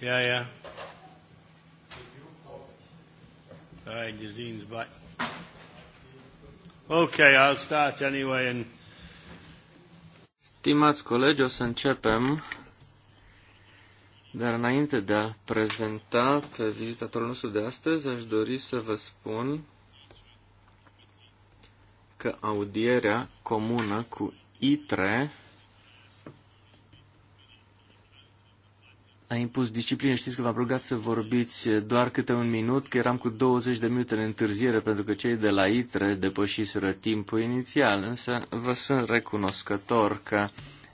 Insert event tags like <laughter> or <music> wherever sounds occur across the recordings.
Yeah, yeah. All right, Jazine's back. Okay, I'll start anyway and... Stimați colegi, o să începem. Dar înainte de a prezenta pe vizitatorul nostru de astăzi, aș dori să vă spun că audierea comună cu ITRE a impus disciplină. Știți că v-am rugat să vorbiți doar câte un minut, că eram cu 20 de minute în întârziere pentru că cei de la ITRE depășiseră timpul inițial, însă vă sunt recunoscător că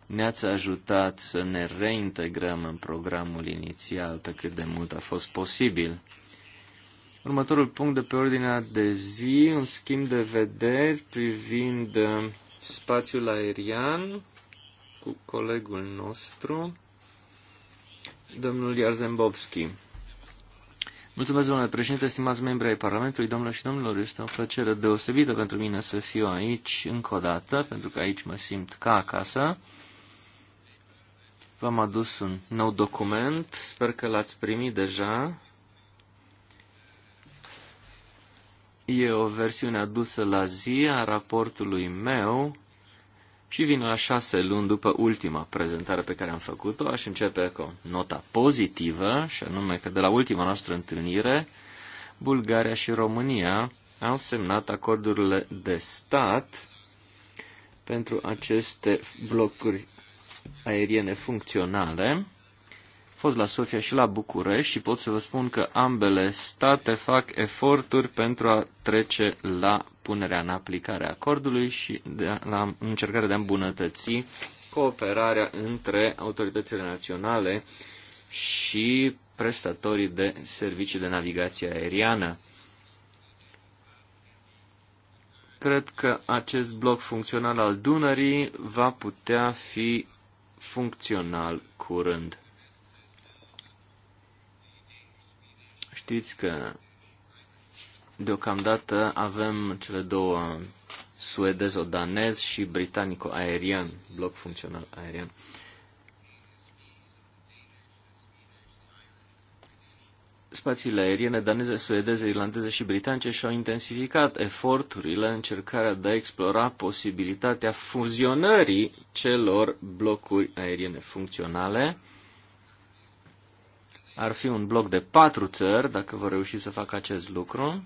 ne-ați ajutat să ne reintegrăm în programul inițial pe cât de mult a fost posibil. Următorul punct de pe ordinea de zi, un schimb de vederi privind uh, spațiul aerian cu colegul nostru. Domnul Iarzembovski. Mulțumesc, domnule președinte, stimați membri ai Parlamentului, domnilor și domnilor, este o plăcere deosebită pentru mine să fiu aici încă o dată, pentru că aici mă simt ca acasă. V-am adus un nou document, sper că l-ați primit deja. E o versiune adusă la zi a raportului meu și vin la șase luni după ultima prezentare pe care am făcut-o, aș începe cu nota pozitivă, și anume că de la ultima noastră întâlnire, Bulgaria și România au semnat acordurile de stat pentru aceste blocuri aeriene funcționale. Am fost la Sofia și la București și pot să vă spun că ambele state fac eforturi pentru a trece la punerea în aplicare a acordului și de, la încercarea de a îmbunătăți cooperarea între autoritățile naționale și prestatorii de servicii de navigație aeriană. Cred că acest bloc funcțional al Dunării va putea fi funcțional curând. Știți că Deocamdată avem cele două suedez danez și britanico-aerian, bloc funcțional aerian. Spațiile aeriene daneze, suedeze, irlandeze și britanice și-au intensificat eforturile în încercarea de a explora posibilitatea fuzionării celor blocuri aeriene funcționale. Ar fi un bloc de patru țări, dacă vor reuși să facă acest lucru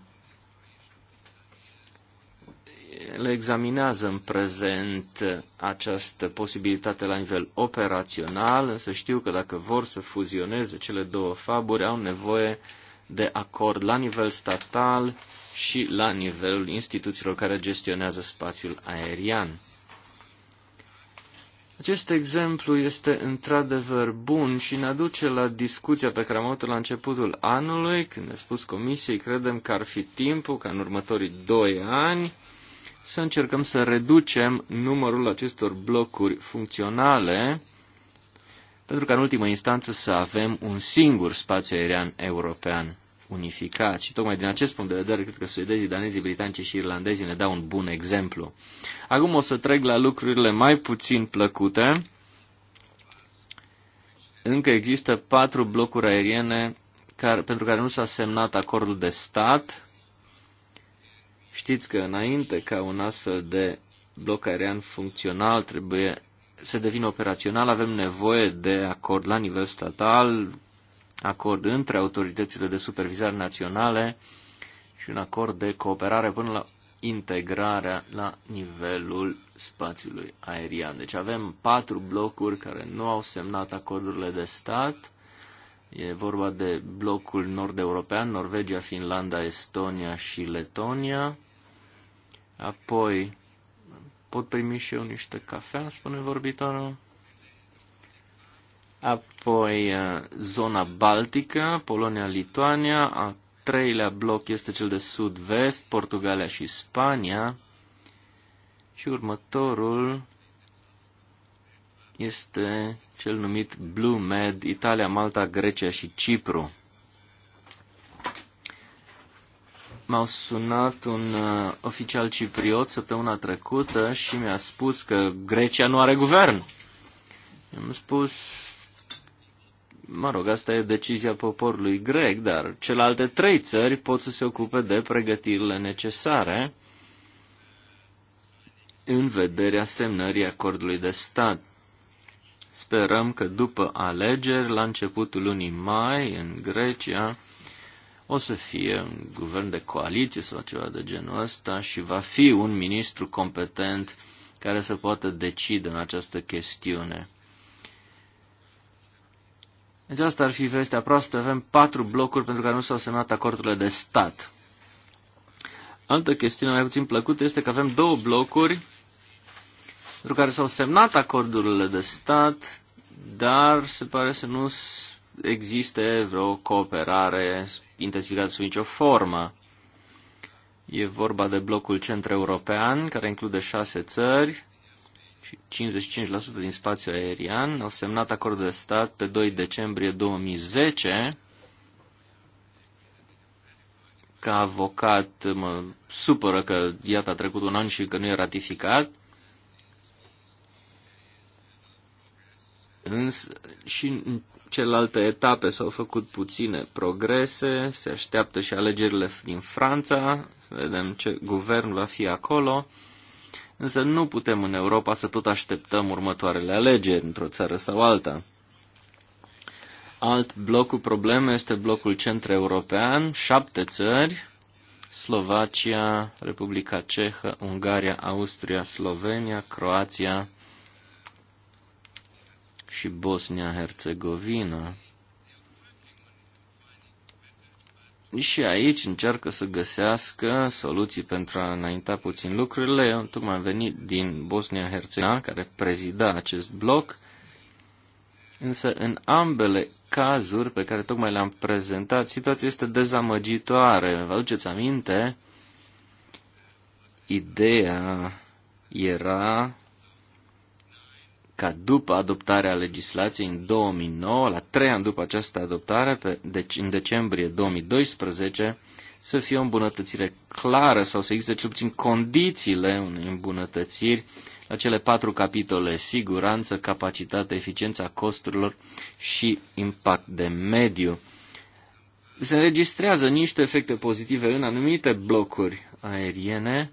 le examinează în prezent această posibilitate la nivel operațional, însă știu că dacă vor să fuzioneze cele două faburi, au nevoie de acord la nivel statal și la nivelul instituțiilor care gestionează spațiul aerian. Acest exemplu este într-adevăr bun și ne aduce la discuția pe care am avut-o la începutul anului, când ne-a spus comisiei, credem că ar fi timpul ca în următorii doi ani să încercăm să reducem numărul acestor blocuri funcționale, pentru ca în ultimă instanță să avem un singur spațiu aerian european unificat. Și tocmai din acest punct de vedere, cred că suedezii, danezii, britanici și irlandezii ne dau un bun exemplu. Acum o să trec la lucrurile mai puțin plăcute. Încă există patru blocuri aeriene care, pentru care nu s-a semnat acordul de stat, Știți că înainte ca un astfel de bloc aerian funcțional trebuie să devină operațional, avem nevoie de acord la nivel statal, acord între autoritățile de supervizare naționale și un acord de cooperare până la integrarea la nivelul spațiului aerian. Deci avem patru blocuri care nu au semnat acordurile de stat. E vorba de blocul nord-european, Norvegia, Finlanda, Estonia și Letonia. Apoi, pot primi și eu niște cafea, spune vorbitorul. Apoi, uh, zona Baltică, Polonia-Lituania, a treilea bloc este cel de sud-vest, Portugalia și Spania. Și următorul este cel numit Blue Med, Italia, Malta, Grecia și Cipru. m-au sunat un uh, oficial cipriot săptămâna trecută și mi-a spus că Grecia nu are guvern. I-am spus, mă rog, asta e decizia poporului grec, dar celelalte trei țări pot să se ocupe de pregătirile necesare în vederea semnării acordului de stat. Sperăm că după alegeri, la începutul lunii mai, în Grecia, o să fie un guvern de coaliție sau ceva de genul ăsta și va fi un ministru competent care să poată decide în această chestiune. Deci asta ar fi vestea proastă. Avem patru blocuri pentru care nu s-au semnat acordurile de stat. Altă chestiune mai puțin plăcută este că avem două blocuri pentru care s-au semnat acordurile de stat, dar se pare să nu existe vreo cooperare intensificată sub nicio formă. E vorba de blocul centru european care include șase țări și 55% din spațiul aerian. Au semnat acordul de stat pe 2 decembrie 2010. Ca avocat mă supără că, iată, a trecut un an și că nu e ratificat. Însă, și celelalte etape s-au făcut puține progrese, se așteaptă și alegerile din Franța, vedem ce guvern va fi acolo, însă nu putem în Europa să tot așteptăm următoarele alegeri într-o țară sau alta. Alt bloc cu probleme este blocul centre-european, șapte țări, Slovacia, Republica Cehă, Ungaria, Austria, Slovenia, Croația, și Bosnia-Herzegovina. Și aici încearcă să găsească soluții pentru a înainta puțin lucrurile. Eu tocmai am venit din Bosnia-Herzegovina, care prezida acest bloc, însă în ambele cazuri pe care tocmai le-am prezentat, situația este dezamăgitoare. Vă aduceți aminte? Ideea era ca după adoptarea legislației în 2009, la trei ani după această adoptare, pe, deci în decembrie 2012, să fie o îmbunătățire clară sau să existe cel puțin condițiile unei îmbunătățiri la cele patru capitole, siguranță, capacitate, eficiența costurilor și impact de mediu. Se înregistrează niște efecte pozitive în anumite blocuri aeriene,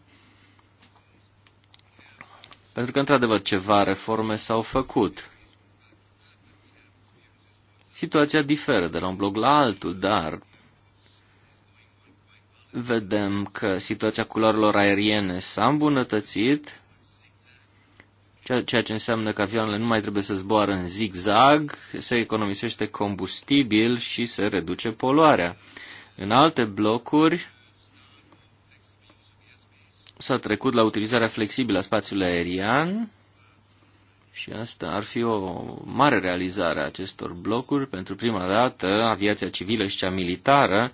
pentru că, într-adevăr, ceva reforme s-au făcut. Situația diferă de la un bloc la altul, dar vedem că situația culorilor aeriene s-a îmbunătățit, ceea ce înseamnă că avioanele nu mai trebuie să zboară în zigzag, se economisește combustibil și se reduce poluarea. În alte blocuri, s-a trecut la utilizarea flexibilă a spațiului aerian și asta ar fi o mare realizare a acestor blocuri. Pentru prima dată, aviația civilă și cea militară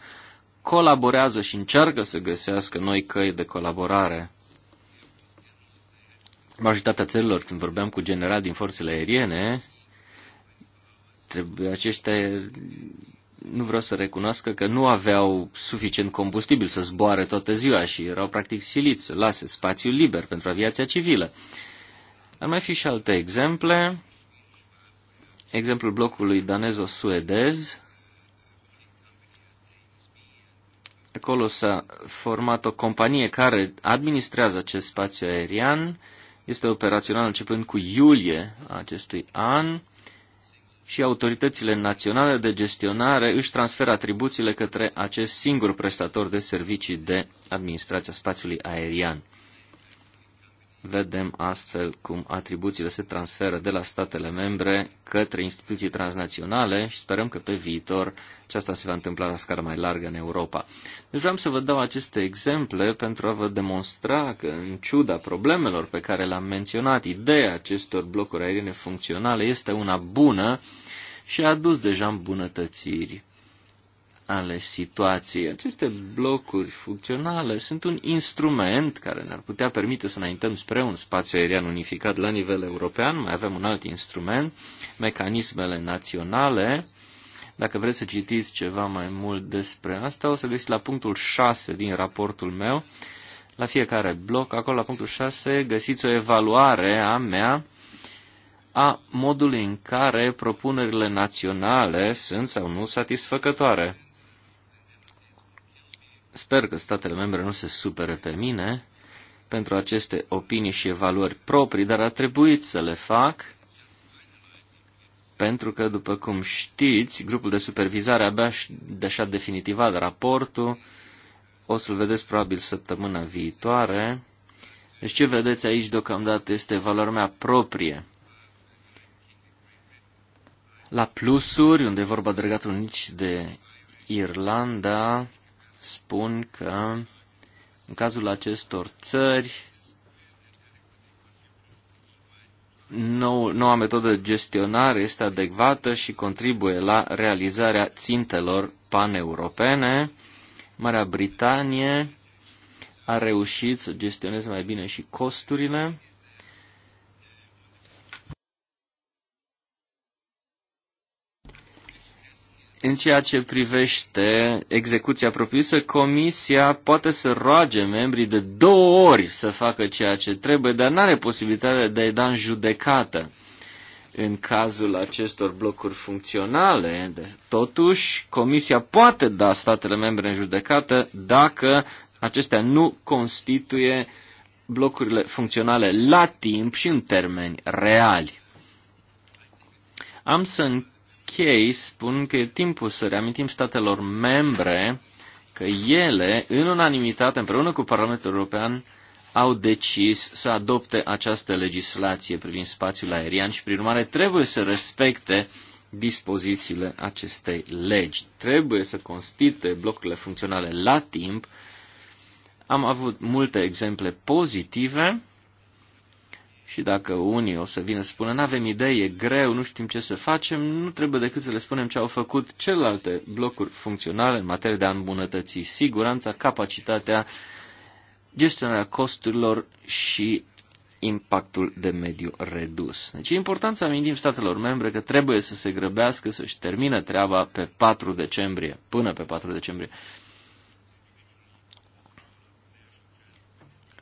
colaborează și încearcă să găsească noi căi de colaborare. Majoritatea țărilor, când vorbeam cu general din forțele aeriene, trebuie aceștia nu vreau să recunoască că nu aveau suficient combustibil să zboare toată ziua și erau practic siliți să lase spațiul liber pentru aviația civilă. Ar mai fi și alte exemple. Exemplul blocului danezo-suedez. Acolo s-a format o companie care administrează acest spațiu aerian. Este operațional începând cu iulie acestui an și autoritățile naționale de gestionare își transferă atribuțiile către acest singur prestator de servicii de administrația spațiului aerian. Vedem astfel cum atribuțiile se transferă de la statele membre către instituții transnaționale și sperăm că pe viitor aceasta se va întâmpla la scară mai largă în Europa. Deci vreau să vă dau aceste exemple pentru a vă demonstra că, în ciuda problemelor pe care le-am menționat, ideea acestor blocuri aeriene funcționale este una bună și a adus deja îmbunătățiri ale situației. Aceste blocuri funcționale sunt un instrument care ne-ar putea permite să înaintăm spre un spațiu aerian unificat la nivel european. Mai avem un alt instrument, mecanismele naționale. Dacă vreți să citiți ceva mai mult despre asta, o să găsiți la punctul 6 din raportul meu, la fiecare bloc, acolo la punctul 6, găsiți o evaluare a mea a modului în care propunerile naționale sunt sau nu satisfăcătoare. Sper că statele membre nu se supere pe mine pentru aceste opinii și evaluări proprii, dar a trebuit să le fac pentru că, după cum știți, grupul de supervizare abia și a definitivat raportul, o să-l vedeți probabil săptămâna viitoare. Deci ce vedeți aici deocamdată este valoarea mea proprie. La plusuri, unde e vorba de Regatul de Irlanda, spun că în cazul acestor țări, nou, noua metodă de gestionare este adecvată și contribuie la realizarea țintelor paneuropene. Marea Britanie a reușit să gestioneze mai bine și costurile. În ceea ce privește execuția propriu-zisă, comisia poate să roage membrii de două ori să facă ceea ce trebuie, dar nu are posibilitatea de a-i da în judecată în cazul acestor blocuri funcționale. totuși, comisia poate da statele membre în judecată dacă acestea nu constituie blocurile funcționale la timp și în termeni reali. Am să închei Chei spun că e timpul să reamintim statelor membre că ele, în unanimitate, împreună cu Parlamentul European, au decis să adopte această legislație privind spațiul aerian și, prin urmare, trebuie să respecte dispozițiile acestei legi. Trebuie să constite blocurile funcționale la timp. Am avut multe exemple pozitive și dacă unii o să vină să spună, nu avem idei, e greu, nu știm ce să facem, nu trebuie decât să le spunem ce au făcut celelalte blocuri funcționale în materie de a îmbunătăți siguranța, capacitatea, gestionarea costurilor și impactul de mediu redus. Deci e important să amintim statelor membre că trebuie să se grăbească să-și termină treaba pe 4 decembrie, până pe 4 decembrie.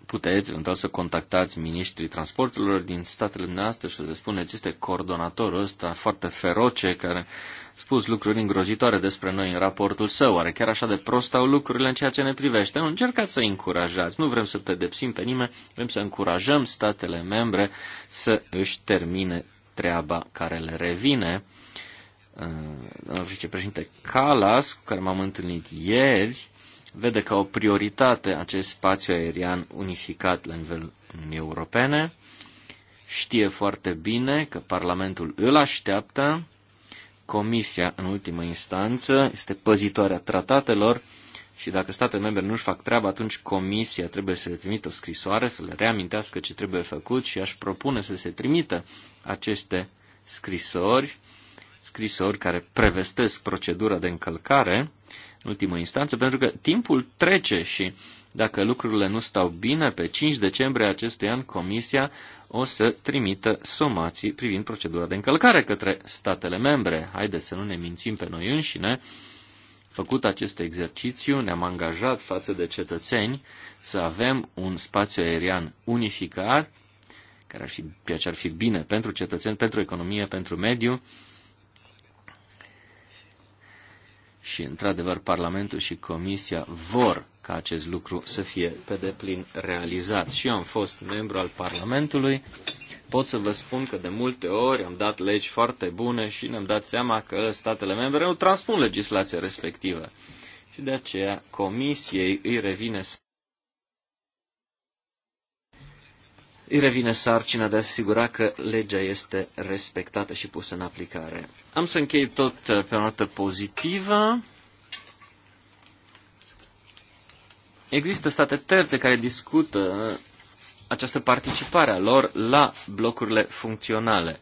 puteți eventual să contactați ministrii transporturilor din statele noastre și să le spuneți, este coordonatorul ăsta foarte feroce care a spus lucruri îngrozitoare despre noi în raportul său. Oare chiar așa de prost au lucrurile în ceea ce ne privește? Nu încercați să încurajați. Nu vrem să pedepsim pe nimeni, vrem să încurajăm statele membre să își termine treaba care le revine. Uh, domnul vicepreședinte Calas, cu care m-am întâlnit ieri, vede ca o prioritate acest spațiu aerian unificat la nivel Uniunii Europene. Știe foarte bine că Parlamentul îl așteaptă, Comisia, în ultimă instanță, este păzitoarea tratatelor și dacă Statele membre nu-și fac treaba, atunci Comisia trebuie să le trimită o scrisoare, să le reamintească ce trebuie făcut și aș propune să se trimită aceste scrisori, scrisori care prevestesc procedura de încălcare ultimă instanță, pentru că timpul trece și dacă lucrurile nu stau bine, pe 5 decembrie acestui an Comisia o să trimită somații privind procedura de încălcare către statele membre. Haideți să nu ne mințim pe noi înșine. Făcut acest exercițiu, ne-am angajat față de cetățeni să avem un spațiu aerian unificat, care ar fi, ce ar fi bine pentru cetățeni, pentru economie, pentru mediu, și, într-adevăr, Parlamentul și Comisia vor ca acest lucru să fie pe deplin realizat. Și eu am fost membru al Parlamentului. Pot să vă spun că de multe ori am dat legi foarte bune și ne-am dat seama că statele membre nu transpun legislația respectivă. Și de aceea Comisiei îi revine să îi revine sarcina de a asigura că legea este respectată și pusă în aplicare. Am să închei tot uh, pe o notă pozitivă. Există state terțe care discută uh, această participare a lor la blocurile funcționale.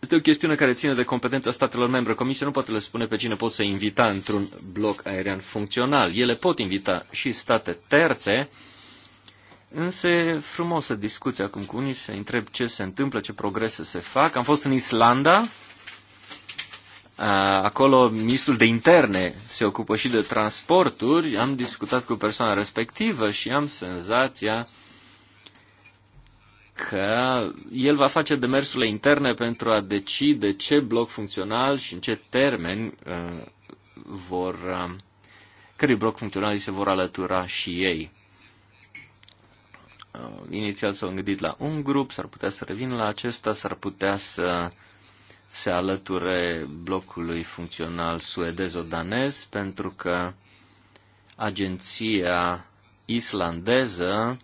Este o chestiune care ține de competența statelor membre. Comisia nu poate le spune pe cine pot să invita într-un bloc aerian funcțional. Ele pot invita și state terțe Însă e să discuți acum cu unii, să întreb ce se întâmplă, ce progrese se fac. Am fost în Islanda, acolo ministrul de interne se ocupă și de transporturi, am discutat cu persoana respectivă și am senzația că el va face demersurile interne pentru a decide ce bloc funcțional și în ce termeni uh, vor, uh, cărui bloc funcțional se vor alătura și ei. Uh, inițial s-au gândit la un grup, s-ar putea să revină la acesta, s-ar putea să se alăture blocului funcțional suedez-danez, pentru că agenția islandeză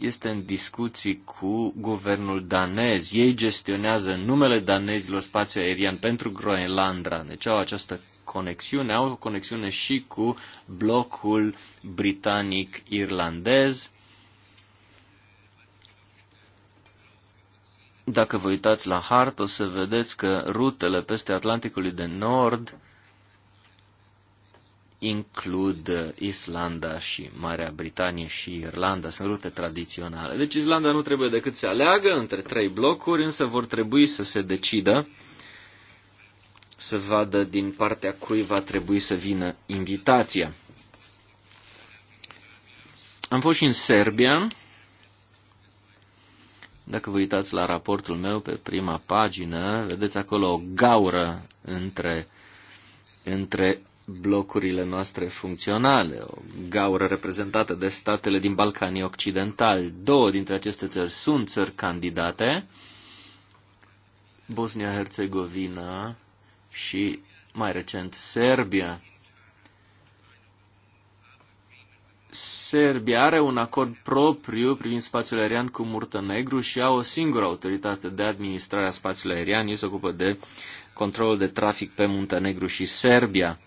este în discuții cu guvernul danez. Ei gestionează numele danezilor spațiu aerian pentru Groenlandra, deci au această conexiune, au o conexiune și cu blocul britanic-irlandez Dacă vă uitați la hartă, o să vedeți că rutele peste Atlanticului de Nord includ Islanda și Marea Britanie și Irlanda. Sunt rute tradiționale. Deci Islanda nu trebuie decât să aleagă între trei blocuri, însă vor trebui să se decidă să vadă din partea cui va trebui să vină invitația. Am fost și în Serbia dacă vă uitați la raportul meu pe prima pagină, vedeți acolo o gaură între, între blocurile noastre funcționale, o gaură reprezentată de statele din Balcanii Occidentali. Două dintre aceste țări sunt țări candidate, Bosnia-Herzegovina și, mai recent, Serbia. Serbia are un acord propriu privind spațiul aerian cu Negru și a o singură autoritate de administrare a spațiului aerian. Ei se ocupă de controlul de trafic pe Negru și Serbia.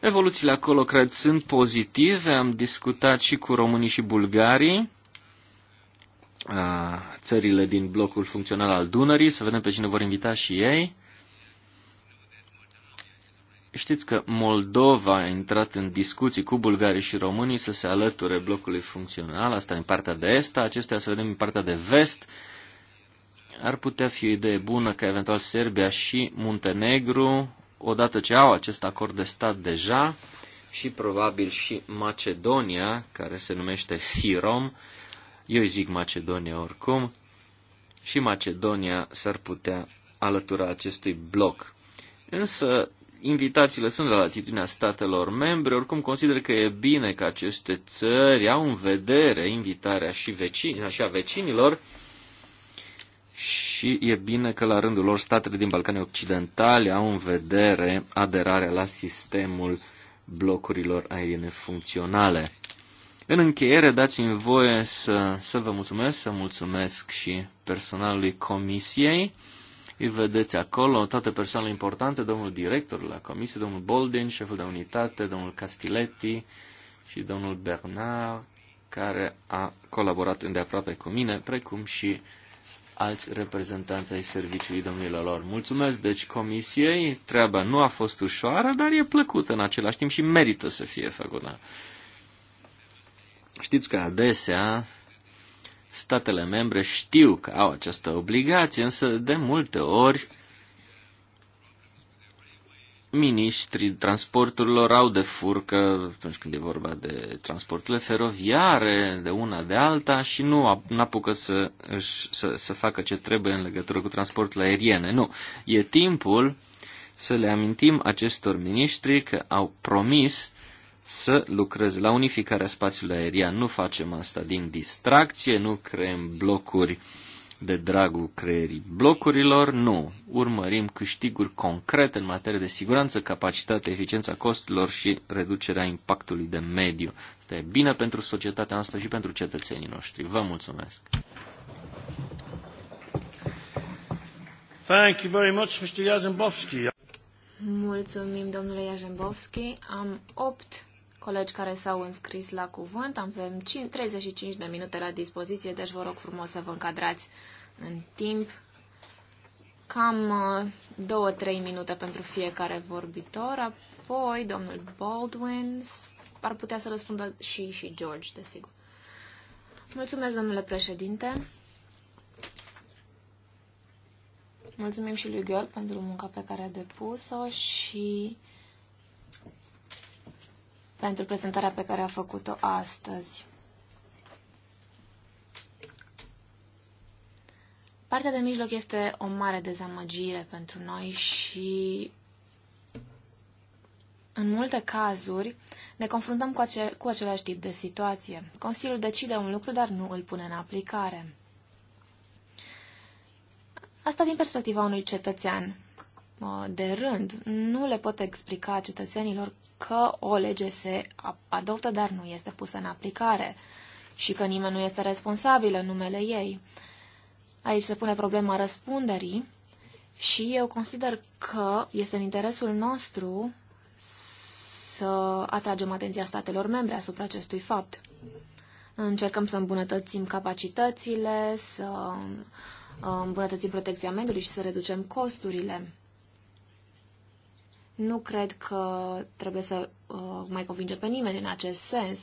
Evoluțiile acolo, cred, sunt pozitive. Am discutat și cu românii și bulgarii, țările din blocul funcțional al Dunării, să vedem pe cine vor invita și ei. Știți că Moldova a intrat în discuții cu bulgarii și românii să se alăture blocului funcțional, asta în partea de est, acestea să vedem în partea de vest. Ar putea fi o idee bună ca eventual Serbia și Muntenegru, odată ce au acest acord de stat deja, și probabil și Macedonia, care se numește FIROM, eu îi zic Macedonia oricum, și Macedonia s-ar putea alătura acestui bloc. Însă invitațiile sunt la latitudinea statelor membre, oricum consider că e bine că aceste țări au în vedere invitarea și, vecini, și a vecinilor și e bine că la rândul lor statele din Balcanii Occidentale au în vedere aderarea la sistemul blocurilor aeriene funcționale. În încheiere, dați-mi voie să, să vă mulțumesc, să mulțumesc și personalului Comisiei îi vedeți acolo toate persoanele importante, domnul director la comisie, domnul Boldin, șeful de unitate, domnul Castiletti și domnul Bernard, care a colaborat îndeaproape cu mine, precum și alți reprezentanți ai serviciului domnilor lor. Mulțumesc, deci, comisiei. Treaba nu a fost ușoară, dar e plăcută în același timp și merită să fie făcută. Știți că adesea Statele membre știu că au această obligație, însă de multe ori miniștrii transporturilor au de furcă atunci când e vorba de transporturile feroviare, de una de alta și nu apucă să, să, să facă ce trebuie în legătură cu transporturile aeriene. Nu. E timpul să le amintim acestor miniștri că au promis să lucreze la unificarea spațiului aerian. Nu facem asta din distracție, nu creăm blocuri de dragul creierii blocurilor, nu. Urmărim câștiguri concrete în materie de siguranță, capacitate, eficiența costurilor și reducerea impactului de mediu. Asta e bine pentru societatea noastră și pentru cetățenii noștri. Vă mulțumesc! Thank you very much, Mr. Mulțumim, domnule Iazembovski. Am opt colegi care s-au înscris la cuvânt. Avem 35 de minute la dispoziție, deci vă rog frumos să vă încadrați în timp. Cam 2-3 uh, minute pentru fiecare vorbitor, apoi domnul Baldwin ar putea să răspundă și, și George, desigur. Mulțumesc, domnule președinte. Mulțumim și lui Gheorghe pentru munca pe care a depus-o și pentru prezentarea pe care a făcut-o astăzi. Partea de mijloc este o mare dezamăgire pentru noi și în multe cazuri ne confruntăm cu, ace- cu același tip de situație. Consiliul decide un lucru, dar nu îl pune în aplicare. Asta din perspectiva unui cetățean de rând. Nu le pot explica cetățenilor că o lege se adoptă, dar nu este pusă în aplicare și că nimeni nu este responsabil în numele ei. Aici se pune problema răspunderii și eu consider că este în interesul nostru să atragem atenția statelor membre asupra acestui fapt. Încercăm să îmbunătățim capacitățile, să um, îmbunătățim protecția mediului și să reducem costurile. Nu cred că trebuie să uh, mai convinge pe nimeni în acest sens.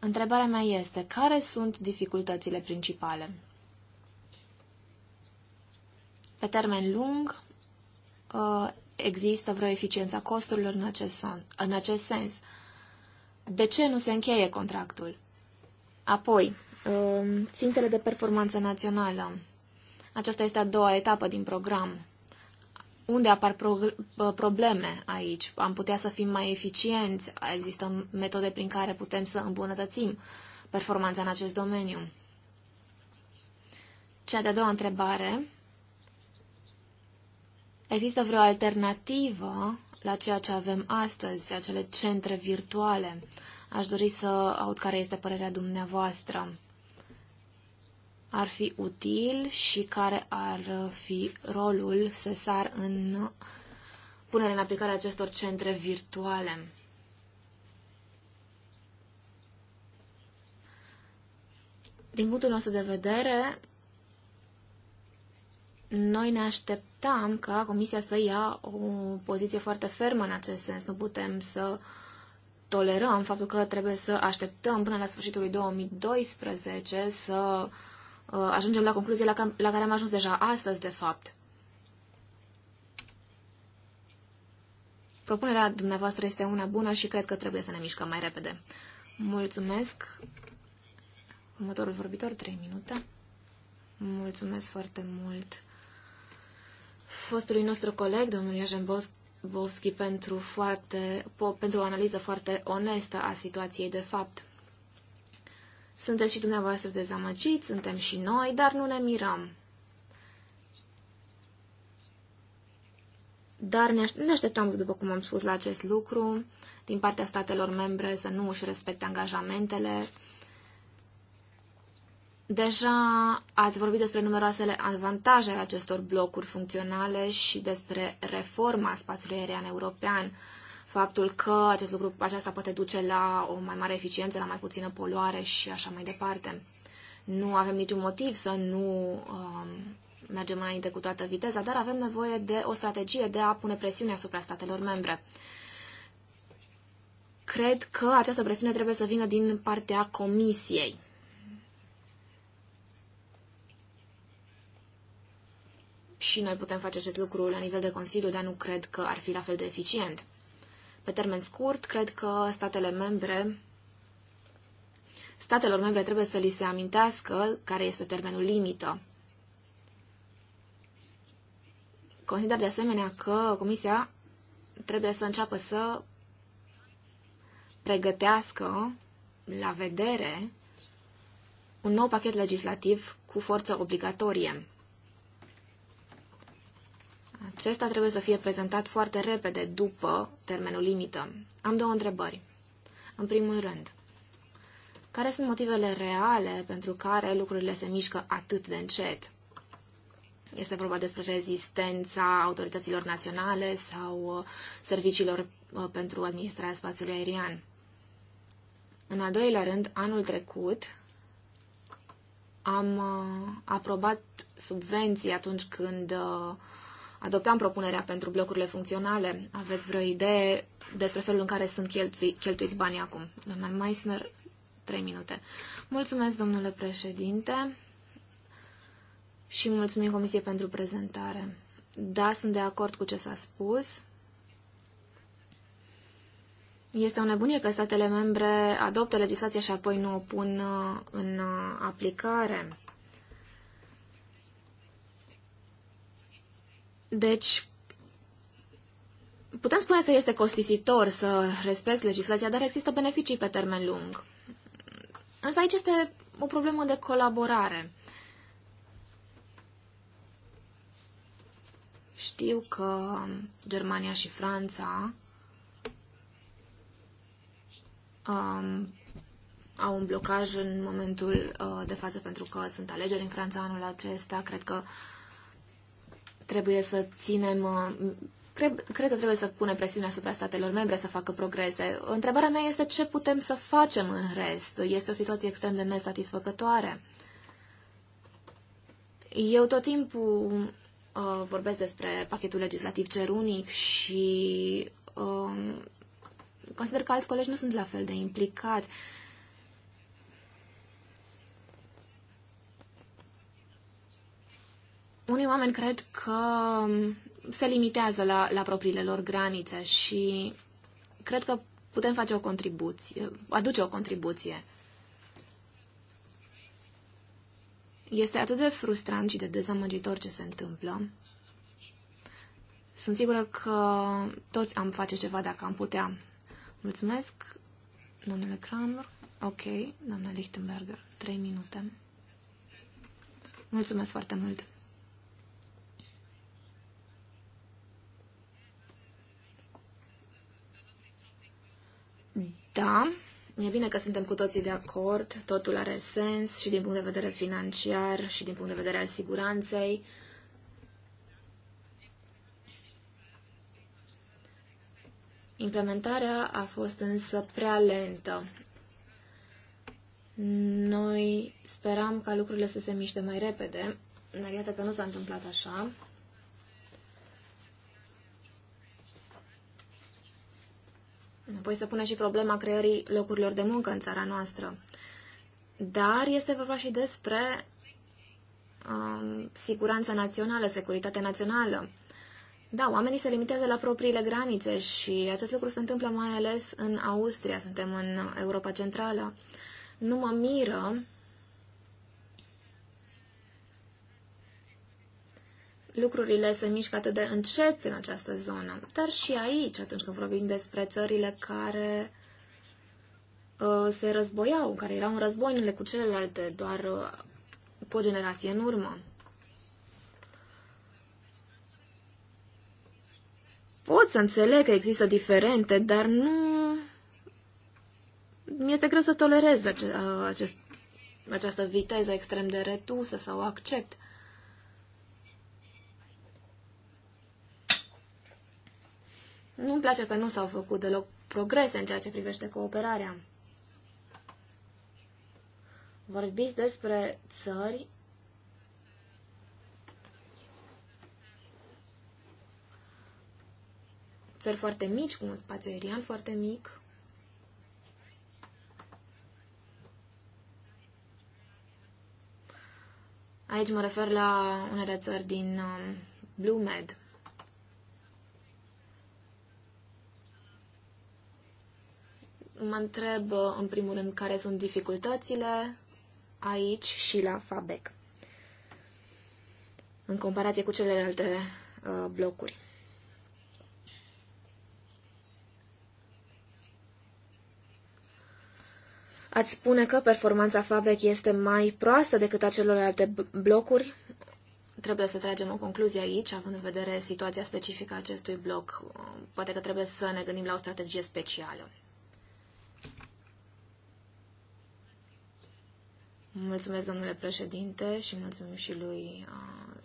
Întrebarea mea este, care sunt dificultățile principale? Pe termen lung, uh, există vreo eficiență a costurilor în acest, son, în acest sens. De ce nu se încheie contractul? Apoi, uh, țintele de performanță națională. Aceasta este a doua etapă din program unde apar probleme aici. Am putea să fim mai eficienți, există metode prin care putem să îmbunătățim performanța în acest domeniu. Cea de-a doua întrebare. Există vreo alternativă la ceea ce avem astăzi, acele centre virtuale? Aș dori să aud care este părerea dumneavoastră ar fi util și care ar fi rolul SESAR în punerea în aplicare a acestor centre virtuale. Din punctul nostru de vedere, noi ne așteptam ca Comisia să ia o poziție foarte fermă în acest sens. Nu putem să tolerăm faptul că trebuie să așteptăm până la sfârșitul lui 2012 să uh, Uh, ajungem la concluzie la, care am ajuns deja astăzi, de fapt. Propunerea dumneavoastră este una bună și cred că trebuie să ne mișcăm mai repede. Mulțumesc. Următorul vorbitor, 3 minute. Mulțumesc foarte mult fostului nostru coleg, domnul Iajen Bovski, pentru, foarte, pentru o analiză foarte onestă a situației de fapt. Sunteți și dumneavoastră dezamăgiți, suntem și noi, dar nu ne mirăm. Dar ne așteptam, după cum am spus, la acest lucru din partea statelor membre să nu își respecte angajamentele. Deja ați vorbit despre numeroasele avantaje ale acestor blocuri funcționale și despre reforma spațiului aerian european faptul că acest lucru, aceasta poate duce la o mai mare eficiență, la mai puțină poluare și așa mai departe. Nu avem niciun motiv să nu um, mergem înainte cu toată viteza, dar avem nevoie de o strategie de a pune presiune asupra statelor membre. Cred că această presiune trebuie să vină din partea Comisiei. Și noi putem face acest lucru la nivel de Consiliu, dar nu cred că ar fi la fel de eficient. Pe termen scurt, cred că statele membre statelor membre trebuie să li se amintească care este termenul limită. Consider de asemenea că Comisia trebuie să înceapă să pregătească la vedere un nou pachet legislativ cu forță obligatorie. Acesta trebuie să fie prezentat foarte repede după termenul limită. Am două întrebări. În primul rând, care sunt motivele reale pentru care lucrurile se mișcă atât de încet? Este vorba despre rezistența autorităților naționale sau uh, serviciilor uh, pentru administrarea spațiului aerian. În al doilea rând, anul trecut am uh, aprobat subvenții atunci când adoptam propunerea pentru blocurile funcționale. Aveți vreo idee despre felul în care sunt cheltui, cheltuiți banii acum? Doamna Meissner, trei minute. Mulțumesc, domnule președinte, și mulțumim Comisiei pentru prezentare. Da, sunt de acord cu ce s-a spus. Este o nebunie că statele membre adoptă legislația și apoi nu o pun uh, în uh, aplicare. Deci, putem spune că este costisitor să respecti legislația, dar există beneficii pe termen lung. Însă aici este o problemă de colaborare. Știu că Germania și Franța um, au un blocaj în momentul uh, de față pentru că sunt alegeri în Franța anul acesta. Cred că uh, Trebuie să ținem cred, uh, cred că trebuie să punem presiune asupra statelor membre să facă progrese. Întrebarea mea este ce putem să facem în rest. Este o situație extrem de nesatisfăcătoare. Eu tot timpul uh, vorbesc despre pachetul legislativ cer unic și uh, consider că alți colegi nu sunt la fel de implicați. Uh, unii oameni cred că um, se limitează la, la propriile lor granițe și cred că putem face o contribuție, aduce o contribuție. Este atât de frustrant și de dezamăgitor ce se întâmplă. Sunt sigură că toți am face ceva dacă am putea. Mulțumesc, domnule Kramer. Ok, doamna Lichtenberger, trei minute. Mulțumesc foarte mult. Da, e bine că suntem cu toții de acord, totul are sens și din punct de vedere financiar și din punct de vedere al siguranței. Implementarea a fost însă prea lentă. Noi speram ca lucrurile să se miște mai repede, dar iată că nu s-a întâmplat așa. Apoi se pune și problema creării locurilor de muncă în țara noastră. Dar este vorba și despre um, siguranța națională, securitatea națională. Da, oamenii se limitează la propriile granițe și acest lucru se întâmplă mai ales în Austria, suntem în Europa Centrală. Nu mă miră lucrurile se mișcă atât de încet în această zonă. Dar și aici, atunci când vorbim despre țările care uh, se războiau, care erau în război unele cu celelalte, doar uh, cu o generație în urmă. Pot să înțeleg că există diferente, dar nu... Mi-este greu să tolerez ace- uh, acest, această viteză extrem de retusă sau accept. Nu-mi place că nu s-au făcut deloc progrese în ceea ce privește cooperarea. Vorbiți despre țări țări foarte mici, cu un spațiu aerian foarte mic. Aici mă refer la unele țări din um, Blue Med. mă întreb, uh, în primul rând, care sunt dificultățile aici și la FABEC, în comparație cu celelalte uh, blocuri. Ați spune că performanța FABEC este mai proastă decât a celorlalte blocuri? Trebuie să tragem o concluzie aici, având în vedere situația specifică a acestui bloc. Poate că trebuie să ne gândim la o strategie specială. Mulțumesc, domnule președinte, și mulțumim și lui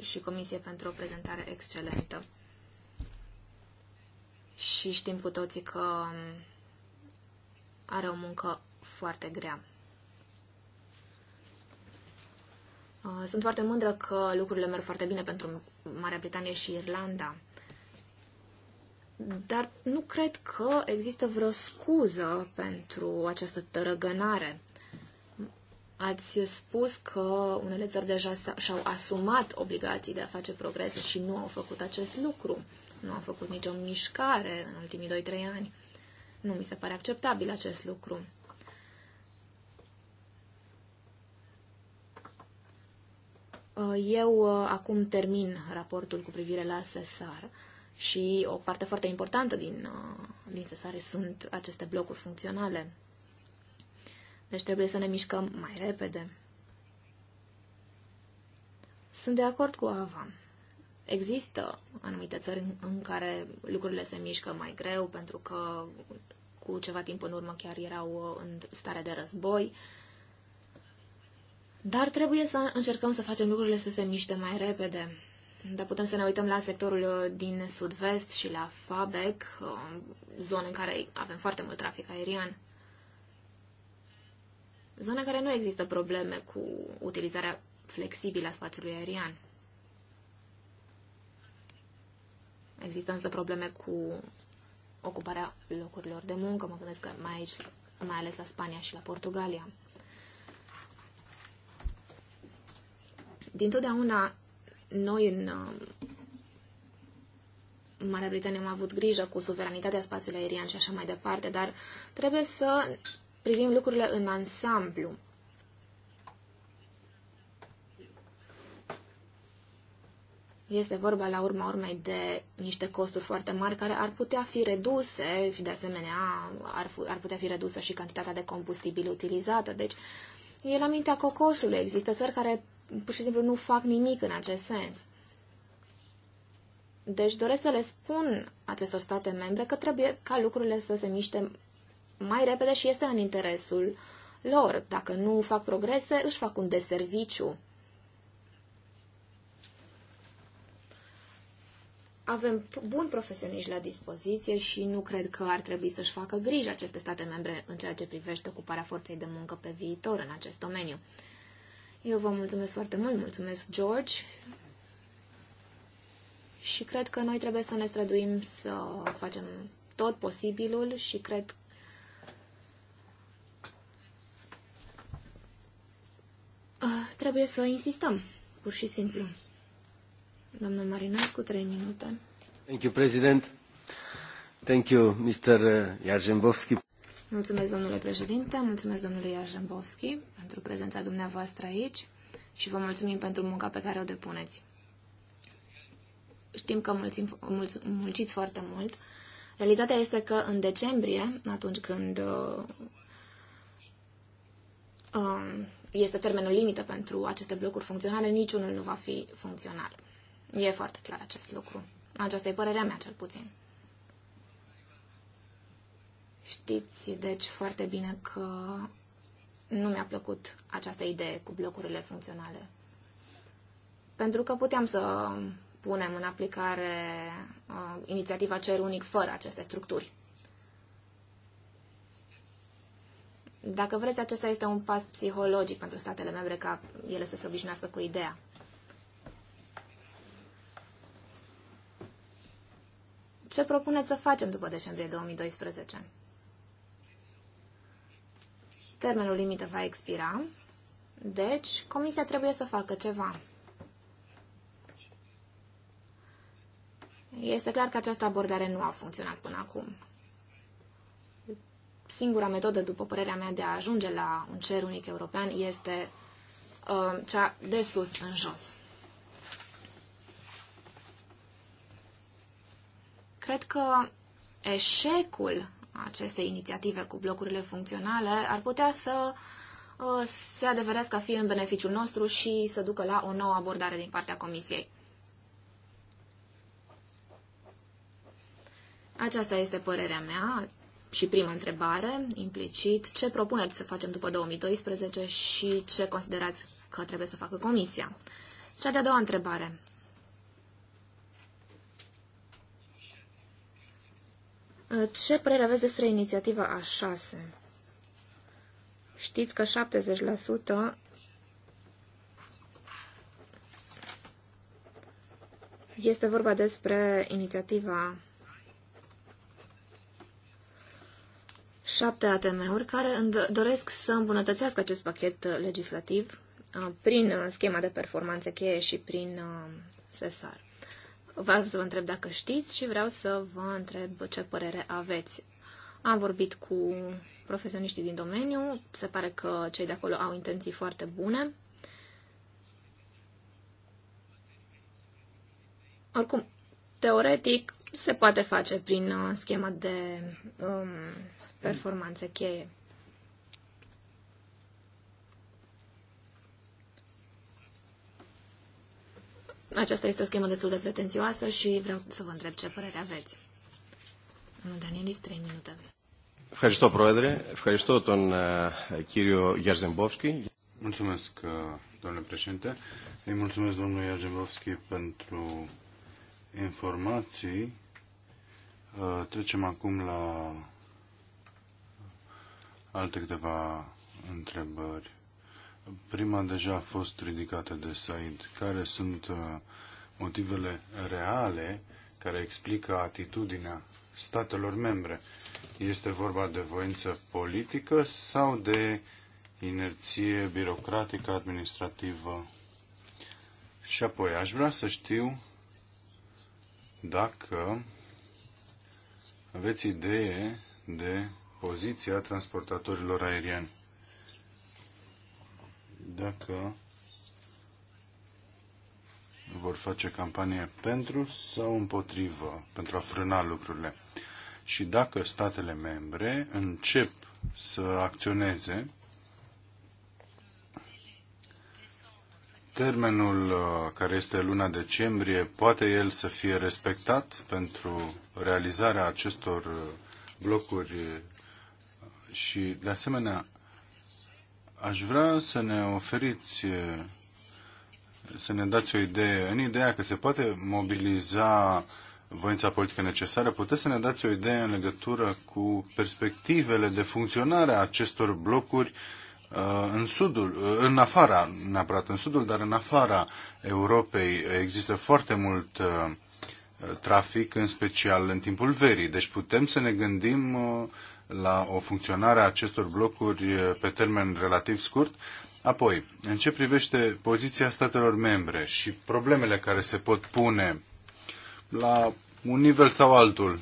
și comisie pentru o prezentare excelentă. Și știm cu toții că are o muncă foarte grea. Sunt foarte mândră că lucrurile merg foarte bine pentru Marea Britanie și Irlanda. Dar nu cred că există vreo scuză pentru această tărăgănare. Ați spus că unele țări deja și-au asumat obligații de a face progrese și nu au făcut acest lucru. Nu au făcut nicio mișcare în ultimii 2-3 ani. Nu mi se pare acceptabil acest lucru. Eu uh, acum termin raportul cu privire la SESAR și o parte foarte importantă din, uh, din sesare sunt aceste blocuri funcționale. Deci trebuie să ne mișcăm mai repede. Sunt de acord cu Ava. Există anumite țări în care lucrurile se mișcă mai greu pentru că cu ceva timp în urmă chiar erau uh, în stare de război. Dar trebuie să încercăm să facem lucrurile să se miște mai repede. Dar putem să ne uităm la sectorul uh, din sud-vest și la Fabec, uh, zone în care avem foarte mult trafic aerian. Zone în care nu există probleme cu utilizarea flexibilă a spațiului aerian. Există însă probleme cu ocuparea locurilor de muncă, mă gândesc că mai aici, mai ales la Spania și la Portugalia. Din totdeauna noi în uh, în Marea Britanie am avut grijă cu suveranitatea spațiului aerian și așa mai departe, dar trebuie să privim lucrurile în ansamblu. Este vorba la urma urmei de niște costuri foarte mari care ar putea fi reduse și de asemenea ar, ar putea fi redusă și cantitatea de combustibil utilizată. Deci e la mintea cocoșului. Există țări care pur și simplu nu fac nimic în acest sens. Deci doresc să le spun acestor state membre că trebuie ca lucrurile să se miște mai repede și este în interesul lor. Dacă nu fac progrese, își fac un deserviciu. Avem buni profesioniști la dispoziție și nu cred că ar trebui să-și facă griji aceste state membre în ceea ce privește ocuparea forței de muncă pe viitor în acest domeniu. Eu vă mulțumesc foarte mult, mulțumesc, George. Și cred că noi trebuie să ne străduim să facem tot posibilul și cred uh, trebuie să insistăm, pur și simplu. Domnul Marinescu, trei minute. Thank you, President. Thank you, Mr. Jarzembowski. Uh, Mulțumesc, domnule președinte, mulțumesc domnului Iajambovski pentru prezența dumneavoastră aici și vă mulțumim pentru munca pe care o depuneți. Știm că mulțim, mulț, mulciți foarte mult. Realitatea este că în decembrie, atunci când uh, uh, este termenul limită pentru aceste blocuri funcționale, niciunul nu va fi funcțional. E foarte clar acest lucru. Aceasta e părerea mea, cel puțin. Știți, deci, foarte bine că nu mi-a plăcut această idee cu blocurile funcționale. Pentru că puteam să punem în aplicare uh, inițiativa Cer Unic fără aceste structuri. Dacă vreți, acesta este un pas psihologic pentru statele membre ca ele să se obișnuiască cu ideea. Ce propuneți să facem după decembrie 2012? termenul limită va expira, deci comisia trebuie să facă ceva. Este clar că această abordare nu a funcționat până acum. Singura metodă, după părerea mea, de a ajunge la un cer unic european este uh, cea de sus în jos. Cred că eșecul aceste inițiative cu blocurile funcționale ar putea să uh, se adeverească a fi în beneficiul nostru și să ducă la o nouă abordare din partea Comisiei. Aceasta este părerea mea și prima întrebare, implicit, ce propuneți să facem după 2012 și ce considerați că trebuie să facă Comisia? Cea de-a doua întrebare. Ce părere aveți despre inițiativa A6? Știți că 70% este vorba despre inițiativa 7 ATM-uri care doresc să îmbunătățească acest pachet legislativ uh, prin uh, schema de performanțe cheie și prin uh, SESAR vreau să vă întreb dacă știți și vreau să vă întreb ce părere aveți. Am vorbit cu profesioniștii din domeniu, se pare că cei de acolo au intenții foarte bune. Oricum, teoretic, se poate face prin uh, schema de um, performanțe cheie. Aceasta este o schemă destul de pretențioasă și vreau să vă întreb ce părere aveți. Domnul Danielis, trei minute. Ευχαριστώ, Πρόεδρε. Ευχαριστώ τον uh, κύριο Γιαρζεμπόφσκι. Mulțumesc, domnule președinte. Îi mulțumesc, domnul Iarzembovski, pentru informații. Trecem acum la alte câteva întrebări. Prima deja a fost ridicată de Said. Care sunt motivele reale care explică atitudinea statelor membre. Este vorba de voință politică sau de inerție birocratică administrativă? Și apoi aș vrea să știu dacă aveți idee de poziția transportatorilor aerieni. Dacă vor face campanie pentru sau împotrivă, pentru a frâna lucrurile. Și dacă statele membre încep să acționeze, termenul uh, care este luna decembrie, poate el să fie respectat pentru realizarea acestor uh, blocuri uh, și, de asemenea, aș vrea să ne oferiți să ne dați o idee, în ideea că se poate mobiliza voința politică necesară, puteți să ne dați o idee în legătură cu perspectivele de funcționare a acestor blocuri uh, în sudul, uh, în afara, neapărat în sudul, dar în afara Europei există foarte mult uh, trafic, în special în timpul verii. Deci putem să ne gândim la o funcționare a acestor blocuri pe termen relativ scurt, Apoi, în ce privește poziția statelor membre și problemele care se pot pune la un nivel sau altul,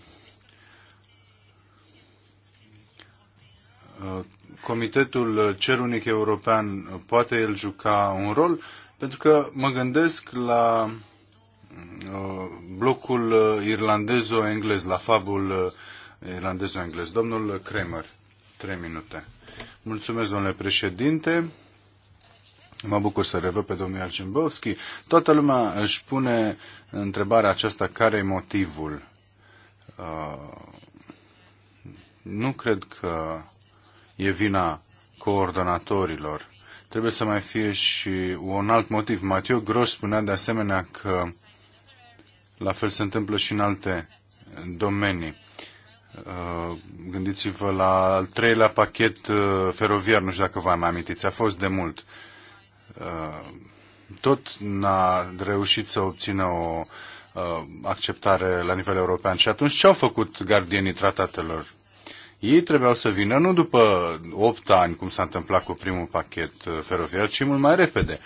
uh, Comitetul Cer Unic European uh, poate el juca un rol? Pentru că mă gândesc la uh, blocul irlandezo-englez, la fabul irlandezo-englez. Domnul Kramer, trei minute. Mulțumesc, domnule președinte. Mă bucur să revăd pe domnul Alcimbovski. Toată lumea își pune întrebarea aceasta, care e motivul? Uh, nu cred că e vina coordonatorilor. Trebuie să mai fie și un alt motiv. Matiu Gros spunea de asemenea că la fel se întâmplă și în alte domenii. Uh, gândiți-vă la al treilea pachet uh, feroviar, nu știu dacă vă mai amintiți, a fost de mult. Uh, tot n-a reușit să obțină o uh, acceptare la nivel european. Și atunci ce au făcut gardienii tratatelor? Ei trebuiau să vină nu după 8 ani, cum s-a întâmplat cu primul pachet uh, feroviar, ci mult mai repede.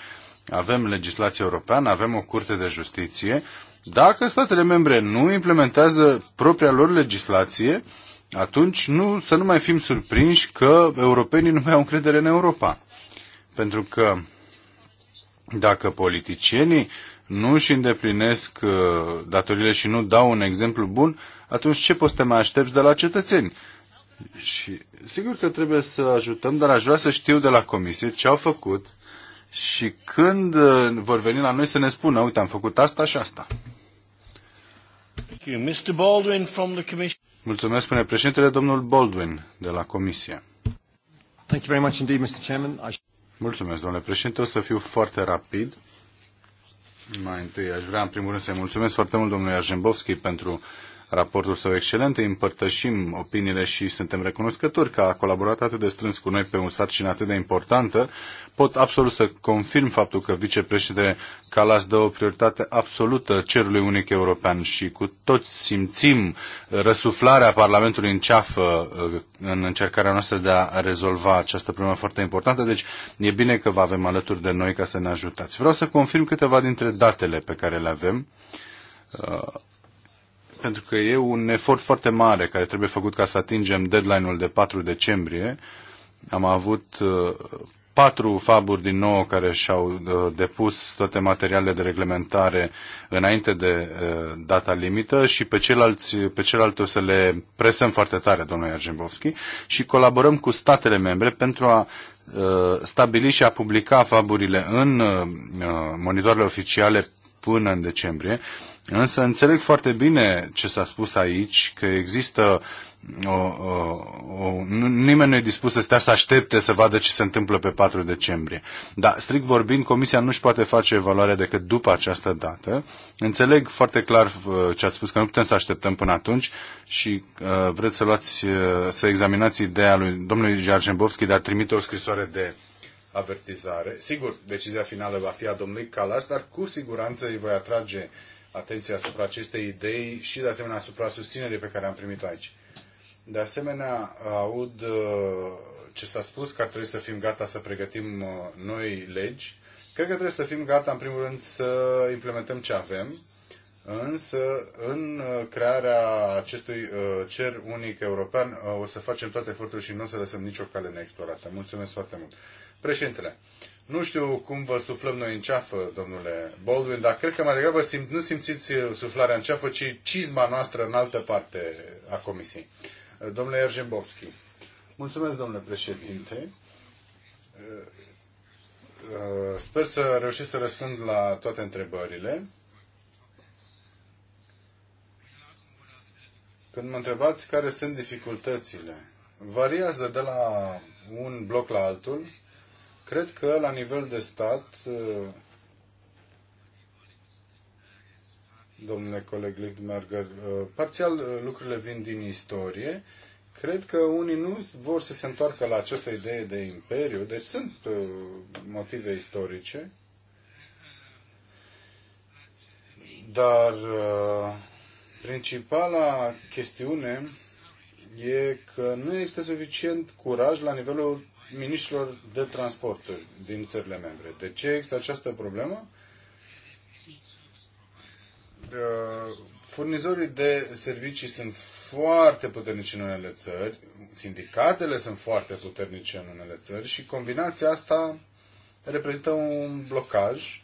Avem legislație europeană, avem o curte de justiție. Dacă statele membre nu implementează propria lor legislație, atunci nu, să nu mai fim surprinși că europenii nu mai au încredere în Europa. Pentru că dacă politicienii nu își îndeplinesc uh, datorile și nu dau un exemplu bun, atunci ce poți să te mai aștepți de la cetățeni? Și sigur că trebuie să ajutăm, dar aș vrea să știu de la comisie ce au făcut și când uh, vor veni la noi să ne spună, uite, am făcut asta și asta. Baldwin Mulțumesc, spune președintele, domnul Baldwin de la comisie. Thank you very much indeed, Mr. Chairman. I... Mulțumesc, domnule președinte. O să fiu foarte rapid. Mai întâi aș vrea, în primul rând, să-i mulțumesc foarte mult domnului Arjembovski pentru raportul său excelent, îi împărtășim opiniile și suntem recunoscători că a colaborat atât de strâns cu noi pe un sarcină atât de importantă. Pot absolut să confirm faptul că vicepreședintele Calas dă o prioritate absolută cerului unic european și cu toți simțim răsuflarea Parlamentului în ceafă în încercarea noastră de a rezolva această problemă foarte importantă, deci e bine că vă avem alături de noi ca să ne ajutați. Vreau să confirm câteva dintre datele pe care le avem pentru că e un efort foarte mare care trebuie făcut ca să atingem deadline-ul de 4 decembrie. Am avut uh, patru faburi din nou care și-au uh, depus toate materialele de reglementare înainte de uh, data limită și pe ceilalți, pe ceilalți o să le presăm foarte tare, domnule Argembovski, și colaborăm cu statele membre pentru a stabili și a publica faburile în monitoarele oficiale până în decembrie Însă înțeleg foarte bine ce s-a spus aici, că există o, o, o, nimeni nu e dispus să stea să aștepte să vadă ce se întâmplă pe 4 decembrie. Dar, strict vorbind, Comisia nu își poate face evaluarea decât după această dată. Înțeleg foarte clar uh, ce ați spus, că nu putem să așteptăm până atunci și uh, vreți să luați, uh, să examinați ideea lui domnului Jargenbovski de a trimite o scrisoare de avertizare. Sigur, decizia finală va fi a domnului Calas, dar cu siguranță îi voi atrage uh, atenție asupra acestei idei și, de asemenea, asupra susținerii pe care am primit-o aici. De asemenea, aud uh, ce s-a spus că ar trebui să fim gata să pregătim uh, noi legi. Cred că trebuie să fim gata, în primul rând, să implementăm ce avem, însă în uh, crearea acestui cer unic european o să facem toate eforturile și nu o să lăsăm nicio cale neexplorată. Mulțumesc foarte mult. Președintele, nu știu cum vă suflăm noi în ceafă, domnule Baldwin, dar cred că mai degrabă simt, nu simțiți uh, suflarea în ceafă, ci cizma noastră în altă parte a comisiei. Uh, domnule Erzembovski. Mulțumesc, domnule președinte. Uh, sper să reușesc să răspund la toate întrebările. Când mă întrebați care sunt dificultățile, variază de la un bloc la altul Cred că la nivel de stat, eh, domnule coleg Lichtmerger, eh, parțial eh, lucrurile vin din istorie. Cred că unii nu vor să se întoarcă la această idee de imperiu, deci sunt motive istorice. Dar principala chestiune e că nu există suficient curaj la nivelul ministrilor de transporturi din țările membre. De ce există această problemă? Uh, furnizorii de servicii sunt foarte puternici în unele țări, sindicatele sunt foarte puternice în unele țări și combinația asta reprezintă un blocaj.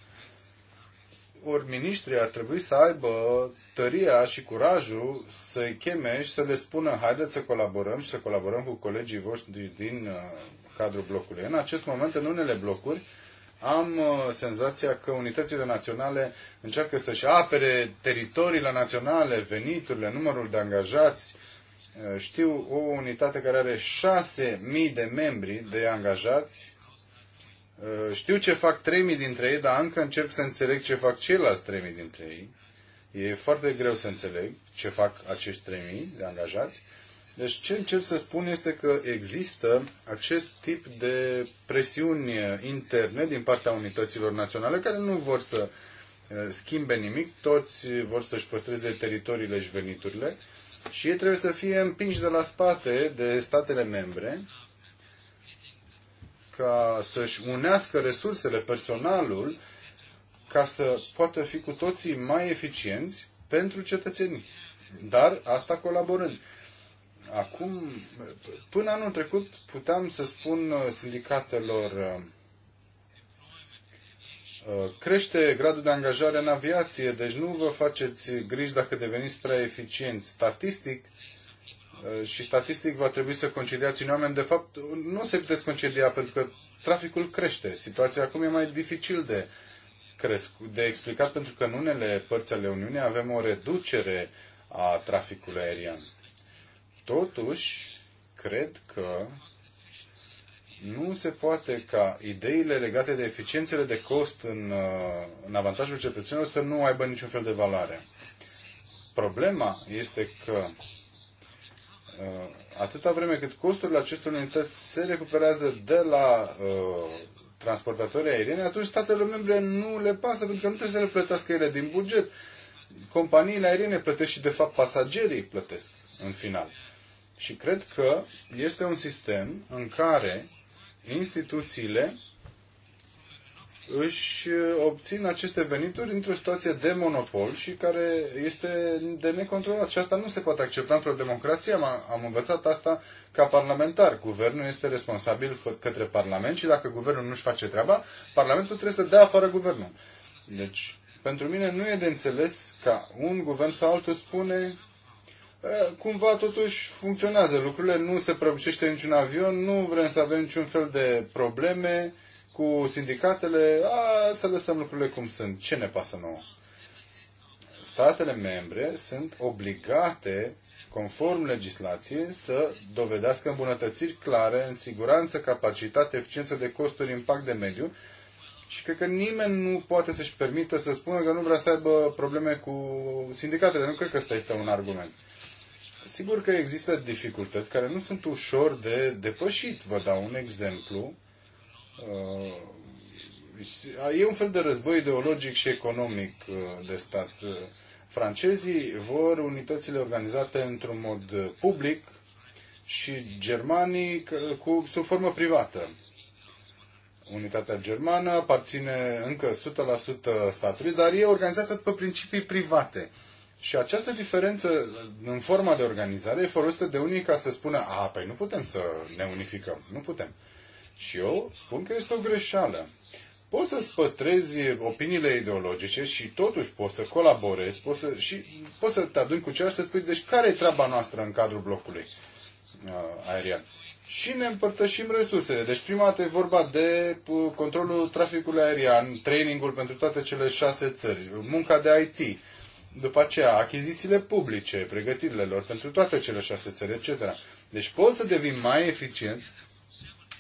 Ori miniștrii ar trebui să aibă tăria și curajul să-i cheme și să le spună haideți să colaborăm și să colaborăm cu colegii voștri din uh, cadrul blocului. În acest moment, în unele blocuri, am uh, senzația că unitățile naționale încearcă să-și apere teritoriile naționale, veniturile, numărul de angajați. Uh, știu o unitate care are 6.000 de membri de angajați. Uh, știu ce fac 3.000 dintre ei, dar încă încerc să înțeleg ce fac ceilalți 3.000 dintre ei. E foarte greu să înțeleg ce fac acești 3.000 de angajați. Deci ce încerc să spun este că există acest tip de presiuni interne din partea unităților naționale care nu vor să eh, schimbe nimic, toți vor să-și păstreze teritoriile și veniturile și ei trebuie să fie împinși de la spate de statele membre ca să-și unească resursele, personalul, ca să poată fi cu toții mai eficienți pentru cetățenii. Dar asta colaborând. Acum, până anul trecut, puteam să spun uh, sindicatelor uh, uh, crește gradul de angajare în aviație, deci nu vă faceți griji dacă deveniți prea eficienți. Statistic, și statistic va trebui să concediați unii oameni, de fapt nu se puteți concedia pentru că traficul crește. Situația acum e mai dificil de, cresc, de explicat pentru că în unele părți ale Uniunii avem o reducere a traficului aerian. Totuși, cred că nu se poate ca ideile legate de eficiențele de cost în, uh, în avantajul cetățenilor să nu aibă niciun fel de valoare. Problema este că uh, atâta vreme cât costurile acestor unități se recuperează de la uh, transportatorii aerieni, atunci statele membre nu le pasă pentru că nu trebuie să le plătească ele din buget. Companiile aeriene plătesc și, de fapt, pasagerii plătesc în final. Și cred că este un sistem în care instituțiile își obțin aceste venituri într-o situație de monopol și care este de necontrolat. Și asta nu se poate accepta într-o democrație. Am, am învățat asta ca parlamentar. Guvernul este responsabil către Parlament și dacă guvernul nu-și face treaba, Parlamentul trebuie să dea afară guvernul. Deci, pentru mine nu e de înțeles ca un guvern sau altul spune Eh, cumva totuși funcționează lucrurile, nu se prăbușește niciun avion, nu vrem să avem niciun fel de probleme cu sindicatele, a, să lăsăm lucrurile cum sunt, ce ne pasă nouă? Statele membre sunt obligate, conform legislației, să dovedească îmbunătățiri clare în siguranță, capacitate, eficiență de costuri, impact de mediu și cred că nimeni nu poate să-și permită să spună că nu vrea să aibă probleme cu sindicatele. Nu cred că ăsta este un argument. Sigur că există dificultăți care nu sunt ușor de depășit. Vă dau un exemplu. Uh, e un fel de război ideologic și economic uh, de stat. Uh, francezii vor unitățile organizate într-un mod public și germanii cu, sub formă privată. Unitatea germană aparține încă 100% statului, dar e organizată pe principii private și această diferență în forma de organizare e folosită de unii ca să spună, a, păi nu putem să ne unificăm, nu putem. Și eu spun că este o greșeală. Poți să-ți păstrezi opiniile ideologice și totuși poți să colaborezi, poți să, și poți să te aduni cu ceilalți să spui, deci care e treaba noastră în cadrul blocului uh, aerian? Și ne împărtășim resursele. Deci prima dată e vorba de uh, controlul traficului aerian, trainingul pentru toate cele șase țări, munca de IT, după aceea, achizițiile publice, pregătirile lor pentru toate cele șase țări, etc. Deci poți să devii mai eficient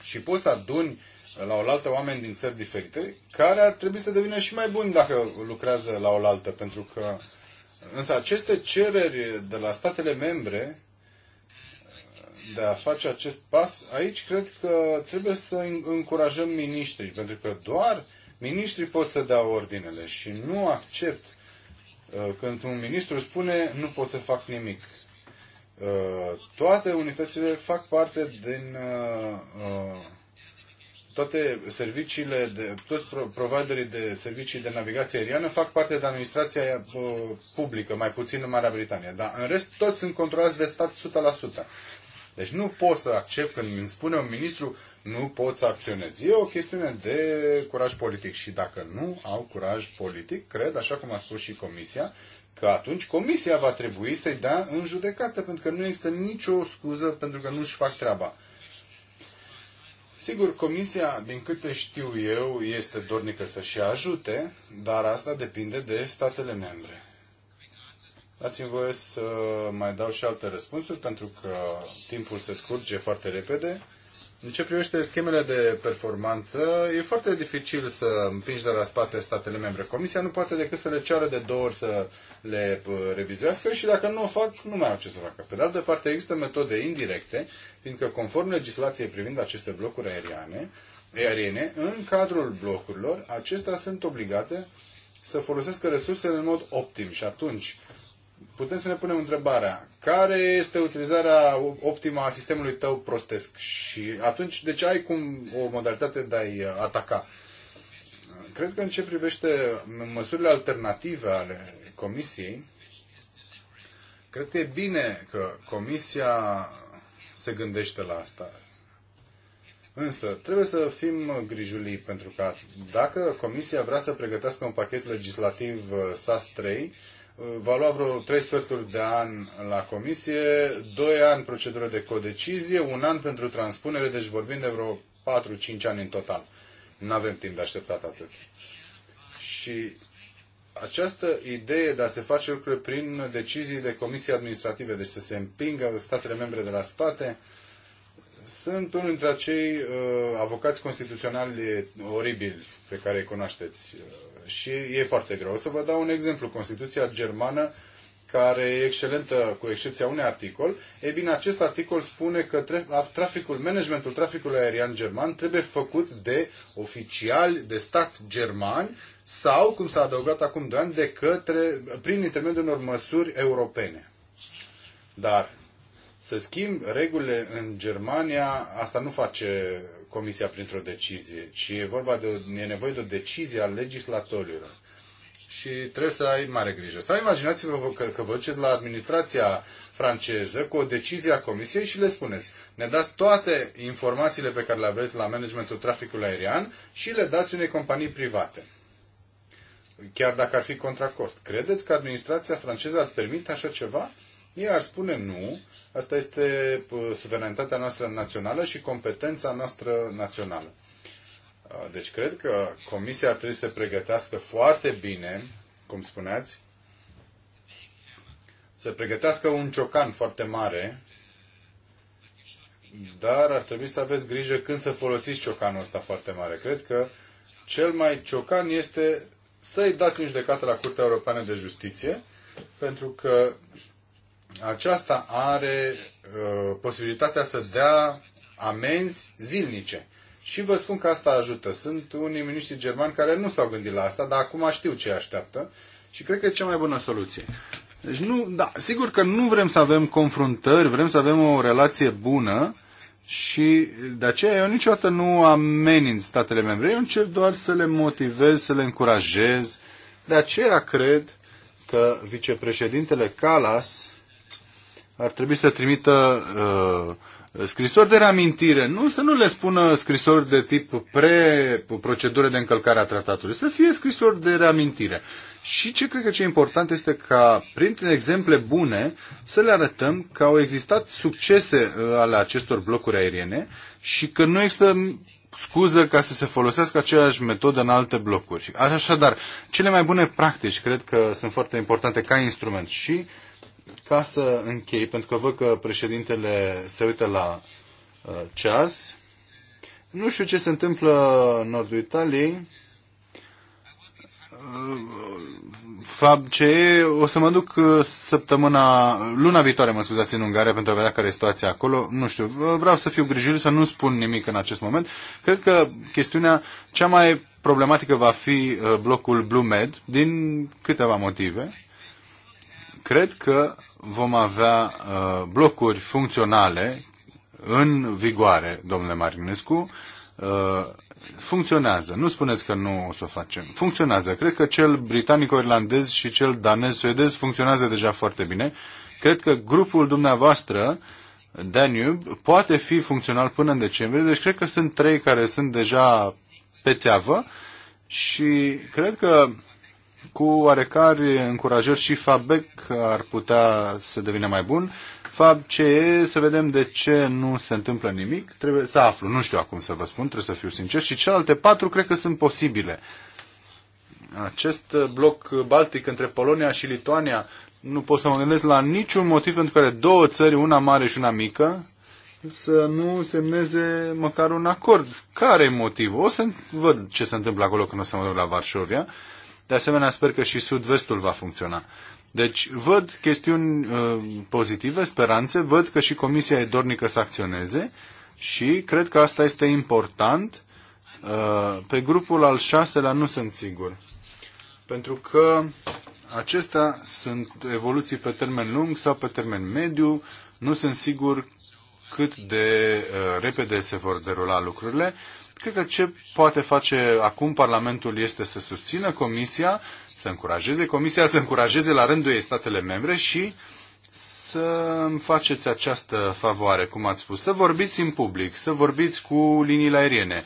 și poți să aduni la oaltă oameni din țări diferite, care ar trebui să devină și mai buni dacă lucrează la oaltă, pentru că însă aceste cereri de la statele membre de a face acest pas, aici cred că trebuie să încurajăm miniștrii, pentru că doar miniștrii pot să dea ordinele și nu accept Uh, când un ministru spune nu pot să fac nimic. Uh, toate unitățile fac parte din uh, toate serviciile, de, toți providerii de servicii de navigație aeriană fac parte de administrația publică, mai puțin în Marea Britanie. Dar în rest toți sunt controlați de stat 100%. Deci nu pot să accept când îmi spune un ministru nu pot să acționez. E o chestiune de curaj politic și dacă nu au curaj politic, cred, așa cum a spus și Comisia, că atunci Comisia va trebui să-i dea în judecată, pentru că nu există nicio scuză pentru că nu-și fac treaba. Sigur, Comisia, din câte știu eu, este dornică să-și ajute, dar asta depinde de statele membre. Dați-mi voie să mai dau și alte răspunsuri, pentru că timpul se scurge foarte repede. În ce privește schemele de performanță, e foarte dificil să împingi de la spate statele membre. Comisia nu poate decât să le ceară de două ori să le uh, revizuiască și dacă nu o fac, nu mai au ce să facă. Pe de altă parte, există metode indirecte, fiindcă conform legislației privind aceste blocuri aeriane, aeriene, în cadrul blocurilor, acestea sunt obligate să folosească resursele în mod optim și atunci putem să ne punem întrebarea, care este utilizarea optimă a sistemului tău prostesc? Și atunci, deci ai cum o modalitate de a-i uh, ataca. Cred că în ce privește măsurile alternative ale Comisiei, cred că e bine că Comisia se gândește la asta. Însă, trebuie să fim grijulii, pentru că dacă Comisia vrea să pregătească un pachet legislativ SAS uh, 3, Eh, va lua vreo trei sferturi de an la comisie, doi ani procedură de codecizie, un an pentru transpunere, deci vorbim de vreo 4-5 ani în total. Nu avem timp de așteptat atât. Și această idee de a se face lucrurile prin decizii de comisii administrative, deci să se împingă statele membre de la spate, sunt unul dintre acei uh, avocați constituționali oribili pe care îi cunoașteți. Uh, și e foarte greu. O să vă dau un exemplu. Constituția germană, care e excelentă cu excepția unui articol, e bine, acest articol spune că traficul, managementul traficului aerian german trebuie făcut de oficiali de stat germani sau, cum s-a adăugat acum doi ani, de către, prin intermediul unor măsuri europene. Dar să schimb regulile în Germania, asta nu face Comisia printr-o decizie, ci e vorba de, e nevoie de o decizie a legislatorilor. Și trebuie să ai mare grijă. Sau imaginați-vă că, că vă duceți la administrația franceză cu o decizie a Comisiei și le spuneți. Ne dați toate informațiile pe care le aveți la managementul traficului aerian și le dați unei companii private. Chiar dacă ar fi contracost. Credeți că administrația franceză ar permite așa ceva? Ei ar spune nu Asta este uh, suveranitatea noastră națională și competența noastră națională. Uh, deci cred că Comisia ar trebui să se pregătească foarte bine, cum spuneați, să pregătească un ciocan foarte mare, dar ar trebui să aveți grijă când să folosiți ciocanul ăsta foarte mare. Cred că cel mai ciocan este să-i dați în judecată la Curtea Europeană de Justiție, pentru că aceasta are uh, posibilitatea să dea amenzi zilnice. Și vă spun că asta ajută. Sunt unii miniștri germani care nu s-au gândit la asta, dar acum știu ce așteaptă și cred că e cea mai bună soluție. Deci nu, da, sigur că nu vrem să avem confruntări, vrem să avem o relație bună și de aceea eu niciodată nu amenin statele membre. Eu încerc doar să le motivez, să le încurajez. De aceea cred că vicepreședintele Calas ar trebui să trimită uh, scrisori de reamintire, nu să nu le spună scrisori de tip pre-procedură de încălcare a tratatului, să fie scrisori de reamintire. Și ce cred că ce e important este ca, prin exemple bune, să le arătăm că au existat succese uh, ale acestor blocuri aeriene și că nu există scuză ca să se folosească aceeași metodă în alte blocuri. Așadar, cele mai bune practici cred că sunt foarte importante ca instrument și uh, ca să închei, pentru că văd că președintele se uită la uh, ceas. Nu știu ce se întâmplă în nordul Italiei. Uh, Fab ce o să mă duc uh, săptămâna, luna viitoare, mă scuzați, în Ungaria pentru a vedea care e situația acolo. Nu știu, vreau să fiu grijuliu să nu spun nimic în acest moment. Cred că chestiunea cea mai problematică va fi uh, blocul Blue Med, din câteva motive cred că vom avea uh, blocuri funcționale în vigoare, domnule Marinescu, uh, funcționează. Nu spuneți că nu o să o facem. Funcționează. Cred că cel britanico-irlandez și cel danez-suedez funcționează deja foarte bine. Cred că grupul dumneavoastră, Danube, poate fi funcțional până în decembrie, deci cred că sunt trei care sunt deja pe țeavă și cred că cu oarecare încurajări și FABEC ar putea să devină mai bun. FAB ce e, să vedem de ce nu se întâmplă nimic. Trebuie să aflu, nu știu acum să vă spun, trebuie să fiu sincer. Și celelalte patru cred că sunt posibile. Acest bloc baltic între Polonia și Lituania, nu pot să mă gândesc la niciun motiv pentru care două țări, una mare și una mică, să nu semneze măcar un acord. Care e motivul? O să văd ce se întâmplă acolo când o să mă duc la Varșovia de asemenea, sper că și sud-vestul va funcționa. Deci văd chestiuni uh, pozitive, speranțe, văd că și Comisia e dornică să acționeze și cred că asta este important. Uh, pe grupul al șaselea nu sunt sigur, pentru că acestea sunt evoluții pe termen lung sau pe termen mediu, nu sunt sigur cât de uh, repede se vor derula lucrurile Cred că ce poate face acum Parlamentul este să susțină Comisia, să încurajeze Comisia, să încurajeze la rândul ei statele membre și să faceți această favoare, cum ați spus, să vorbiți în public, să vorbiți cu liniile aeriene,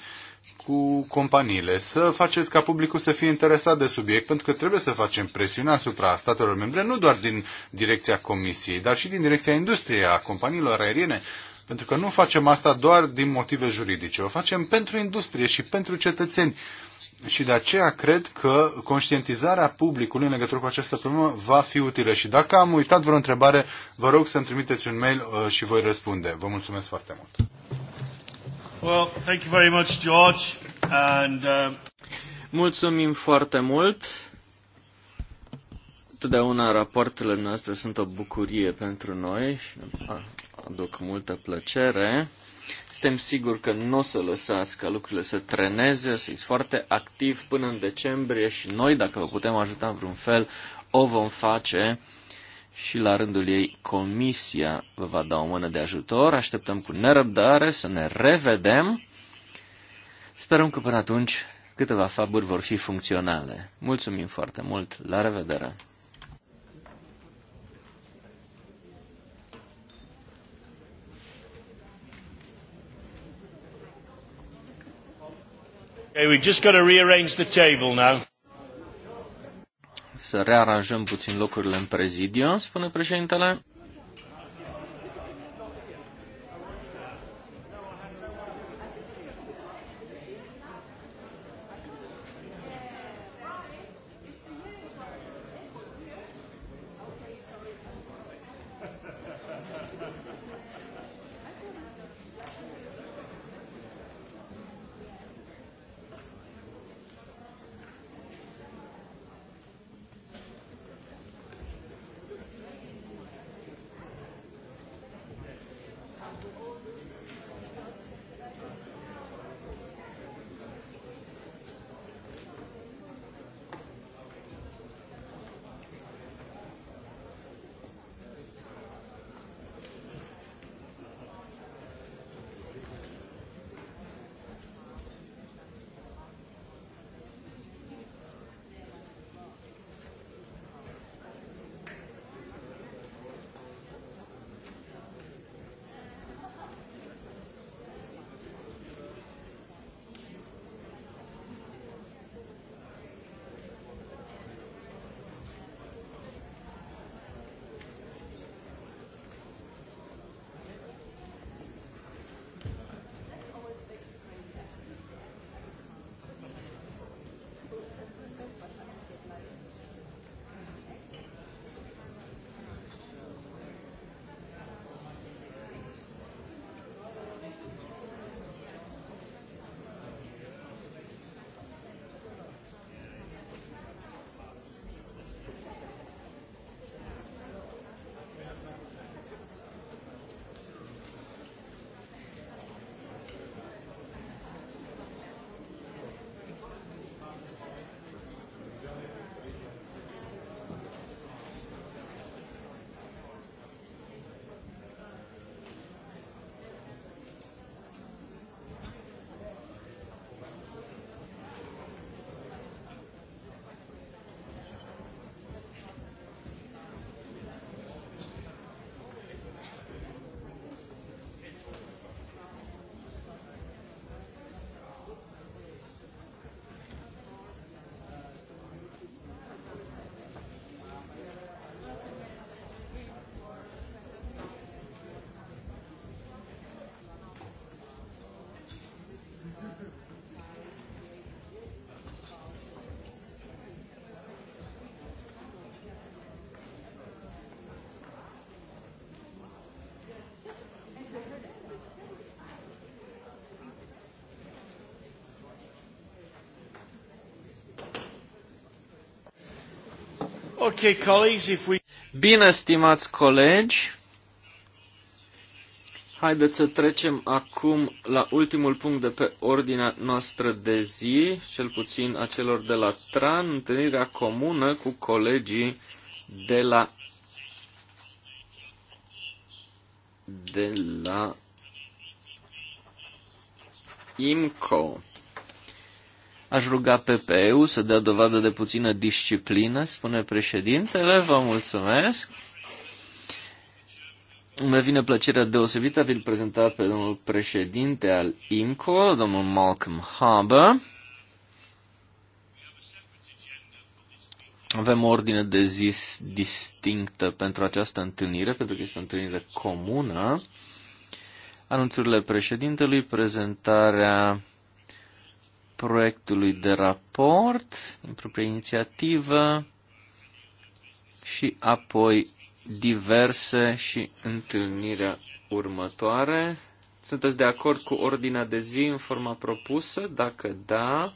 cu companiile, să faceți ca publicul să fie interesat de subiect, pentru că trebuie să facem presiune asupra statelor membre, nu doar din direcția Comisiei, dar și din direcția industriei, a companiilor aeriene, pentru că nu facem asta doar din motive juridice, o facem pentru industrie și pentru cetățeni. Și de aceea cred că conștientizarea publicului în legătură cu această problemă va fi utilă. Și dacă am uitat vreo întrebare, vă rog să-mi trimiteți un mail uh, și voi răspunde. Vă mulțumesc foarte mult. Well, thank you very much, George. And, uh... Mulțumim foarte mult. Totdeauna rapoartele noastre sunt o bucurie pentru noi și ah aduc multă plăcere. Suntem siguri că nu o să lăsați ca lucrurile să treneze, fiți foarte activ până în decembrie și noi, dacă vă putem ajuta în vreun fel, o vom face și la rândul ei comisia vă va da o mână de ajutor. Așteptăm cu nerăbdare să ne revedem. Sperăm că până atunci câteva faburi vor fi funcționale. Mulțumim foarte mult, la revedere! Okay, we just got to rearrange the table now. Să rearanjăm puțin locurile în prezidiu, spune președintele. Okay, colleagues, if we... Bine, stimați colegi, haideți să trecem acum la ultimul punct de pe ordinea noastră de zi, cel puțin a celor de la TRAN, întâlnirea comună cu colegii de la de la IMCO. Aș ruga PPE-ul să dea dovadă de puțină disciplină, spune președintele. Vă mulțumesc. Îmi vine plăcerea deosebită a fi prezentat pe domnul președinte al IMCO, domnul Malcolm Haber. Avem o ordine de zi distinctă pentru această întâlnire, pentru că este o întâlnire comună. Anunțurile președintelui, prezentarea proiectului de raport, din proprie inițiativă și apoi diverse și întâlnirea următoare. Sunteți de acord cu ordinea de zi în forma propusă? Dacă da,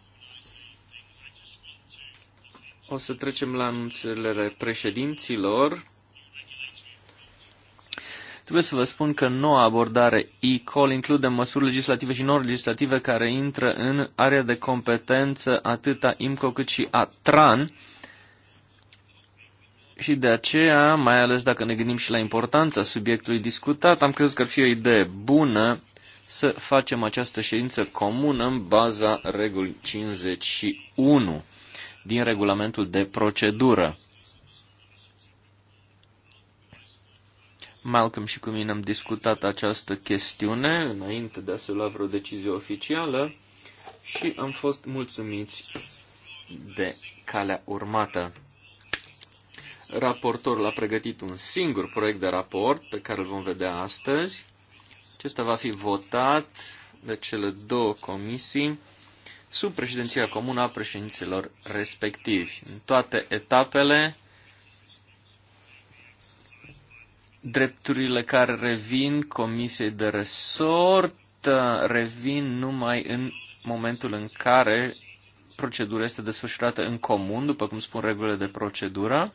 o să trecem la anunțele președinților. Trebuie să vă spun că noua abordare e-call include măsuri legislative și non-legislative care intră în area de competență atât a IMCO cât și a TRAN și de aceea, mai ales dacă ne gândim și la importanța subiectului discutat, am crezut că ar fi o idee bună să facem această ședință comună în baza regulii 51 din regulamentul de procedură. Malcolm și cu mine am discutat această chestiune înainte de a se lua vreo decizie oficială și am fost mulțumiți de calea urmată. Raportorul a pregătit un singur proiect de raport pe care îl vom vedea astăzi. Acesta va fi votat de cele două comisii sub președinția comună a președinților respectivi. În toate etapele drepturile care revin comisiei de resort uh, revin numai în momentul în care procedura este desfășurată în comun, după cum spun regulile de procedură.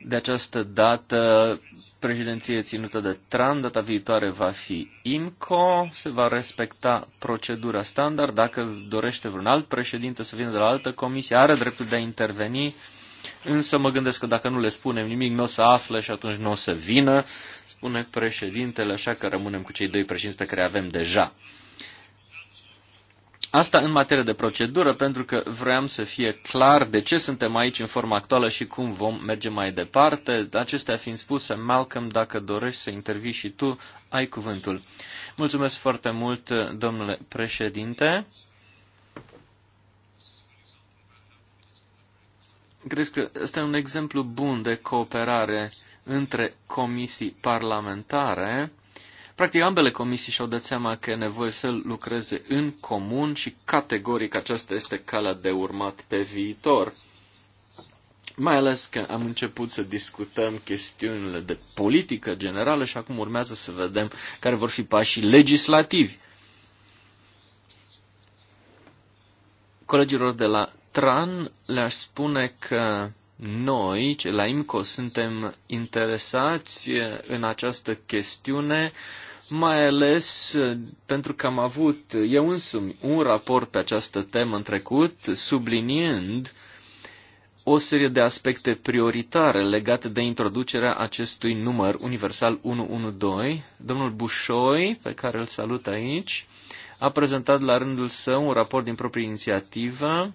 De această dată, președinție ținută de TRAN, data viitoare va fi IMCO, se va respecta procedura standard. Dacă dorește vreun alt președinte să vină de la altă comisie, are dreptul de a interveni însă mă gândesc că dacă nu le spunem nimic, nu o să află și atunci nu o să vină, spune președintele, așa că rămânem cu cei doi președinți pe care avem deja. Asta în materie de procedură, pentru că vreau să fie clar de ce suntem aici în forma actuală și cum vom merge mai departe. Acestea fiind spuse, Malcolm, dacă dorești să intervii și tu, ai cuvântul. Mulțumesc foarte mult, domnule președinte. Cred că este un exemplu bun de cooperare între comisii parlamentare. Practic, ambele comisii și-au dat seama că e nevoie să lucreze în comun și categoric aceasta este calea de urmat pe viitor. Mai ales că am început să discutăm chestiunile de politică generală și acum urmează să vedem care vor fi pașii legislativi. Colegilor de la TRAN le-aș spune că noi, ce la IMCO, suntem interesați în această chestiune, mai ales pentru că am avut eu însumi un raport pe această temă în trecut, subliniind o serie de aspecte prioritare legate de introducerea acestui număr universal 112. Domnul Bușoi, pe care îl salut aici, a prezentat la rândul său un raport din proprie inițiativă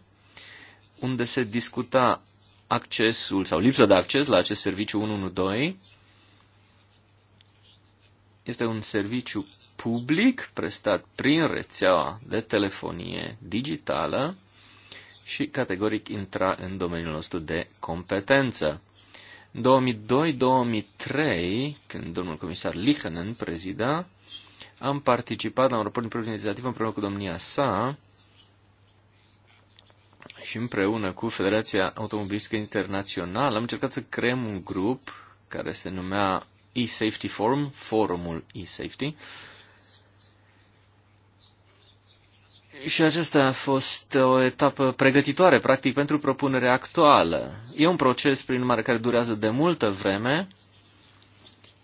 unde se discuta accesul sau lipsa de acces la acest serviciu 112. Este un serviciu public prestat prin rețeaua de telefonie digitală și categoric intra în domeniul nostru de competență. În 2002-2003, când domnul comisar Lichenen prezida, am participat la un raport de inițiativă împreună cu domnia sa și împreună cu Federația Automobilistică Internațională am încercat să creăm un grup care se numea eSafety Forum, forumul eSafety. Și aceasta a fost o etapă pregătitoare, practic, pentru propunerea actuală. E un proces, prin urmare, care durează de multă vreme,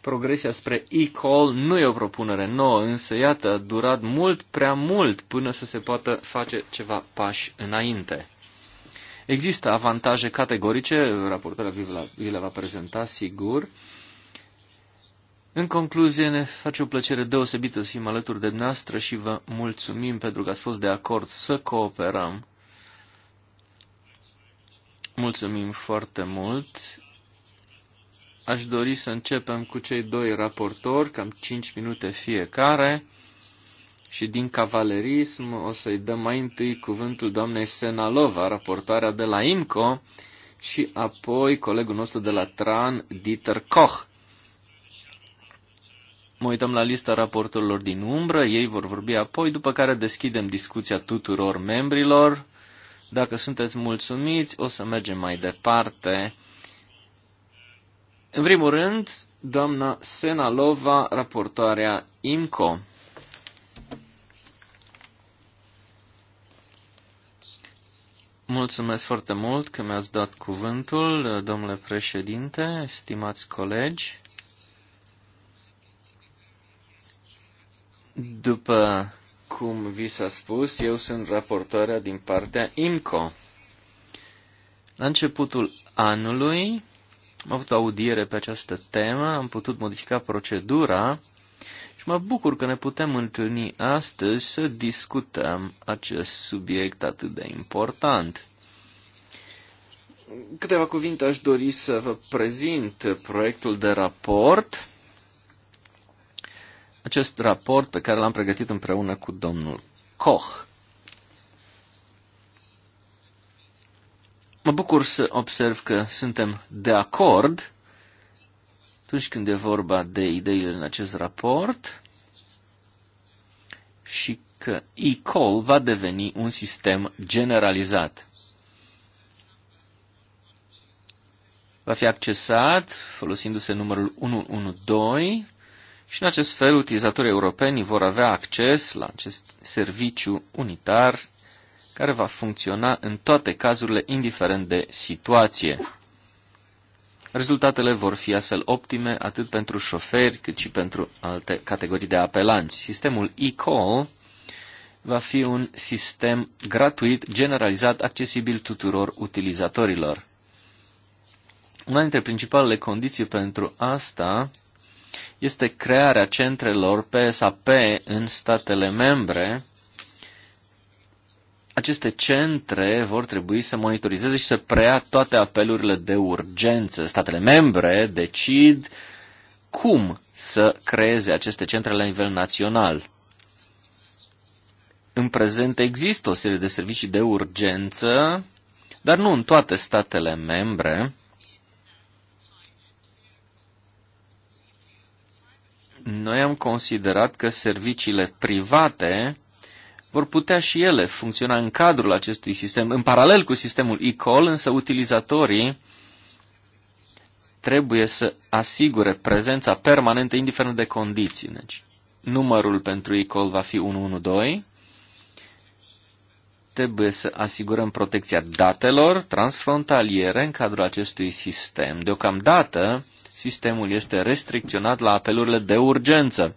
progresia spre e-call nu e o propunere nouă, însă iată, a durat mult prea mult până să se poată face ceva pași înainte. Există avantaje categorice, raportarea vi le va prezenta, sigur. În concluzie, ne face o plăcere deosebită să fim alături de noastră și vă mulțumim pentru că ați fost de acord să cooperăm. Mulțumim foarte mult Aș dori să începem cu cei doi raportori, cam 5 minute fiecare. Și din cavalerism o să-i dăm mai întâi cuvântul doamnei Senalova, raportoarea de la IMCO, și apoi colegul nostru de la TRAN, Dieter Koch. Mă uităm la lista raportorilor din umbră, ei vor vorbi apoi, după care deschidem discuția tuturor membrilor. Dacă sunteți mulțumiți, o să mergem mai departe în primul rând, doamna Senalova, raportoarea IMCO. Mulțumesc foarte mult că mi-ați dat cuvântul, domnule președinte, stimați colegi. După cum vi s-a spus, eu sunt raportoarea din partea IMCO. La începutul anului am avut o audiere pe această temă, am putut modifica procedura și mă bucur că ne putem întâlni astăzi să discutăm acest subiect atât de important. Câteva cuvinte aș dori să vă prezint proiectul de raport. Acest raport pe care l-am pregătit împreună cu domnul Koch. Mă bucur să observ că suntem de acord atunci când e vorba de ideile în acest raport și că e-call va deveni un sistem generalizat. Va fi accesat folosindu-se numărul 112 și în acest fel utilizatorii europeni vor avea acces la acest serviciu unitar care va funcționa în toate cazurile, indiferent de situație. Rezultatele vor fi astfel optime atât pentru șoferi cât și pentru alte categorii de apelanți. Sistemul e-call va fi un sistem gratuit, generalizat, accesibil tuturor utilizatorilor. Una dintre principalele condiții pentru asta este crearea centrelor PSAP în statele membre aceste centre vor trebui să monitorizeze și să preia toate apelurile de urgență. Statele membre decid cum să creeze aceste centre la nivel național. În prezent există o serie de servicii de urgență, dar nu în toate statele membre. Noi am considerat că serviciile private vor putea și ele funcționa în cadrul acestui sistem, în paralel cu sistemul e-call, însă utilizatorii trebuie să asigure prezența permanentă, indiferent de condiții. Deci, numărul pentru e-call va fi 112. Trebuie să asigurăm protecția datelor transfrontaliere în cadrul acestui sistem. Deocamdată, sistemul este restricționat la apelurile de urgență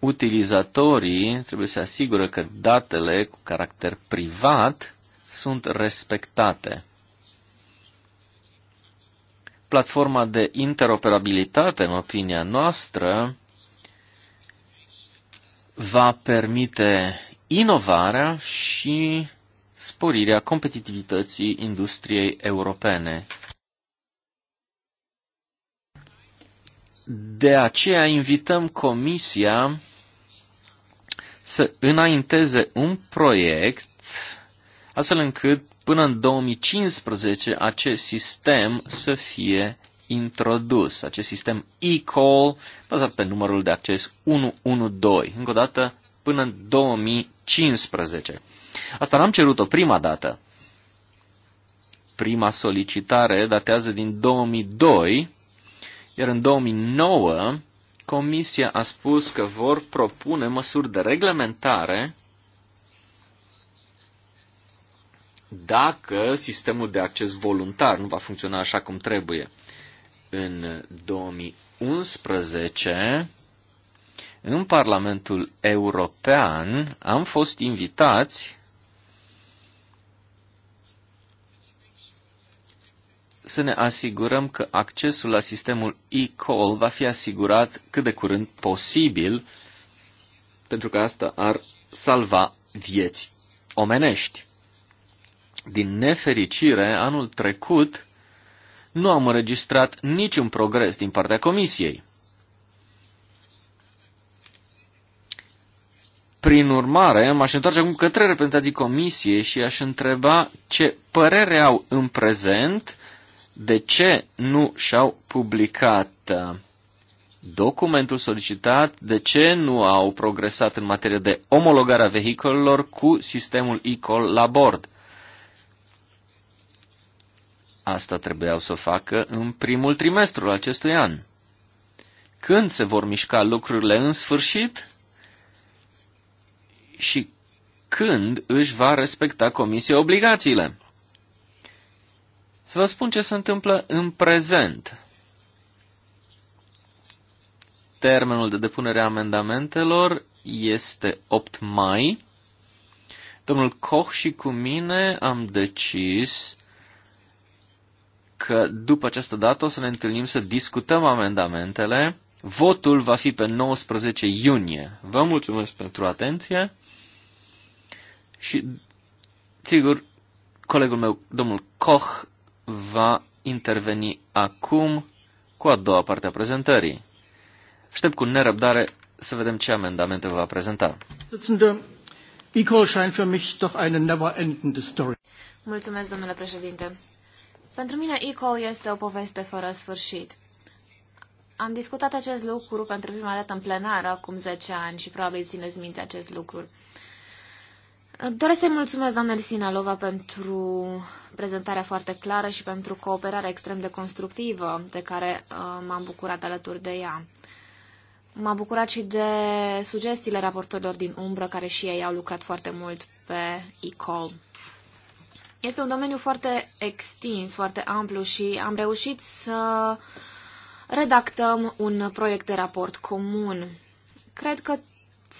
utilizatorii trebuie să asigură că datele cu caracter privat sunt respectate. Platforma de interoperabilitate, în opinia noastră, va permite inovarea și sporirea competitivității industriei europene. De aceea invităm Comisia să înainteze un proiect astfel încât până în 2015 acest sistem să fie introdus, acest sistem e-call bazat pe numărul de acces 112. Încă o dată, până în 2015. Asta n-am cerut-o prima dată. Prima solicitare datează din 2002 iar în 2009, Comisia a spus că vor propune măsuri de reglementare dacă sistemul de acces voluntar nu va funcționa așa cum trebuie. În 2011, în Parlamentul European, am fost invitați să ne asigurăm că accesul la sistemul e-call va fi asigurat cât de curând posibil, pentru că asta ar salva vieți omenești. Din nefericire, anul trecut nu am înregistrat niciun progres din partea Comisiei. Prin urmare, m-aș întoarce acum către reprezentanții Comisiei și aș întreba ce părere au în prezent de ce nu și-au publicat uh, documentul solicitat, de ce nu au progresat în materie de omologare a vehiculelor cu sistemul e-call la bord. Asta trebuiau să o facă în primul trimestru al acestui an. Când se vor mișca lucrurile în sfârșit și când își va respecta comisia obligațiile? Să vă spun ce se întâmplă în prezent. Termenul de depunere a amendamentelor este 8 mai. Domnul Koch și cu mine am decis că după această dată o să ne întâlnim să discutăm amendamentele. Votul va fi pe 19 iunie. Vă mulțumesc pentru atenție și, sigur, colegul meu, domnul Koch, va interveni acum cu a doua parte a prezentării. Aștept cu nerăbdare să vedem ce amendamente va prezenta. Mulțumesc, domnule președinte. Pentru mine, ECOL este o poveste fără sfârșit. Am discutat acest lucru pentru prima dată în plenar acum 10 ani și probabil țineți minte acest lucru. Doresc să-i mulțumesc, doamnei Sinalova, pentru prezentarea foarte clară și pentru cooperarea extrem de constructivă de care uh, m-am bucurat alături de ea. M-a bucurat și de sugestiile raportorilor din umbră, care și ei au lucrat foarte mult pe e-call. Este un domeniu foarte extins, foarte amplu și am reușit să redactăm un proiect de raport comun. Cred că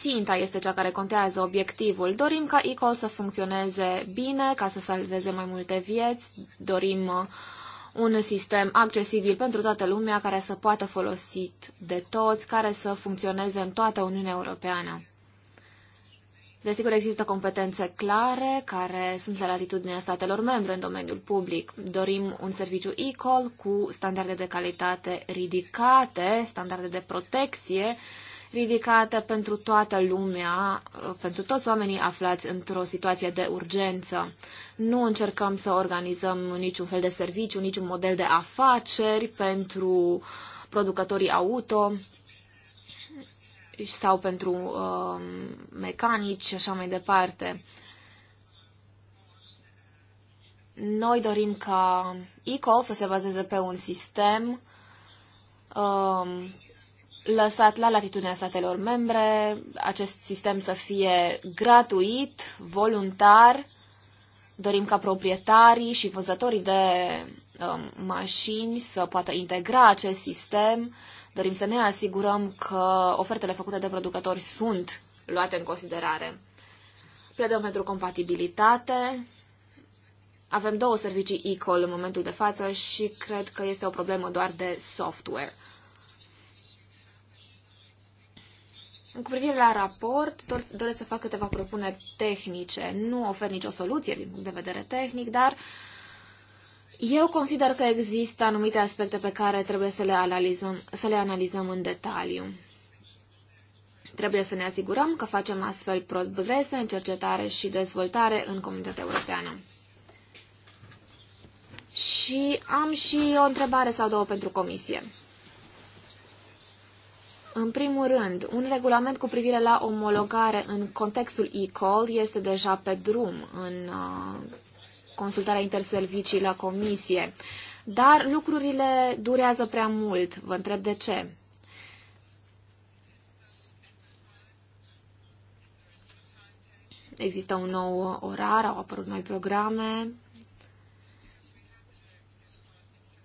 ținta este cea care contează, obiectivul. Dorim ca ECOL să funcționeze bine, ca să salveze mai multe vieți, dorim uh, un sistem accesibil pentru toată lumea, care să poată folosit de toți, care să funcționeze în toată Uniunea Europeană. Desigur, există competențe clare care sunt la latitudinea statelor membre în domeniul public. Dorim un serviciu e-call cu standarde de calitate ridicate, standarde de protecție ridicată pentru toată lumea, pentru toți oamenii aflați într-o situație de urgență. Nu încercăm să organizăm niciun fel de serviciu, niciun model de afaceri pentru producătorii auto sau pentru uh, mecanici și așa mai departe. Noi dorim ca e să se bazeze pe un sistem um, lăsat la latitudinea statelor membre acest sistem să fie gratuit, voluntar. Dorim ca proprietarii și vânzătorii de um, mașini să poată integra acest sistem. Dorim să ne asigurăm că ofertele făcute de producători sunt luate în considerare. Pledăm pentru compatibilitate. Avem două servicii e în momentul de față și cred că este o problemă doar de software. Cu privire la raport, doresc să fac câteva propuneri tehnice. Nu ofer nicio soluție din punct de vedere tehnic, dar eu consider că există anumite aspecte pe care trebuie să le analizăm, să le analizăm în detaliu. Trebuie să ne asigurăm că facem astfel progrese în cercetare și dezvoltare în comunitatea europeană. Și am și o întrebare sau două pentru comisie. În primul rând, un regulament cu privire la omologare în contextul e-call este deja pe drum în uh, consultarea interservicii la comisie. Dar lucrurile durează prea mult. Vă întreb de ce. Există un nou orar, au apărut noi programe.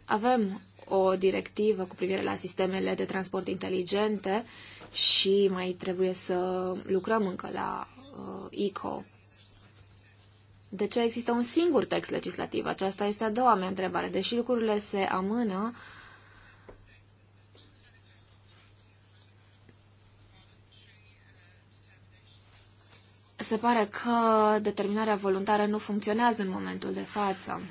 Avem o directivă cu privire la sistemele de transport inteligente și mai trebuie să lucrăm încă la uh, ICO. De ce există un singur text legislativ? Aceasta este a doua mea întrebare. Deși lucrurile se amână, se pare că determinarea voluntară nu funcționează în momentul de față.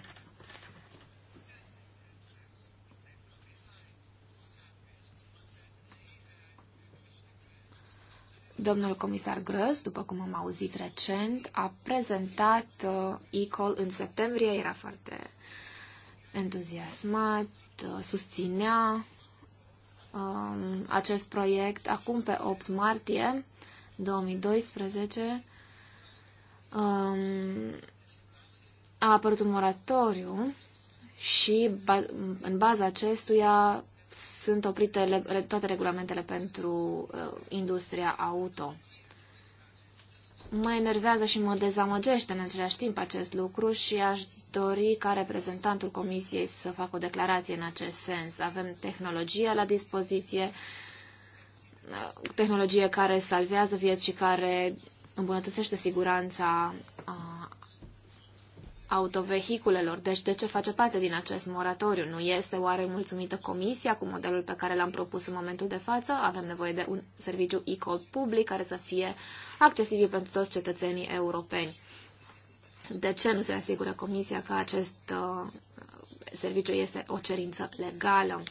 Domnul comisar Grăs, după cum am auzit recent, a prezentat ECOL uh, în septembrie, era foarte entuziasmat, uh, susținea um, acest proiect. Acum, pe 8 martie 2012, um, a apărut un moratoriu și ba- în baza acestuia sunt oprite toate regulamentele pentru uh, industria auto. Mă enervează și mă dezamăgește în același timp acest lucru și aș dori ca reprezentantul Comisiei să facă o declarație în acest sens. Avem tehnologia la dispoziție, uh, tehnologie care salvează vieți și care îmbunătățește siguranța uh, autovehiculelor. Deci de ce face parte din acest moratoriu? Nu este oare mulțumită comisia cu modelul pe care l-am propus în momentul de față? Avem nevoie de un serviciu e-call public care să fie accesibil pentru toți cetățenii europeni. De ce nu se asigură comisia că acest uh, serviciu este o cerință legală?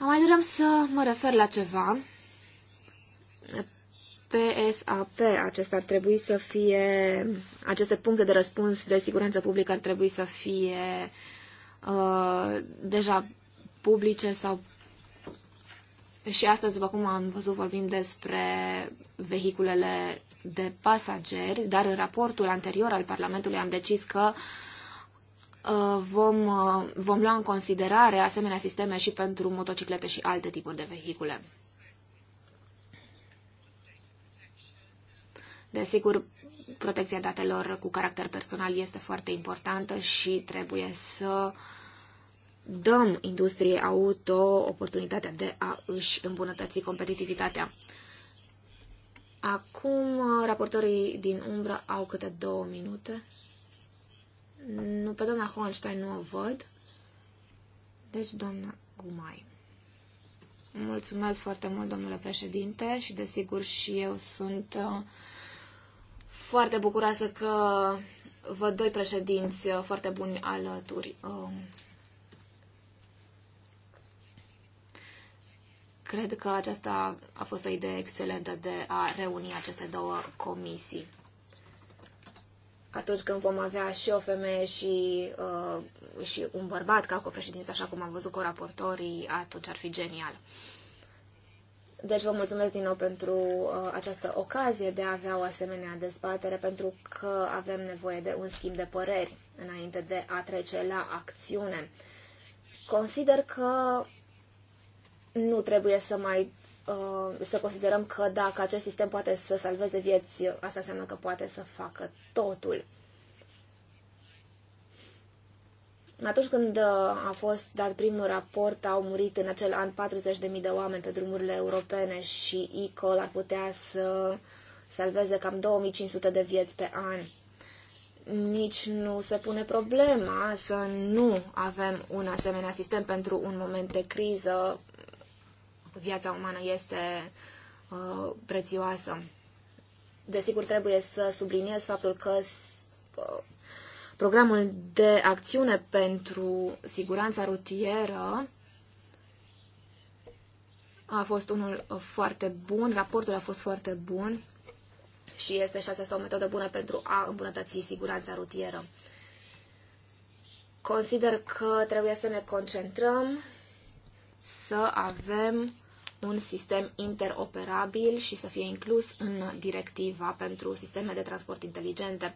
Am mai doream să mă refer la ceva PSAP, acesta ar trebui să fie, aceste puncte de răspuns de siguranță publică ar trebui să fie uh, deja publice sau și astăzi, după cum am văzut, vorbim despre vehiculele de pasageri, dar în raportul anterior al Parlamentului am decis că uh, vom, uh, vom lua în considerare asemenea sisteme și pentru motociclete și alte tipuri de vehicule. Desigur, protecția datelor cu caracter personal este foarte importantă și trebuie să dăm industriei auto oportunitatea de a își îmbunătăți competitivitatea. Acum, raportorii din umbră au câte două minute. Nu, pe doamna Hohenstein nu o văd. Deci, doamna Gumai. Mulțumesc foarte mult, domnule președinte, și desigur și eu sunt uh, foarte bucuroasă că văd doi președinți uh, foarte buni alături. Um, cred că aceasta a fost o idee excelentă de a reuni aceste două comisii. Atunci când vom avea și o femeie și, uh, și un bărbat ca președinte, așa cum am văzut cu raportorii, atunci ar fi genial. Uh, deci vă mulțumesc din nou pentru uh, această ocazie de a avea o asemenea dezbatere, pentru că avem nevoie de un schimb de păreri înainte de a trece la acțiune. Consider că nu trebuie să mai uh, să considerăm că dacă acest sistem poate să salveze vieți, asta înseamnă că poate să facă totul. Atunci când uh, a fost dat primul raport, au murit în acel an 40.000 de oameni pe drumurile europene și ICOL ar putea să salveze cam 2500 de vieți pe an. Nici nu se pune problema să nu avem un asemenea sistem pentru un moment de criză. Viața umană este uh, prețioasă. Desigur, trebuie să subliniez faptul că uh, Programul de acțiune pentru siguranța rutieră a fost unul foarte bun, raportul a fost foarte bun și este și aceasta o metodă bună pentru a îmbunătăți siguranța rutieră. Consider că trebuie să ne concentrăm să avem un sistem interoperabil și să fie inclus în directiva pentru sisteme de transport inteligente.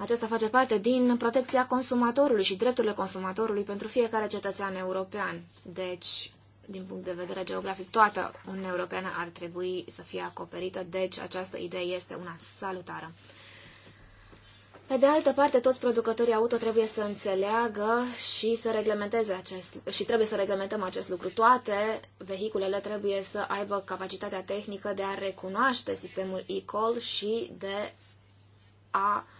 Aceasta face parte din protecția consumatorului și drepturile consumatorului pentru fiecare cetățean european. Deci, din punct de vedere geografic, toată Uniunea Europeană ar trebui să fie acoperită, deci această idee este una salutară. Pe de altă parte, toți producătorii auto trebuie să înțeleagă și să reglementeze acest și trebuie să reglementăm acest lucru. Toate vehiculele trebuie să aibă capacitatea tehnică de a recunoaște sistemul e-call și de a uh,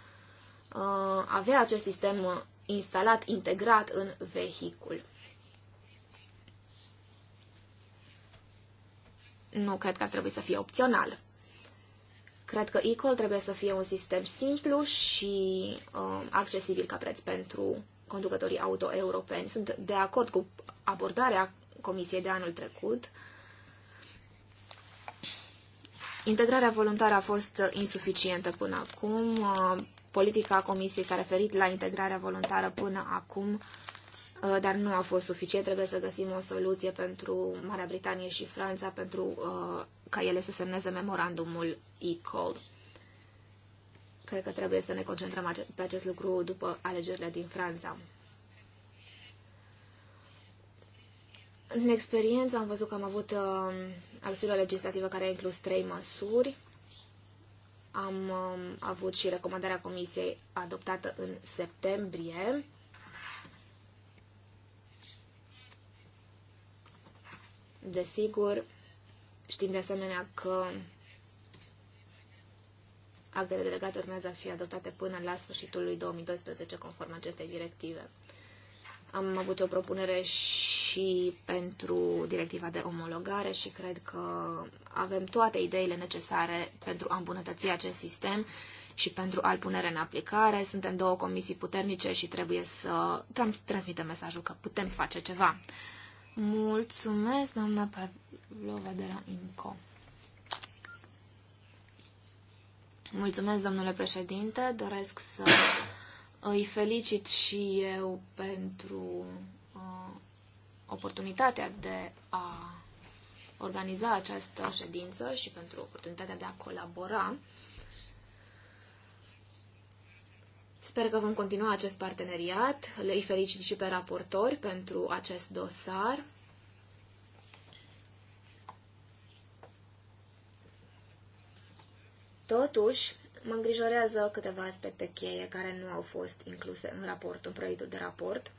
Uh, avea acest sistem instalat, integrat în vehicul. Nu cred că ar trebui să fie opțional. Cred că Ecol trebuie să fie un sistem simplu și uh, accesibil ca preț pentru conducătorii auto europeni. Sunt de acord cu abordarea Comisiei de anul trecut. Integrarea voluntară a fost insuficientă până acum. Uh, politica Comisiei s-a referit la integrarea voluntară până acum, uh, dar nu a fost suficient. Trebuie să găsim o soluție pentru Marea Britanie și Franța pentru uh, ca ele să semneze memorandumul e-call. Cred că trebuie să ne concentrăm pe acest lucru după alegerile din Franța. În experiență am văzut că am avut uh, alțiunea legislativă care a inclus trei măsuri am um, avut și recomandarea comisiei adoptată în septembrie. Desigur, știm de asemenea că actele delegate urmează a fi adoptate până la sfârșitul lui 2012 conform acestei directive. Am avut o propunere și pentru directiva de omologare și cred că avem toate ideile necesare pentru a îmbunătăți acest sistem și pentru a-l pune în aplicare. Suntem două comisii puternice și trebuie să transmitem mesajul că putem face ceva. Mulțumesc, doamna Pavlova de la INCO. Mulțumesc, domnule președinte. Doresc să îi felicit și eu pentru uh, oportunitatea de a organiza această ședință și pentru oportunitatea de a colabora. Sper că vom continua acest parteneriat. Îi felicit și pe raportori pentru acest dosar. Totuși, Mă îngrijorează câteva aspecte cheie care nu au fost incluse în raport, în proiectul de raport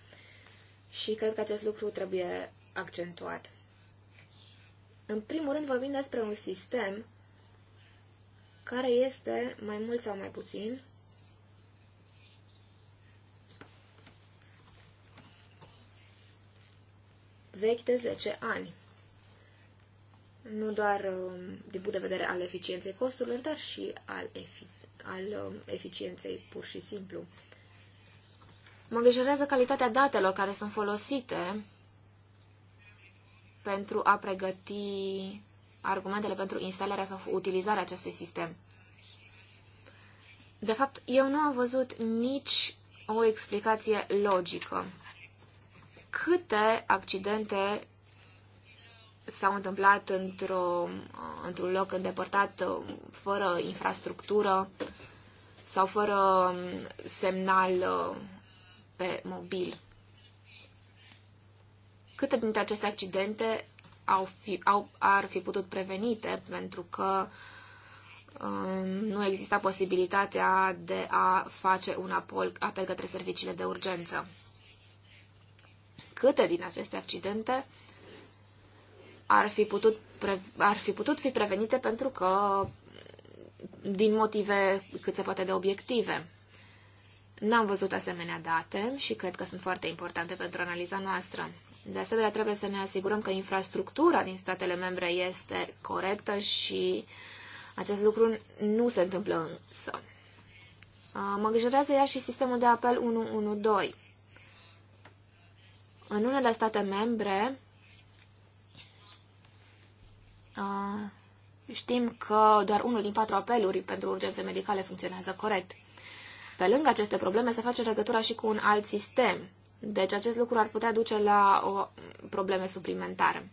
și cred că acest lucru trebuie accentuat. În primul rând vorbim despre un sistem care este mai mult sau mai puțin vechi de 10 ani. Nu doar um, din punct de vedere al eficienței costurilor, dar și al eficienței al um, eficienței, pur și simplu. Mă îngrijorează calitatea datelor care sunt folosite pentru a pregăti argumentele pentru instalarea sau utilizarea acestui sistem. De fapt, eu nu am văzut nici o explicație logică. Câte accidente s-au întâmplat într-o, într-un loc îndepărtat, uh, fără infrastructură sau fără um, semnal uh, pe mobil. Câte dintre aceste accidente au fi, au, ar fi putut prevenite pentru că um, nu exista posibilitatea de a face un apel, apel către serviciile de urgență. Câte din aceste accidente ar fi putut, pre, ar fi, putut fi prevenite pentru că din motive cât se poate de obiective. N-am văzut asemenea date și cred că sunt foarte importante pentru analiza noastră. De asemenea, trebuie să ne asigurăm că infrastructura din statele membre este corectă și acest lucru nu se întâmplă însă. Mă îngrijorează ea și sistemul de apel 112. În unele state membre, Uh, știm că doar unul din patru apeluri pentru urgențe medicale funcționează corect. Pe lângă aceste probleme se face legătura și cu un alt sistem. Deci acest lucru ar putea duce la o probleme suplimentare.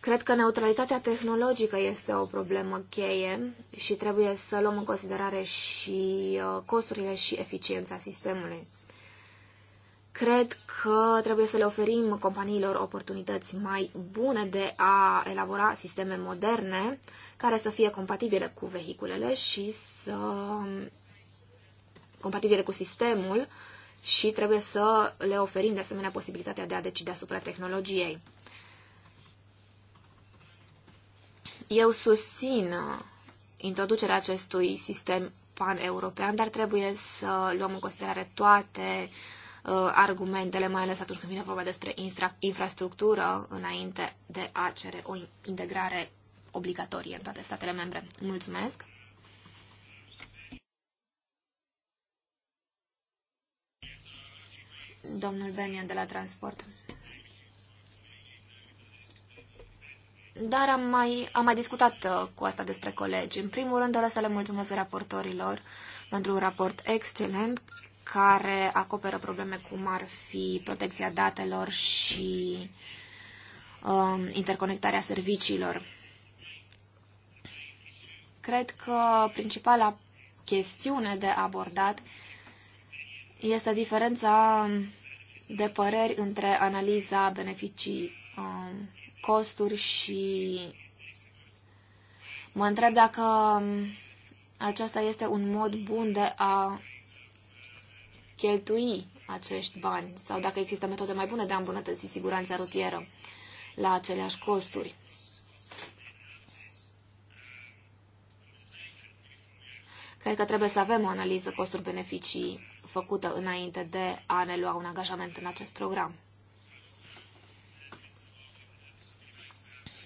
Cred că neutralitatea tehnologică este o problemă cheie și trebuie să luăm în considerare și uh, costurile și eficiența sistemului. Cred că trebuie să le oferim companiilor oportunități mai bune de a elabora sisteme moderne care să fie compatibile cu vehiculele și să compatibile cu sistemul și trebuie să le oferim de asemenea posibilitatea de a decide asupra tehnologiei. Eu susțin uh, introducerea acestui sistem pan-european, dar trebuie să luăm în considerare toate uh, Uh, argumentele, mai ales atunci când vine vorba despre infrastructură, înainte de a cere o integrare obligatorie în toate statele membre. Mulțumesc! Domnul Benian de la Transport. Dar am mai, am mai discutat uh, cu asta despre colegi. În primul rând, doresc să le mulțumesc raportorilor pentru un raport excelent care acoperă probleme cum ar fi protecția datelor și uh, interconectarea serviciilor. Cred că principala chestiune de abordat este diferența de păreri între analiza beneficii um, costuri și mă întreb dacă um, aceasta este un mod bun de a cheltui acești bani sau dacă există metode mai bune de a îmbunătăți siguranța rutieră la aceleași costuri. Cred că trebuie să avem o analiză costuri-beneficii făcută înainte de a ne lua un angajament în acest program.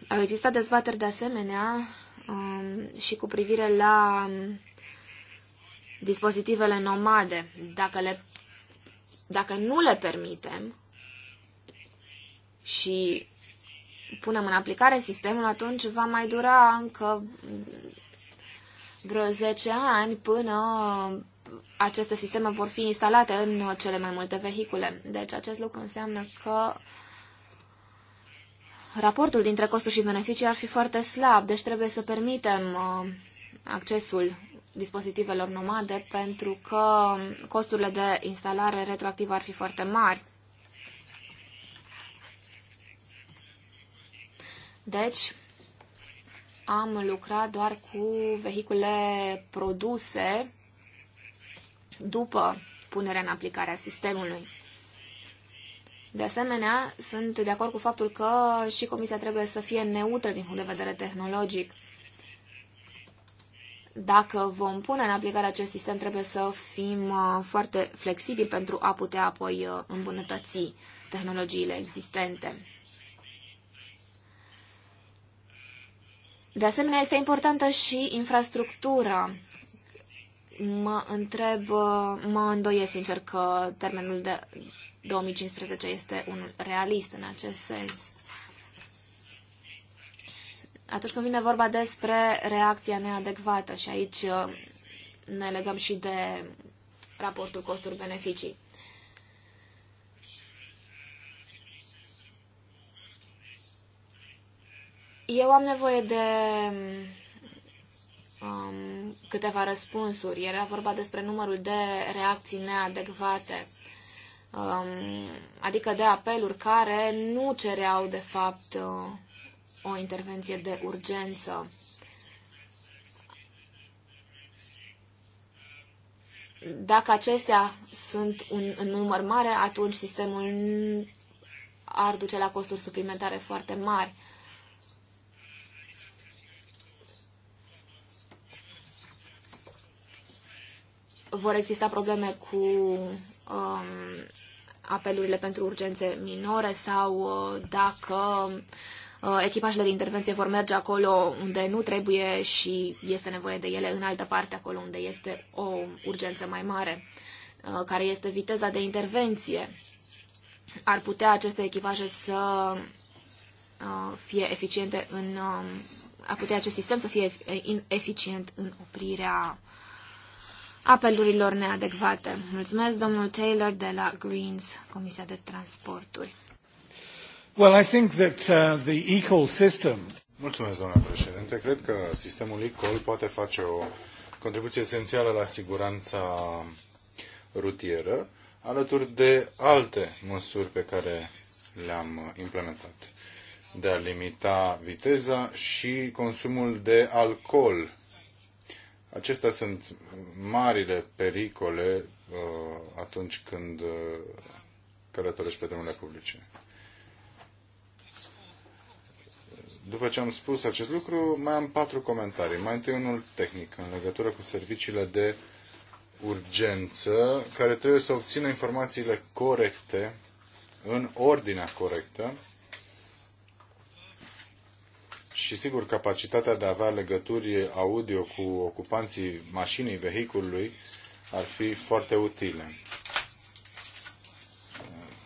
Au existat dezbateri de asemenea um, și cu privire la um, dispozitivele nomade, dacă, le, dacă nu le permitem și punem în aplicare sistemul, atunci va mai dura încă vreo 10 ani până aceste sisteme vor fi instalate în cele mai multe vehicule. Deci acest lucru înseamnă că raportul dintre costuri și beneficii ar fi foarte slab, deci trebuie să permitem uh, accesul dispozitivelor nomade pentru că costurile de instalare retroactivă ar fi foarte mari. Deci, am lucrat doar cu vehicule produse după punerea în aplicare a sistemului. De asemenea, sunt de acord cu faptul că și comisia trebuie să fie neutră din punct de vedere tehnologic dacă vom pune în aplicare acest sistem, trebuie să fim uh, foarte flexibili pentru a putea apoi uh, îmbunătăți tehnologiile existente. De asemenea, este importantă și infrastructura. Mă întreb, uh, mă îndoiesc sincer că termenul de 2015 este unul realist în acest sens atunci când vine vorba despre reacția neadecvată și aici uh, ne legăm și de raportul costuri-beneficii. Eu am nevoie de um, câteva răspunsuri. Era vorba despre numărul de reacții neadecvate, um, adică de apeluri care nu cereau, de fapt, uh, o intervenție de urgență. Dacă acestea sunt un, în număr mare, atunci sistemul ar duce la costuri suplimentare foarte mari. Vor exista probleme cu um, apelurile pentru urgențe minore sau uh, dacă Uh, echipajele de intervenție vor merge acolo unde nu trebuie și este nevoie de ele în altă parte, acolo unde este o urgență mai mare, uh, care este viteza de intervenție. Ar putea aceste echipaje să uh, fie eficiente în. Um, ar putea acest sistem să fie eficient în oprirea apelurilor neadecvate. Mulțumesc, domnul Taylor de la Greens, Comisia de Transporturi. Well, I think that uh, the system... Mulțumesc, doamna președinte. Cred că sistemul ECOL poate face o contribuție esențială la siguranța rutieră, alături de alte măsuri pe care le-am implementat de a limita viteza și consumul de alcool. Acestea sunt marile pericole uh, atunci când uh, călătorești pe drumurile publice. După ce am spus acest lucru, mai am patru comentarii. Mai întâi unul tehnic în legătură cu serviciile de urgență care trebuie să obțină informațiile corecte în ordinea corectă și sigur capacitatea de a avea legături audio cu ocupanții mașinii, vehiculului ar fi foarte utile.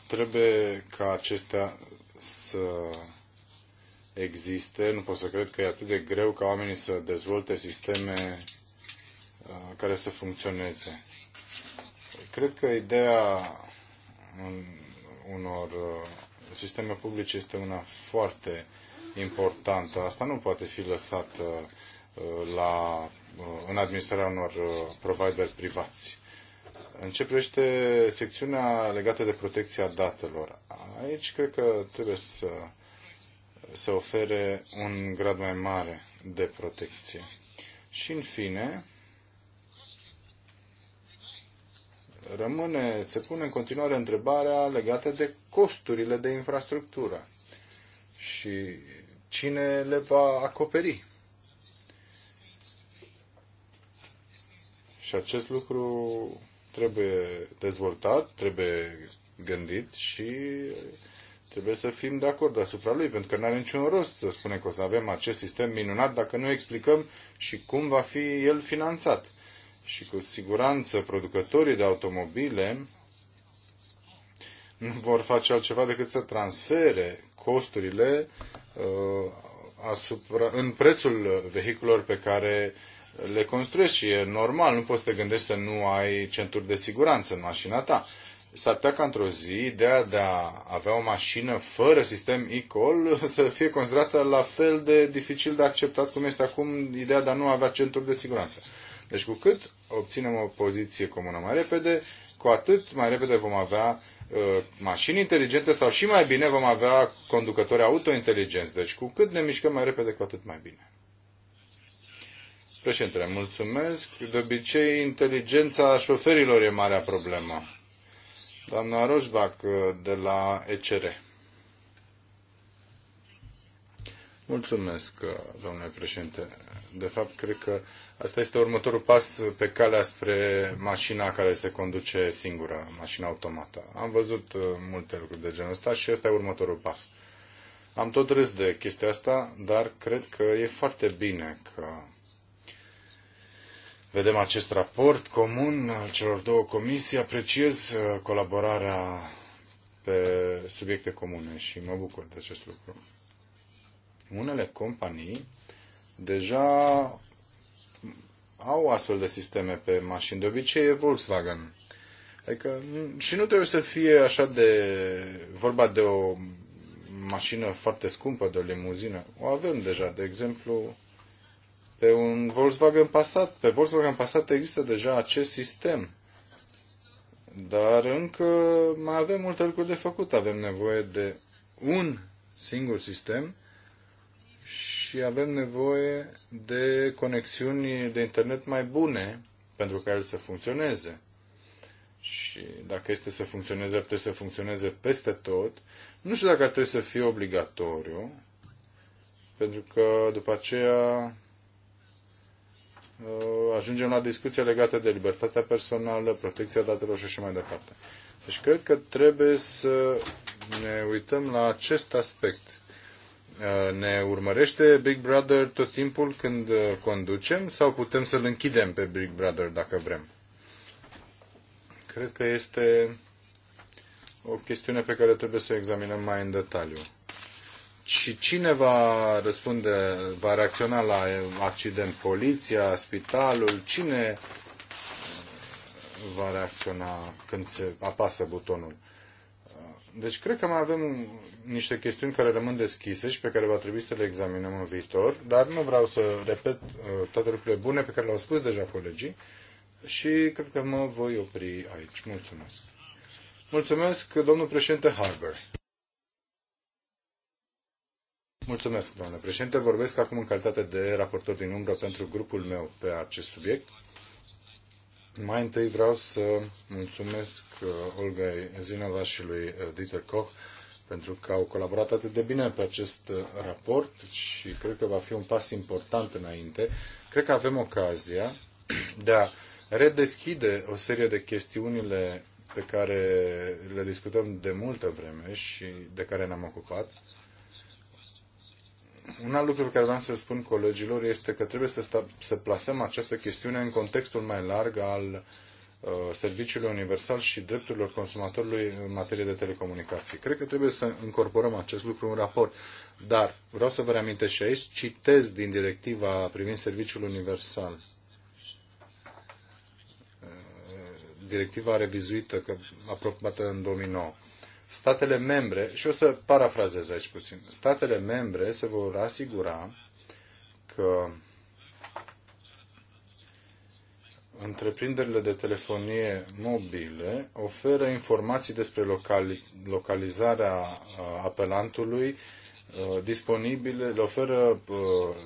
Trebuie ca acestea să existe. Nu pot să cred că e atât de greu ca oamenii să dezvolte sisteme uh, care să funcționeze. Cred că ideea unor uh, sisteme publice este una foarte importantă. Asta nu poate fi lăsată uh, la, în administrarea unor provideri privați. Începește secțiunea legată de protecția datelor, aici cred că trebuie să să ofere un grad mai mare de protecție. Și în fine, rămâne, se pune în continuare întrebarea legată de costurile de infrastructură și cine le va acoperi. Și acest lucru trebuie dezvoltat, trebuie gândit și Trebuie să fim de acord asupra lui, pentru că nu are niciun rost să spunem că o să avem acest sistem minunat dacă nu explicăm și cum va fi el finanțat. Și cu siguranță producătorii de automobile nu vor face altceva decât să transfere costurile uh, asupra, în prețul vehiculor pe care le construiești și e normal, nu poți să te gândești să nu ai centuri de siguranță în mașina ta s-ar putea ca într-o zi ideea de a avea o mașină fără sistem e <laughs> să fie considerată la fel de dificil de acceptat cum este acum ideea de a nu avea centuri de siguranță. Deci cu cât obținem o poziție comună mai repede, cu atât mai repede vom avea uh, mașini inteligente sau și mai bine vom avea conducători auto inteligenți. Deci cu cât ne mișcăm mai repede, cu atât mai bine. Președintele, mulțumesc. De obicei, inteligența șoferilor e marea problemă. Doamna Roșbac uh, de la ECR. Mulțumesc, uh, domnule președinte. De fapt, cred că asta este următorul pas pe calea spre mașina care se conduce singură, mașina automată. Am văzut uh, multe lucruri de genul ăsta și ăsta e următorul pas. Am tot râs de chestia asta, dar cred că e foarte bine că vedem acest raport comun al celor două comisii. Apreciez uh, colaborarea pe subiecte comune și mă bucur de acest lucru. Unele companii deja au astfel de sisteme pe mașini. De obicei e Volkswagen. Adică mm, și nu trebuie să fie așa de vorba de o mașină foarte scumpă, de o limuzină. O avem deja, de exemplu, pe un Volkswagen Passat, pe Volkswagen Passat există deja acest sistem. Dar încă mai avem multe lucruri de făcut. Avem nevoie de un singur sistem și avem nevoie de conexiuni de internet mai bune pentru ca el să funcționeze. Și dacă este să funcționeze, ar trebui să funcționeze peste tot. Nu știu dacă ar trebui să fie obligatoriu, pentru că după aceea Uh, ajungem la discuții legate de libertatea personală, protecția datelor și așa mai departe. Deci cred că trebuie să ne uităm la acest aspect. Uh, ne urmărește Big Brother tot timpul când uh, conducem sau putem să-l închidem pe Big Brother dacă vrem? Cred că este o chestiune pe care trebuie să o examinăm mai în detaliu. Și cine va răspunde, va reacționa la accident? Poliția, spitalul? Cine va reacționa când se apasă butonul? Deci cred că mai avem niște chestiuni care rămân deschise și pe care va trebui să le examinăm în viitor, dar nu vreau să repet uh, toate lucrurile bune pe care le-au spus deja colegii și cred că mă voi opri aici. Mulțumesc. Mulțumesc, domnul președinte Harber. Mulțumesc, doamnă președinte. Vorbesc acum în calitate de raportor din umbră pentru grupul meu pe acest subiect. Mai întâi vreau să mulțumesc uh, Olga Zinova și lui uh, Dieter Koch pentru că au colaborat atât de bine pe acest uh, raport și cred că va fi un pas important înainte. Cred că avem ocazia <clears throat> de a redeschide o serie de chestiunile pe care le discutăm de multă vreme și de care ne-am ocupat un alt lucru pe care vreau să spun colegilor este că trebuie să, sta, să plasăm această chestiune în contextul mai larg al uh, serviciului universal și drepturilor consumatorului în materie de telecomunicații. Cred că trebuie să incorporăm acest lucru în raport. Dar vreau să vă reamintesc și aici, citez din directiva privind serviciul universal. Uh, directiva revizuită, aprobată în 2009 statele membre, și o să parafrazez aici puțin, statele membre se vor asigura că întreprinderile de telefonie mobile oferă informații despre locali, localizarea uh, apelantului uh, disponibile, le oferă uh,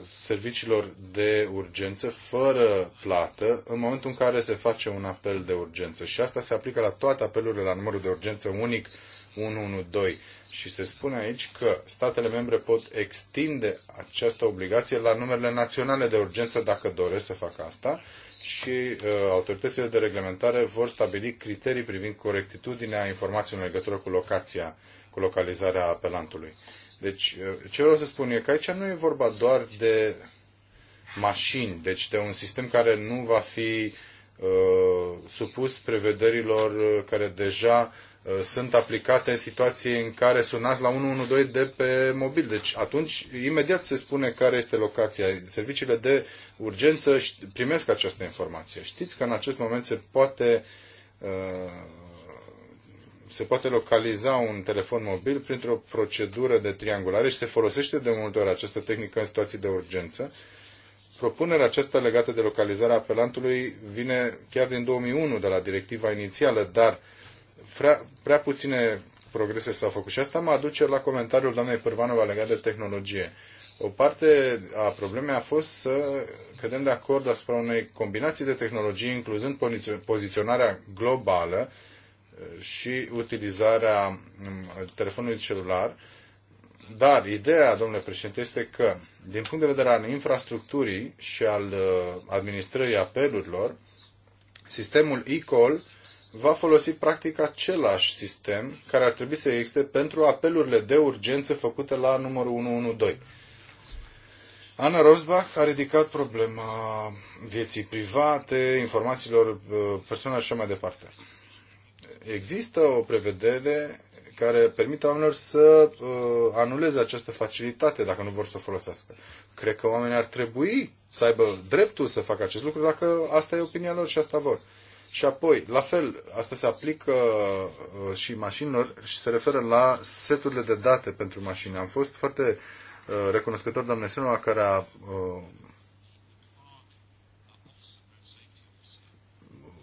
serviciilor de urgență fără plată în momentul în care se face un apel de urgență. Și asta se aplică la toate apelurile la numărul de urgență unic 112 și se spune aici că statele membre pot extinde această obligație la numerele naționale de urgență dacă doresc să facă asta și uh, autoritățile de reglementare vor stabili criterii privind corectitudinea informației în legătură cu locația, cu localizarea apelantului. Deci, uh, ce vreau să spun e că aici nu e vorba doar de mașini, deci de un sistem care nu va fi uh, supus prevederilor uh, care deja Uh, sunt aplicate în situații în care sunați la 112 de pe mobil. Deci atunci imediat se spune care este locația. Serviciile de urgență primesc această informație. Știți că în acest moment se poate uh, se poate localiza un telefon mobil printr-o procedură de triangulare și se folosește de multe ori această tehnică în situații de urgență. Propunerea aceasta legată de localizarea apelantului vine chiar din 2001 de la directiva inițială, dar uh, prea, prea puține progrese s-au făcut. Și asta mă aduce la comentariul doamnei Pârvanova legat de tehnologie. O parte a problemei a fost să cădem de acord asupra unei combinații de tehnologie, incluzând poziționarea globală și utilizarea mm, telefonului celular. Dar ideea, domnule președinte, este că, din punct de vedere al infrastructurii și al administrării apelurilor, sistemul e va folosi practic același sistem care ar trebui să existe pentru apelurile de urgență făcute la numărul 112. Ana Rosbach a ridicat problema vieții private, informațiilor uh, personale și așa mai departe. Există o prevedere care permite oamenilor să uh, anuleze această facilitate dacă nu vor să o folosească. Cred că oamenii ar trebui să aibă dreptul să facă acest lucru dacă asta e opinia lor și asta vor. Uh, și apoi, la fel, asta se aplică uh, și mașinilor și se referă la seturile de date pentru mașini. Am fost foarte uh, recunoscător doamne Senova care a uh,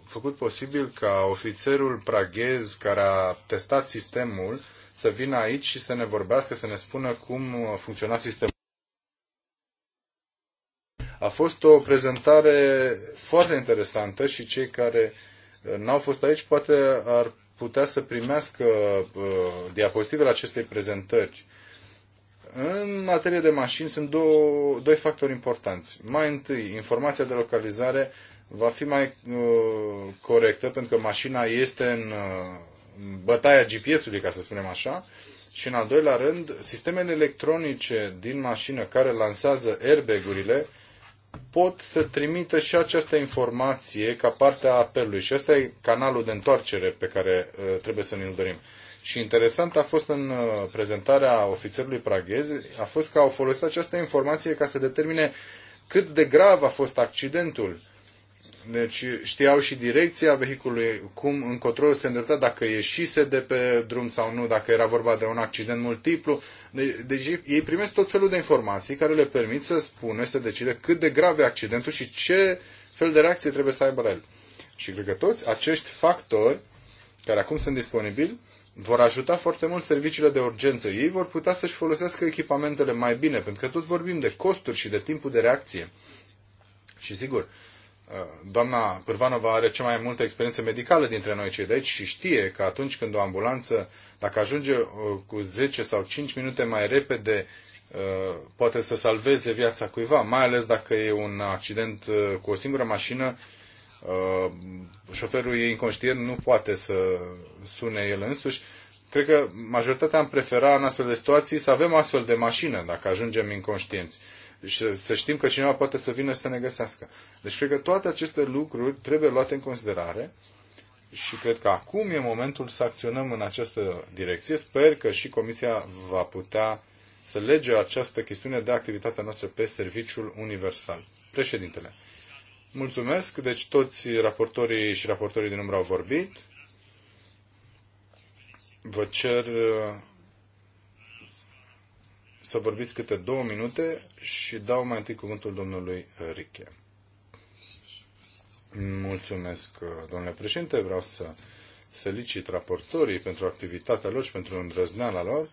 făcut posibil ca ofițerul praghez care a testat sistemul să vină aici și să ne vorbească, să ne spună cum funcționa sistemul. A fost o prezentare foarte interesantă și cei care uh, n-au fost aici poate ar putea să primească uh, diapozitivele acestei prezentări. În materie de mașini sunt două, doi factori importanți. Mai întâi, informația de localizare va fi mai uh, corectă pentru că mașina este în uh, bătaia GPS-ului, ca să spunem așa, și în al doilea rând, sistemele electronice din mașină care lansează airbag-urile pot să trimită și această informație ca parte a apelului. Și ăsta e canalul de întoarcere pe care uh, trebuie să ne-l dorim. Și interesant a fost în uh, prezentarea ofițerului praghez, a fost că au folosit această informație ca să determine cât de grav a fost accidentul deci știau și direcția vehiculului, cum încotro se îndrepta, dacă ieșise de pe drum sau nu, dacă era vorba de un accident multiplu. Deci ei primesc tot felul de informații care le permit să spună, să decide cât de grav e accidentul și ce fel de reacție trebuie să aibă la el. Și cred că toți acești factori care acum sunt disponibili vor ajuta foarte mult serviciile de urgență. Ei vor putea să-și folosească echipamentele mai bine, pentru că tot vorbim de costuri și de timpul de reacție. Și sigur, Eh, doamna Pârvanova are cea mai multă experiență medicală dintre noi cei de aici și știe că atunci când o ambulanță, dacă ajunge eh, cu 10 sau 5 minute mai repede, eh, poate să salveze viața cuiva, mai ales dacă e un accident cu o singură mașină, șoferul e inconștient, nu poate să sune el însuși. Cred că majoritatea am prefera în astfel de situații să avem astfel de mașină dacă ajungem inconștienți. Deci să știm că cineva poate să vină să ne găsească. Deci cred că toate aceste lucruri trebuie luate în considerare și cred că acum e momentul să acționăm în această direcție. Sper că și Comisia va putea să lege această chestiune de activitatea noastră pe serviciul universal. Președintele, mulțumesc. Deci toți raportorii și raportorii din umbră au vorbit. Vă cer să vorbiți câte două minute și dau mai întâi cuvântul domnului Riche. Mulțumesc, domnule președinte. Vreau să felicit raportorii pentru activitatea lor și pentru îndrăzneala lor.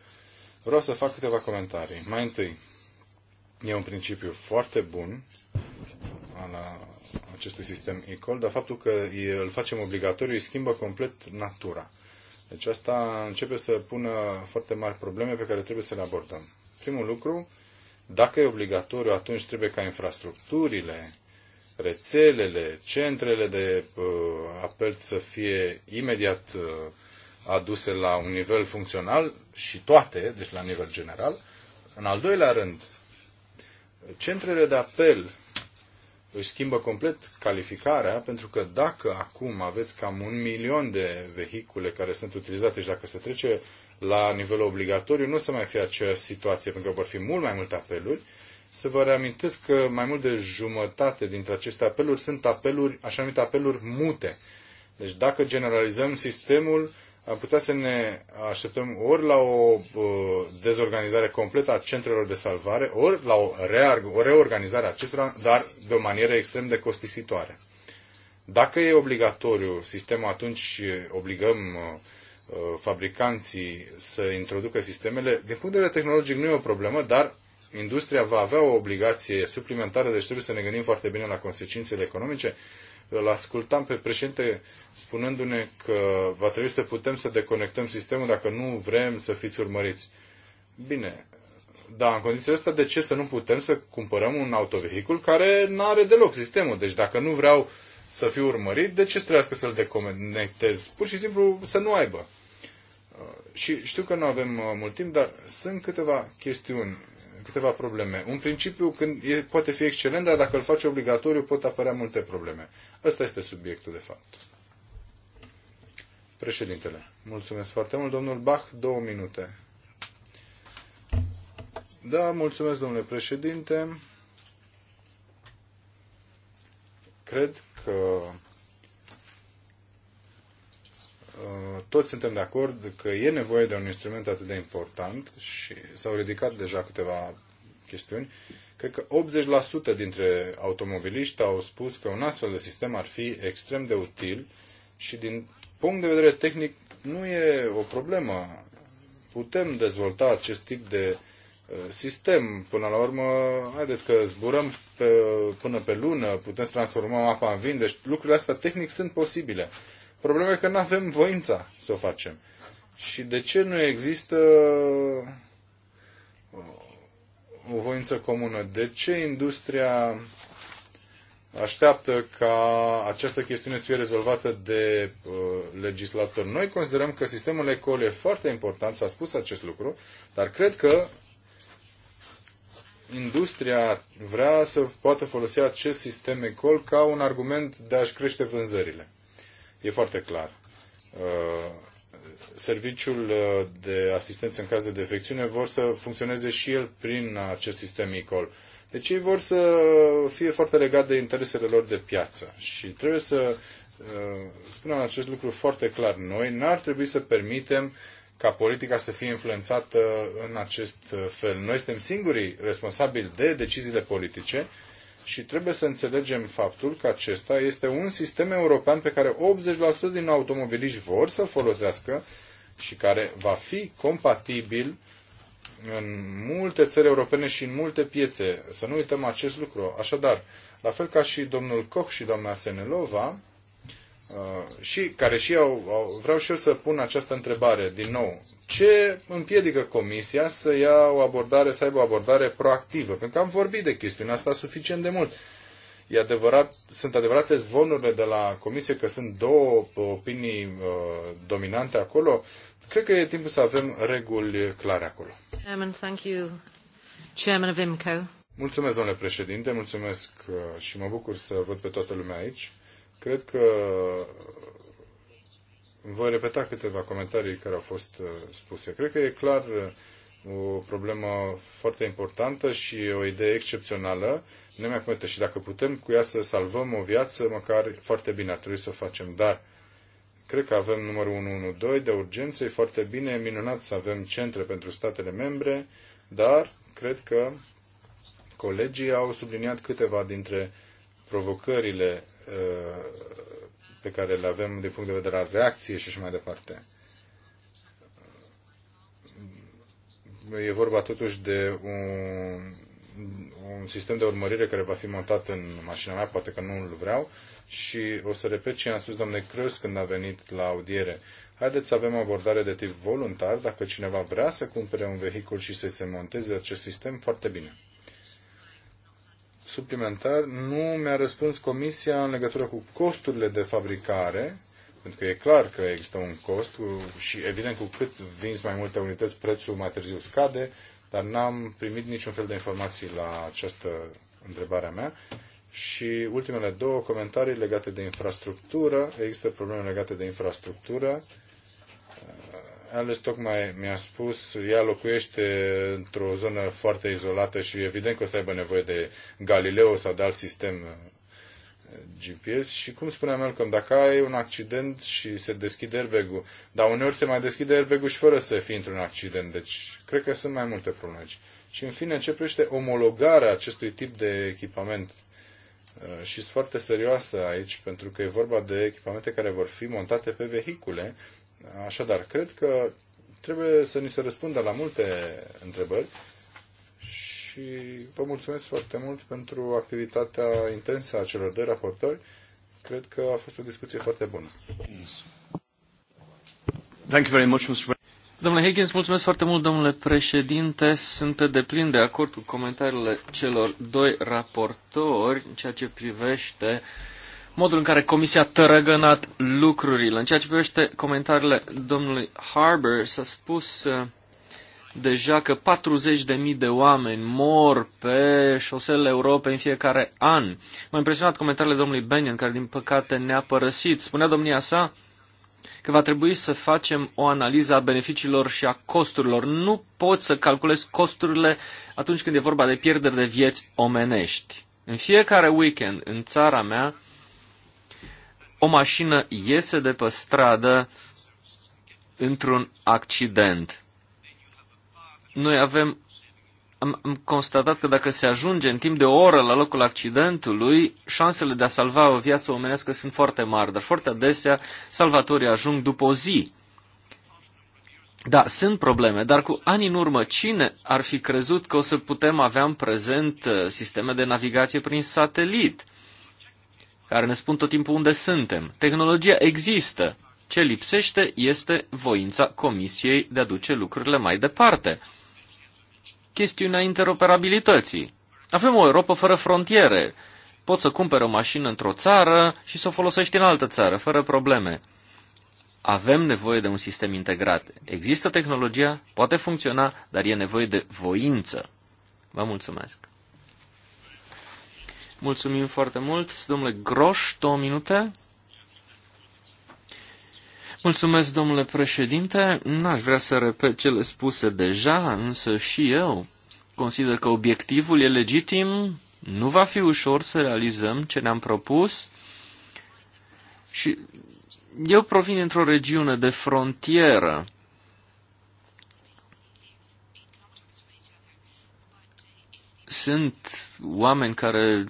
Vreau să fac câteva comentarii. Mai întâi, e un principiu foarte bun al acestui sistem ECOL, dar faptul că îl facem obligatoriu îi schimbă complet natura. Deci asta începe să pună foarte mari probleme pe care trebuie să le abordăm. Primul lucru, dacă e obligatoriu, atunci trebuie ca infrastructurile, rețelele, centrele de uh, apel să fie imediat uh, aduse la un nivel funcțional și toate, deci la nivel general. În al doilea rând, centrele de apel își schimbă complet calificarea, pentru că dacă acum aveți cam un milion de vehicule care sunt utilizate și dacă se trece la nivelul obligatoriu, nu o să mai fie aceeași situație, pentru că vor fi mult mai multe apeluri. Să vă reamintesc că mai mult de jumătate dintre aceste apeluri sunt apeluri, așa numite apeluri mute. Deci dacă generalizăm sistemul, am putea să ne așteptăm ori la o uh, dezorganizare completă a centrelor de salvare, ori la o, o reorganizare a acestora, dar de o manieră extrem de costisitoare. Dacă e obligatoriu sistemul, atunci obligăm uh, Uh, fabricanții să introducă sistemele, din punct de vedere tehnologic nu e o problemă, dar industria va avea o obligație suplimentară, deci trebuie să ne gândim foarte bine la consecințele economice. Îl ascultam pe președinte spunându-ne că va trebui să putem să deconectăm sistemul dacă nu vrem să fiți urmăriți. Bine, da, în condiția asta, de ce să nu putem să cumpărăm un autovehicul care nu are deloc sistemul? Deci dacă nu vreau să fiu urmărit, de ce să trebuiască să-l deconectez? Pur și simplu să nu aibă. Și știu că nu avem uh, mult timp, dar sunt câteva chestiuni, câteva probleme. Un principiu când e, poate fi excelent, dar dacă îl faci obligatoriu pot apărea multe probleme. Ăsta este subiectul, de fapt. Președintele, mulțumesc foarte mult. Domnul Bach, două minute. Da, mulțumesc, domnule președinte. Cred că Uh, toți suntem de acord că e nevoie de un instrument atât de important și s-au ridicat deja câteva chestiuni. Cred că 80% dintre automobiliști au spus că un astfel de sistem ar fi extrem de util și din punct de vedere tehnic nu e o problemă. Putem dezvolta acest tip de uh, sistem. Până la urmă, haideți că zburăm pe, până pe lună, putem transforma apa în vin, deci lucrurile astea tehnic sunt posibile. Problema e că nu avem voința să o facem. Și de ce nu există uh, o voință comună? De ce industria așteaptă ca această chestiune să fie rezolvată de uh, legislator. Noi considerăm că sistemul ECOL e foarte important, s-a spus acest lucru, dar cred că industria vrea să poată folosi acest sistem ECOL ca un argument de a-și crește vânzările. E foarte clar. Uh, serviciul uh, de asistență în caz de defecțiune vor să funcționeze și el prin acest sistem e-call. Deci ei vor să fie foarte legat de interesele lor de piață și trebuie să uh, spunem acest lucru foarte clar. Noi n-ar trebui să permitem ca politica să fie influențată în acest fel. Noi suntem singurii responsabili de deciziile politice și trebuie să înțelegem faptul că acesta este un sistem european pe care 80% din automobiliști vor să-l folosească și care va fi compatibil în multe țări europene și în multe piețe. Să nu uităm acest lucru. Așadar, la fel ca și domnul Koch și doamna Senelova, Uh, și care și eu vreau și eu să pun această întrebare din nou. Ce împiedică Comisia să ia o abordare, să aibă o abordare proactivă? Pentru că am vorbit de chestiunea asta suficient de mult. E adevărat, sunt adevărate zvonurile de la Comisie că sunt două opinii uh, dominante acolo. Cred că e timpul să avem reguli clare acolo. Chairman, thank you. Chairman of IMCO. Mulțumesc, domnule președinte, mulțumesc uh, și mă bucur să văd pe toată lumea aici. Cred că voi repeta câteva comentarii care au fost uh, spuse. Cred că e clar uh, o problemă foarte importantă și o idee excepțională, nemaicumătă. Și deci, dacă putem cu ea să salvăm o viață, măcar foarte bine ar trebui să o facem. Dar cred că avem numărul 112 de urgență, e foarte bine, e minunat să avem centre pentru statele membre, dar cred că colegii au subliniat câteva dintre provocările uh, pe care le avem din punct de vedere al reacției și așa mai departe. E vorba totuși de un, un sistem de urmărire care va fi montat în mașina mea, poate că nu îl vreau, și o să repet ce am spus domnule Creus când a venit la audiere. Haideți să avem abordare de tip voluntar. Dacă cineva vrea să cumpere un vehicul și să se monteze acest sistem, foarte bine suplimentar, nu mi-a răspuns comisia în legătură cu costurile de fabricare, pentru că e clar că există un cost și evident cu cât vinzi mai multe unități, prețul mai târziu scade, dar n-am primit niciun fel de informații la această întrebare a mea. Și ultimele două comentarii legate de infrastructură. Există probleme legate de infrastructură Ales tocmai mi-a spus, ea locuiește într-o zonă foarte izolată și evident că o să aibă nevoie de Galileo sau de alt sistem uh, GPS și cum spunea Malcolm, dacă ai un accident și se deschide airbag dar uneori se mai deschide airbag și fără să fii într-un accident, deci cred că sunt mai multe probleme aici. Și în fine începește omologarea acestui tip de echipament uh, și sunt foarte serioasă aici, pentru că e vorba de echipamente care vor fi montate pe vehicule Așadar, cred că trebuie să ni se răspundă la multe întrebări și vă mulțumesc foarte mult pentru activitatea intensă a celor doi raportori. Cred că a fost o discuție foarte bună. Thank you very much, Mr. Domnule Higgins, mulțumesc foarte mult, domnule președinte. Sunt pe deplin de acord cu comentariile celor doi raportori în ceea ce privește uh, modul în care Comisia a tărăgănat lucrurile. În ceea ce privește comentariile domnului Harbour, s-a spus uh, deja că 40.000 de oameni mor pe șoselele Europei în fiecare an. M-a impresionat comentariile domnului Bennion, care din păcate ne-a părăsit. Spunea domnia sa că va trebui să facem o analiză a beneficiilor și a costurilor. Nu poți să calculezi costurile atunci când e vorba de pierderi de vieți omenești. În fiecare weekend în țara mea o mașină iese de pe stradă într-un accident. Noi avem, am, am constatat că dacă se ajunge în timp de o oră la locul accidentului, șansele de a salva o viață omenească sunt foarte mari, dar foarte adesea salvatorii ajung după o zi. Da, sunt probleme, dar cu ani în urmă, cine ar fi crezut că o să putem avea în prezent uh, sisteme de navigație prin satelit? care ne spun tot timpul unde suntem. Tehnologia există. Ce lipsește este voința Comisiei de a duce lucrurile mai departe. Chestiunea interoperabilității. Avem o Europa fără frontiere. Poți să cumperi o mașină într-o țară și să o folosești în altă țară, fără probleme. Avem nevoie de un sistem integrat. Există tehnologia, poate funcționa, dar e nevoie de voință. Vă mulțumesc. Mulțumim foarte mult. Domnule Groș, două minute. Mulțumesc, domnule președinte. N-aș vrea să repet cele spuse deja, însă și eu consider că obiectivul e legitim. Nu va fi ușor să realizăm ce ne-am propus. Și eu provin într-o regiune de frontieră. Sunt oameni care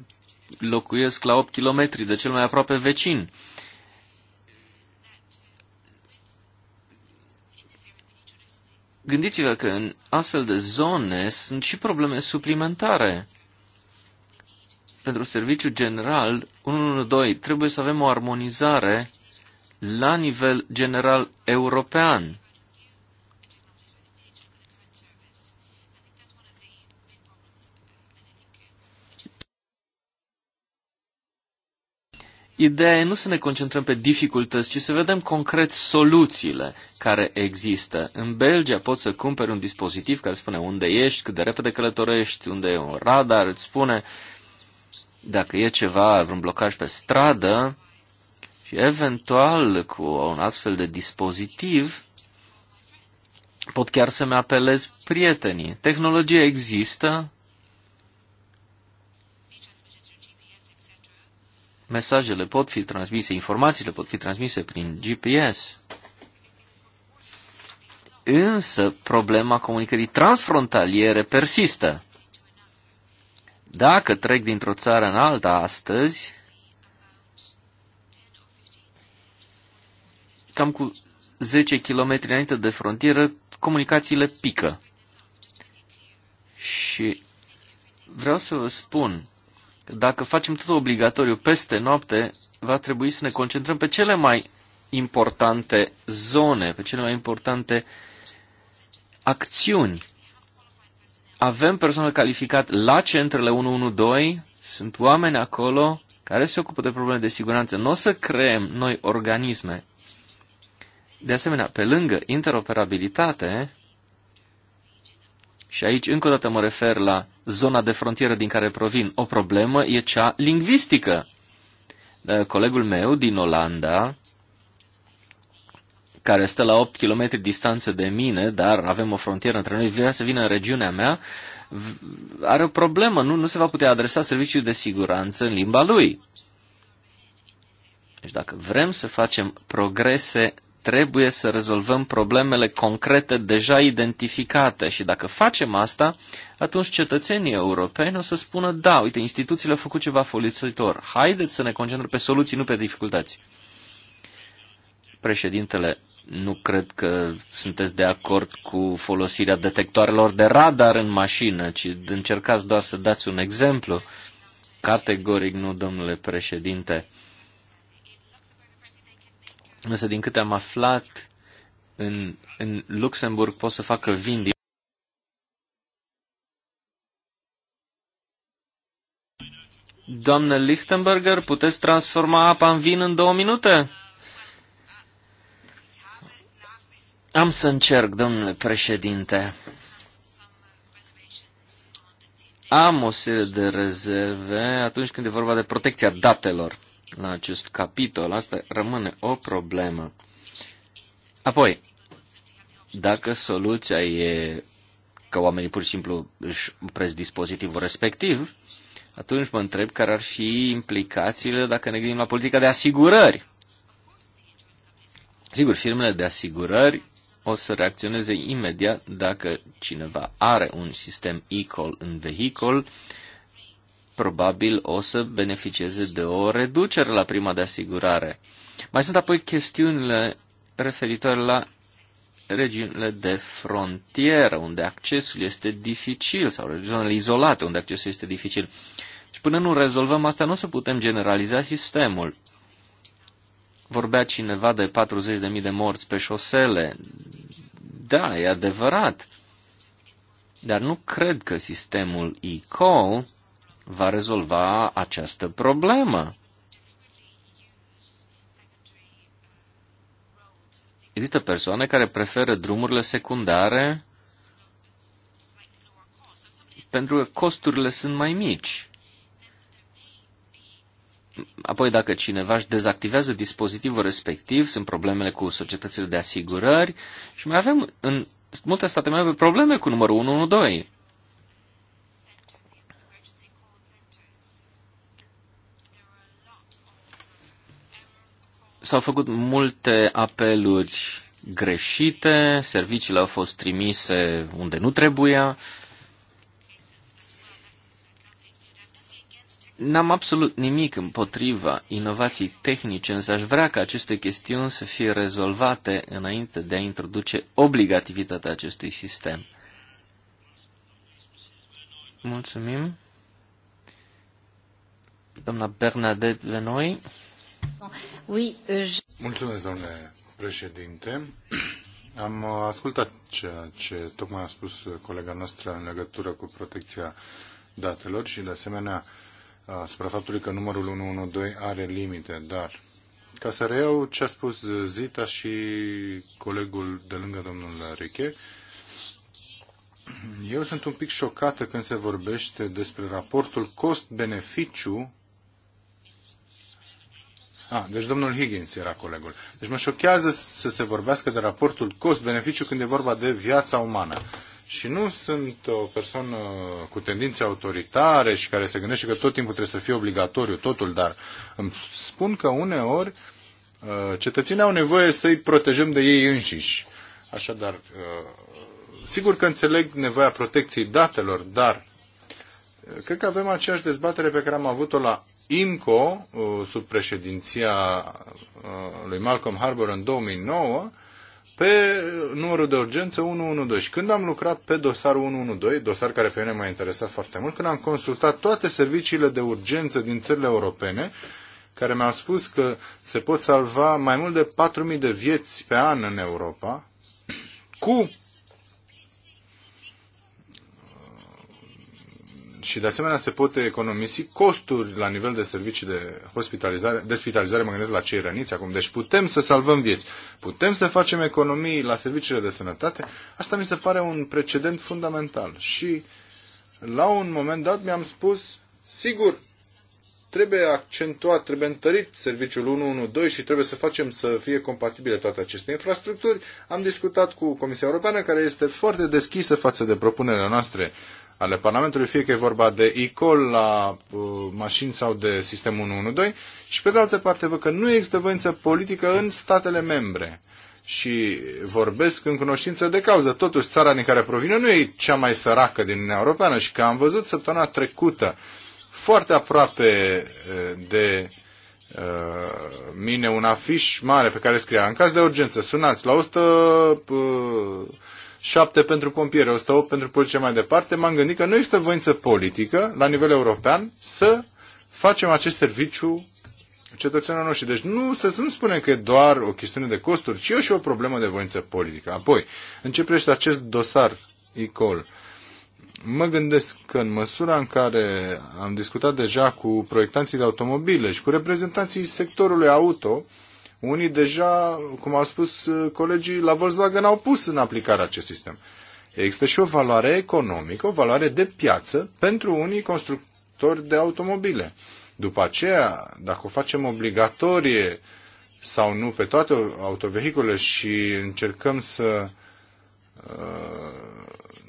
locuiesc la 8 km de cel mai aproape vecin. Gândiți-vă că în astfel de zone sunt și probleme suplimentare. Pentru serviciu general, 112 trebuie să avem o armonizare la nivel general european. Ideea e nu să ne concentrăm pe dificultăți, ci să vedem concret soluțiile care există. În Belgia poți să cumperi un dispozitiv care spune unde ești, cât de repede călătorești, unde e un radar, îți spune dacă e ceva, vreun blocaj pe stradă și eventual cu un astfel de dispozitiv pot chiar să-mi apelez prietenii. Tehnologia există, mesajele pot fi transmise, informațiile pot fi transmise prin GPS. Însă problema comunicării transfrontaliere persistă. Dacă trec dintr-o țară în alta astăzi, cam cu 10 km înainte de frontieră, comunicațiile pică. Și vreau să vă spun, dacă facem totul obligatoriu peste noapte, va trebui să ne concentrăm pe cele mai importante zone, pe cele mai importante acțiuni. Avem personal calificat la centrele 112, sunt oameni acolo care se ocupă de probleme de siguranță. Nu o să creăm noi organisme. De asemenea, pe lângă interoperabilitate, și aici încă o dată mă refer la zona de frontieră din care provin. O problemă e cea lingvistică. Da, colegul meu din Olanda, care stă la 8 km distanță de mine, dar avem o frontieră între noi, vrea să vină în regiunea mea, are o problemă, nu, nu se va putea adresa serviciul de siguranță în limba lui. Deci dacă vrem să facem progrese trebuie să rezolvăm problemele concrete deja identificate și dacă facem asta, atunci cetățenii europeni o să spună, da, uite, instituțiile au făcut ceva folositor, haideți să ne concentrăm pe soluții, nu pe dificultăți. Președintele, nu cred că sunteți de acord cu folosirea detectoarelor de radar în mașină, ci încercați doar să dați un exemplu. Categoric nu, domnule președinte. Însă, din câte am aflat, în, în Luxemburg pot să facă vin din Doamnă Lichtenberger, puteți transforma apa în vin în două minute? Am să încerc, domnule președinte. Am o serie de rezerve atunci când e vorba de protecția datelor la acest capitol. Asta rămâne o problemă. Apoi, dacă soluția e că oamenii pur și simplu își opresc dispozitivul respectiv, atunci mă întreb care ar fi implicațiile dacă ne gândim la politica de asigurări. Sigur, firmele de asigurări o să reacționeze imediat dacă cineva are un sistem e-call în vehicol probabil o să beneficieze de o reducere la prima de asigurare. Mai sunt apoi chestiunile referitoare la regiunile de frontieră, unde accesul este dificil, sau regiunile izolate, unde accesul este dificil. Și până nu rezolvăm asta, nu o să putem generaliza sistemul. Vorbea cineva de 40.000 de morți pe șosele. Da, e adevărat. Dar nu cred că sistemul ICO va rezolva această problemă. Există persoane care preferă drumurile secundare pentru că costurile sunt mai mici. Apoi, dacă cineva își dezactivează dispozitivul respectiv, sunt problemele cu societățile de asigurări și mai avem în multe state mai avem probleme cu numărul 112. S-au făcut multe apeluri greșite, serviciile au fost trimise unde nu trebuia. N-am absolut nimic împotriva inovației tehnice, însă aș vrea ca aceste chestiuni să fie rezolvate înainte de a introduce obligativitatea acestui sistem. Mulțumim. Doamna Bernadette Venoi. Euh, Mulțumesc, domnule președinte. <clears throat> Am uh, ascultat ceea ce tocmai a spus uh, colega noastră în legătură cu protecția datelor și, de asemenea, uh, asupra faptului că numărul 112 are limite, dar ca să reiau ce a spus Zita și colegul de lângă domnul Riche, <clears throat> eu sunt un pic șocată când se vorbește despre raportul cost-beneficiu Ah, deci domnul Higgins era colegul. Deci mă șochează să se vorbească de raportul cost-beneficiu când e vorba de viața umană. Și nu sunt o persoană cu tendințe autoritare și care se gândește că tot timpul trebuie să fie obligatoriu totul, dar îmi spun că uneori uh, cetățenii au nevoie să-i protejăm de ei înșiși. Așadar, uh, sigur că înțeleg nevoia protecției datelor, dar uh, cred că avem aceeași dezbatere pe care am avut-o la IMCO, uh, sub președinția uh, lui Malcolm Harbour în 2009, pe uh, numărul de urgență 112. Și când am lucrat pe dosarul 112, dosar care pe mine m-a interesat foarte mult, când am consultat toate serviciile de urgență din țările europene, care mi-au spus că se pot salva mai mult de 4.000 de vieți pe an în Europa, cu și de asemenea se pot economisi costuri la nivel de servicii de hospitalizare, de spitalizare, mă gândesc la cei răniți acum. Deci putem să salvăm vieți, putem să facem economii la serviciile de sănătate. Asta mi se pare un precedent fundamental. Și la un moment dat mi-am spus, sigur, trebuie accentuat, trebuie întărit serviciul 112 și trebuie să facem să fie compatibile toate aceste infrastructuri. Am discutat cu Comisia Europeană, care este foarte deschisă față de propunerile noastre ale Parlamentului, fie că e vorba de e-call la uh, mașini sau de sistemul 112, și pe de altă parte văd că nu există voință politică în statele membre. Și vorbesc în cunoștință de cauză. Totuși, țara din care provine nu e cea mai săracă din Uniunea Europeană și că am văzut săptămâna trecută foarte aproape uh, de uh, mine un afiș mare pe care scria în caz de urgență sunați la 100 7 pentru pompieri, 108 pentru poliție mai departe, m-am gândit că nu există voință politică la nivel european să facem acest serviciu cetățenilor noștri. Deci nu să nu spunem că e doar o chestiune de costuri, ci e și o problemă de voință politică. Apoi, începește acest dosar Icol, Mă gândesc că în măsura în care am discutat deja cu proiectanții de automobile și cu reprezentanții sectorului auto, unii deja, cum au spus uh, colegii la Volkswagen, au pus în aplicare acest sistem. Există și o valoare economică, o valoare de piață pentru unii constructori de automobile. După aceea, dacă o facem obligatorie sau nu pe toate autovehiculele și încercăm să uh,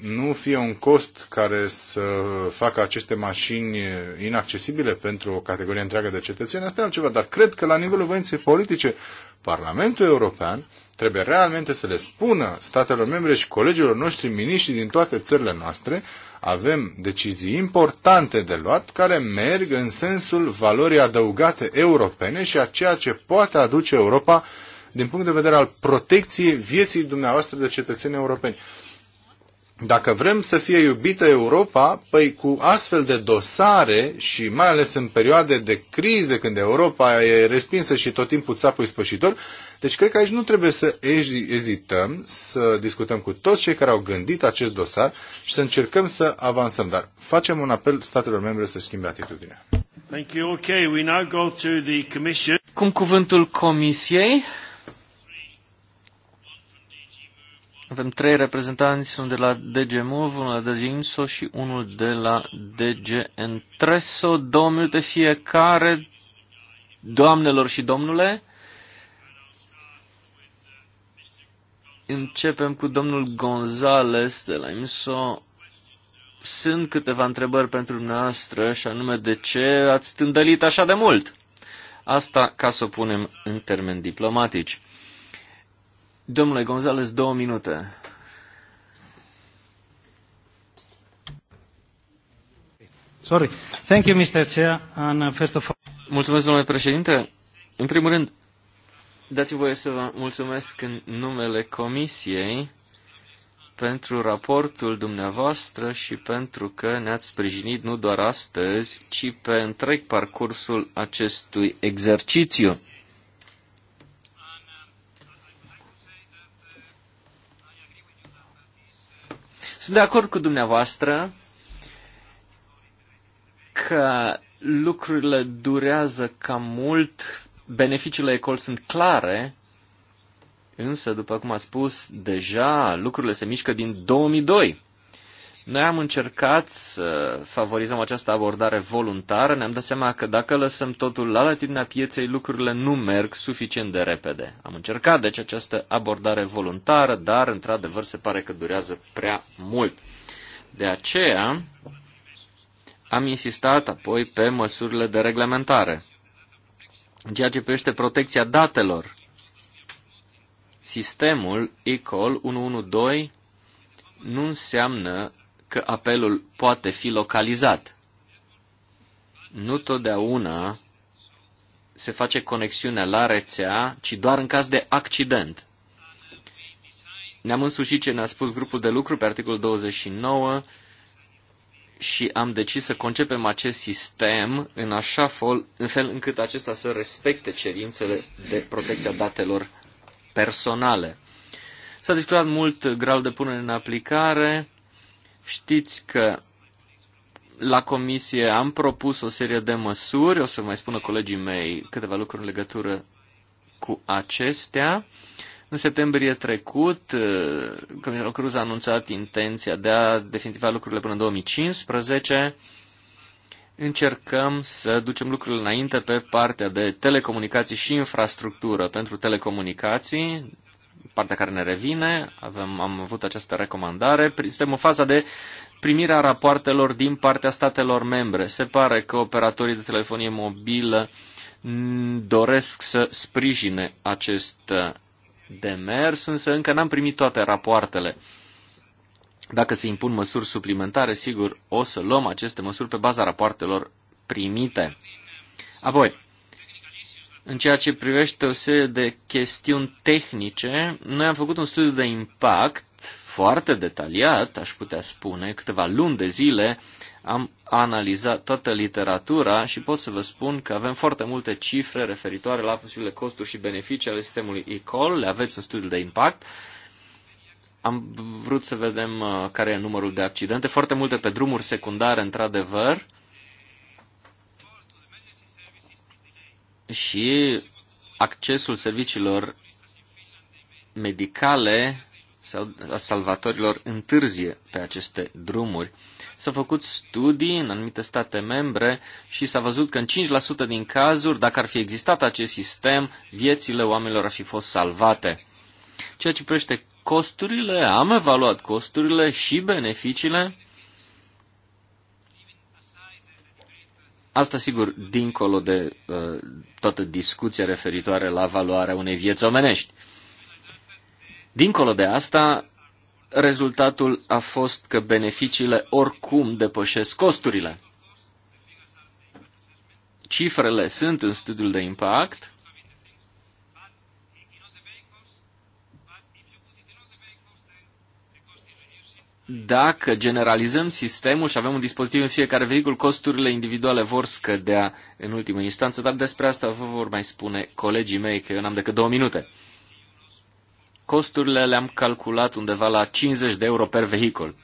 nu fie un cost care să facă aceste mașini inaccesibile pentru o categorie întreagă de cetățeni, asta e altceva, dar cred că la nivelul voinței politice, Parlamentul European trebuie realmente să le spună statelor membre și colegilor noștri miniștri din toate țările noastre, avem decizii importante de luat care merg în sensul valorii adăugate europene și a ceea ce poate aduce Europa din punct de vedere al protecției vieții dumneavoastră de cetățeni europeni. Dacă vrem să fie iubită Europa, păi cu astfel de dosare și mai ales în perioade de crize când Europa e respinsă și tot timpul țapul spășitor, deci cred că aici nu trebuie să ezităm să discutăm cu toți cei care au gândit acest dosar și să încercăm să avansăm. Dar facem un apel statelor membre să schimbe atitudinea. Thank you. Okay, we now go to the commission. Cum cuvântul Comisiei. Avem trei reprezentanți, unul de la DG Move, unul de la DG INSO și unul de la DG Entreso. Două minute fiecare, doamnelor și domnule. Începem cu domnul Gonzales de la INSO. Sunt câteva întrebări pentru dumneavoastră și anume de ce ați tândălit așa de mult? Asta ca să o punem în termeni diplomatici. Domnule Gonzales, două minute. Sorry. Thank you, Mr. Chair, and uh, first of all... Mulțumesc, domnule președinte. În primul rând, dați voie să vă mulțumesc în numele Comisiei pentru raportul dumneavoastră și pentru că ne-ați sprijinit nu doar astăzi, ci pe întreg parcursul acestui exercițiu. Sunt de acord cu dumneavoastră că lucrurile durează cam mult, beneficiile ECOL sunt clare, însă, după cum a spus, deja lucrurile se mișcă din 2002. Noi am încercat să favorizăm această abordare voluntară, ne-am dat seama că dacă lăsăm totul la latitudinea pieței, lucrurile nu merg suficient de repede. Am încercat, deci, această abordare voluntară, dar, într-adevăr, se pare că durează prea mult. De aceea, am insistat apoi pe măsurile de reglementare. În ceea ce privește protecția datelor, sistemul ECOL 112 nu înseamnă că apelul poate fi localizat. Nu totdeauna se face conexiunea la rețea, ci doar în caz de accident. Ne-am însușit ce ne-a spus grupul de lucru pe articolul 29 și am decis să concepem acest sistem în așa fel, în fel încât acesta să respecte cerințele de protecția datelor personale. S-a discutat mult gradul de punere în aplicare, Știți că la comisie am propus o serie de măsuri, o să mai spună colegii mei câteva lucruri în legătură cu acestea. În septembrie trecut, uh, Comisarul Cruz a anunțat intenția de a definitiva lucrurile până în 2015. Încercăm să ducem lucrurile înainte pe partea de telecomunicații și infrastructură pentru telecomunicații partea care ne revine, avem, am avut această recomandare, suntem în faza de primirea rapoartelor din partea statelor membre. Se pare că operatorii de telefonie mobilă doresc să sprijine acest uh, demers, însă încă n-am primit toate rapoartele. Dacă se impun măsuri suplimentare, sigur, o să luăm aceste măsuri pe baza rapoartelor primite. Apoi, în ceea ce privește o serie de chestiuni tehnice, noi am făcut un studiu de impact foarte detaliat, aș putea spune, câteva luni de zile am analizat toată literatura și pot să vă spun că avem foarte multe cifre referitoare la posibile costuri și beneficii ale sistemului e-call, le aveți în studiul de impact. Am vrut să vedem uh, care e numărul de accidente, foarte multe pe drumuri secundare, într-adevăr, și accesul serviciilor medicale sau a salvatorilor întârzie pe aceste drumuri. S-au făcut studii în anumite state membre și s-a văzut că în 5% din cazuri, dacă ar fi existat acest sistem, viețile oamenilor ar fi fost salvate. Ceea ce privește costurile, am evaluat costurile și beneficiile Asta, sigur, dincolo de uh, toată discuția referitoare la valoarea unei vieți omenești. Dincolo de asta, rezultatul a fost că beneficiile oricum depășesc costurile. Cifrele sunt în studiul de impact dacă generalizăm sistemul și avem un dispozitiv în fiecare vehicul, costurile individuale vor scădea în ultimă instanță, dar despre asta vă vor mai spune colegii mei, că eu n-am decât două minute. Costurile le-am calculat undeva la 50 de euro per vehicul.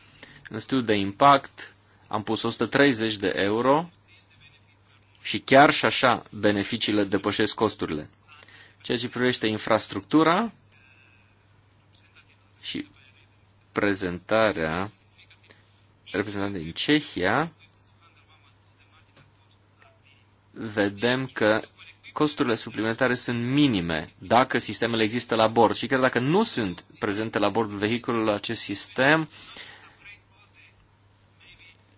În studiu de impact am pus 130 de euro și chiar și așa beneficiile depășesc costurile. Ceea ce privește infrastructura și Reprezentarea, reprezentantei din Cehia, vedem că costurile suplimentare sunt minime dacă sistemele există la bord. Și chiar dacă nu sunt prezente la bordul vehiculului acest sistem,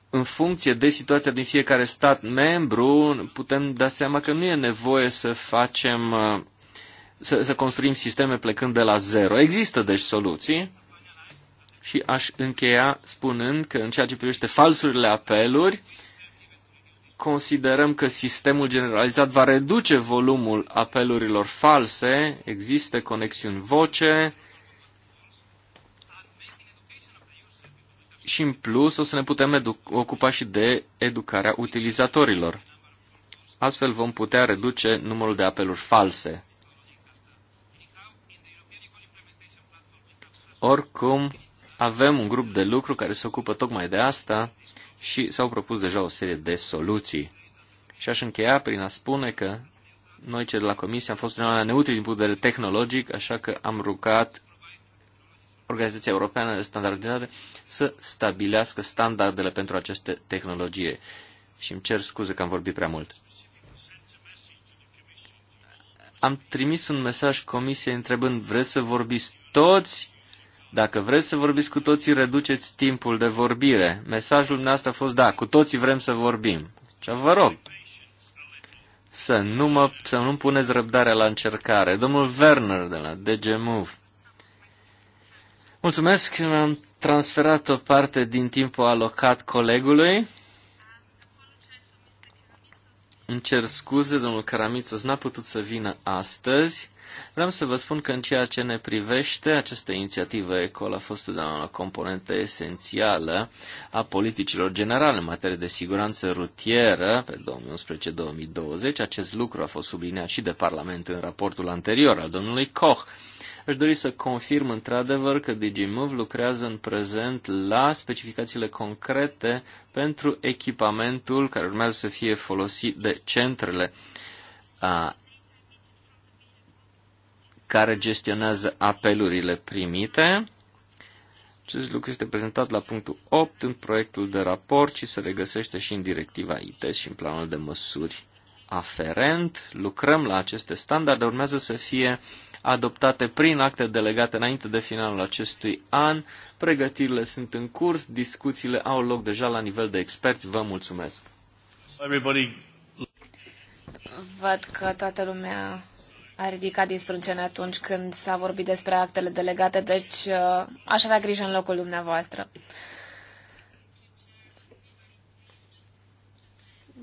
în funcție de situația din fiecare stat membru, putem da seama că nu e nevoie să facem, să, să construim sisteme plecând de la zero. Există deci soluții și aș încheia spunând că în ceea ce privește falsurile apeluri, considerăm că sistemul generalizat va reduce volumul apelurilor false, există conexiuni voce și în plus o să ne putem ocupa și de educarea utilizatorilor. Astfel vom putea reduce numărul de apeluri false. Oricum, avem un grup de lucru care se ocupă tocmai de asta și s-au propus deja o serie de soluții. Și aș încheia prin a spune că noi cei de la Comisie am fost uneori neutri din punct de vedere tehnologic, așa că am rugat Organizația Europeană de Standardizare să stabilească standardele pentru aceste tehnologie. Și îmi cer scuze că am vorbit prea mult. Am trimis un mesaj Comisiei întrebând, vreți să vorbiți toți dacă vreți să vorbiți cu toții, reduceți timpul de vorbire. Mesajul nostru a fost, da, cu toții vrem să vorbim. Ce vă rog să nu mă, să nu puneți răbdarea la încercare. Domnul Werner de la DG Move. Mulțumesc, am transferat o parte din timpul alocat colegului. Îmi cer scuze, domnul Caramitos, n-a putut să vină astăzi. Vreau să vă spun că în ceea ce ne privește, această inițiativă ECOL a fost una componentă esențială a politicilor generale în materie de siguranță rutieră pe 2011-2020. Acest lucru a fost subliniat și de Parlament în raportul anterior al domnului Koch. Aș dori să confirm într-adevăr că DigiMove lucrează în prezent la specificațiile concrete pentru echipamentul care urmează să fie folosit de centrele care gestionează apelurile primite. Acest lucru este prezentat la punctul 8 în proiectul de raport și se regăsește și în directiva ITES și în planul de măsuri aferent. Lucrăm la aceste standarde, urmează să fie adoptate prin acte delegate înainte de finalul acestui an. Pregătirile sunt în curs, discuțiile au loc deja la nivel de experți. Vă mulțumesc! Everybody. Văd că toată lumea a ridicat din sprâncene atunci când s-a vorbit despre actele delegate, deci uh, aș avea grijă în locul dumneavoastră.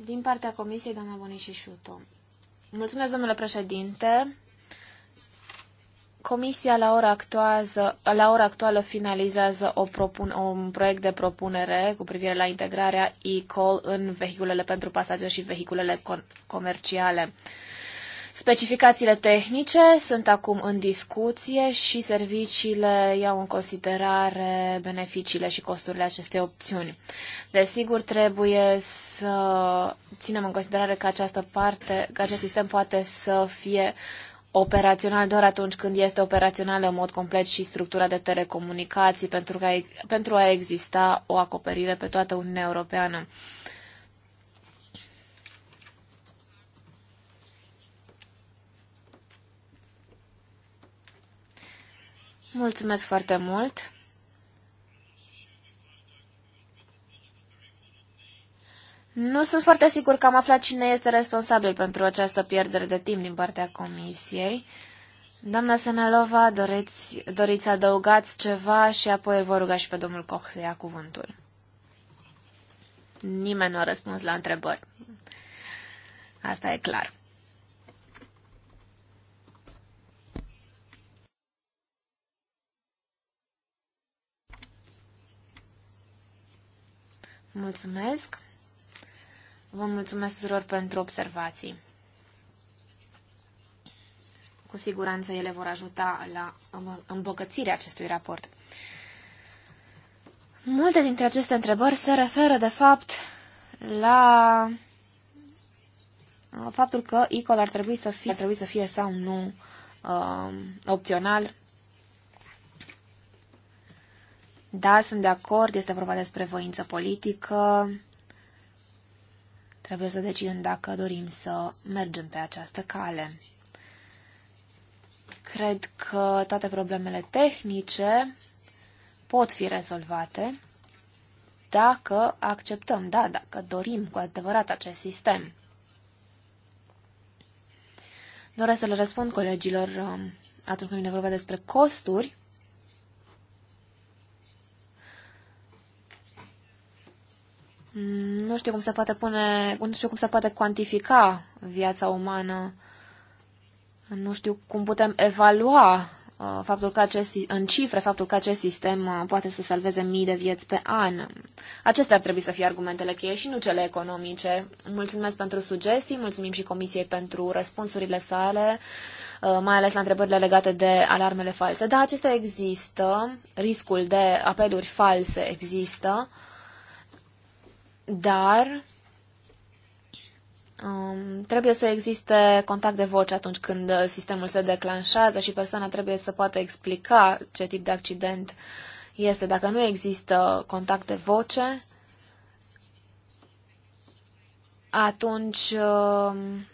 Din partea Comisiei, doamna Boni și Șuto. Mulțumesc, domnule președinte. Comisia la ora, actuază, la ora actuală finalizează o propun, un proiect de propunere cu privire la integrarea e-call în vehiculele pentru pasageri și vehiculele comerciale. Specificațiile tehnice sunt acum în discuție și serviciile iau în considerare beneficiile și costurile acestei opțiuni. Desigur, trebuie să ținem în considerare că această parte, că acest sistem poate să fie operațional doar atunci când este operațional în mod complet și structura de telecomunicații pentru, că, pentru a exista o acoperire pe toată Uniunea Europeană. Mulțumesc foarte mult! Nu sunt foarte sigur că am aflat cine este responsabil pentru această pierdere de timp din partea comisiei. Doamna Senalova, doriți, doriți să adăugați ceva și apoi vă ruga și pe domnul Koch să ia cuvântul. Nimeni nu a răspuns la întrebări. Asta e clar. Mulțumesc. Vă mulțumesc tuturor pentru observații. Cu siguranță ele vor ajuta la îmbogățirea acestui raport. Multe dintre aceste întrebări se referă, de fapt, la faptul că ICOL ar trebui să fie, ar trebui să fie sau nu uh, opțional Da, sunt de acord, este vorba despre voință politică. Trebuie să decidem dacă dorim să mergem pe această cale. Cred că toate problemele tehnice pot fi rezolvate dacă acceptăm, da, dacă dorim cu adevărat acest sistem. Doresc să le răspund colegilor um, atunci când vine vorba despre costuri. Mm, nu știu cum se poate pune, nu știu cum se poate cuantifica viața umană. Nu știu cum putem evalua uh, faptul că acest, în cifre faptul că acest sistem uh, poate să salveze mii de vieți pe an. Acestea ar trebui să fie argumentele cheie și nu cele economice. Mulțumesc pentru sugestii, mulțumim și Comisiei pentru răspunsurile sale, uh, mai ales la întrebările legate de alarmele false. Da, acestea există, riscul de apeluri false există dar um, trebuie să existe contact de voce atunci când sistemul se declanșează și persoana trebuie să poată explica ce tip de accident este. Dacă nu există contact de voce, atunci um,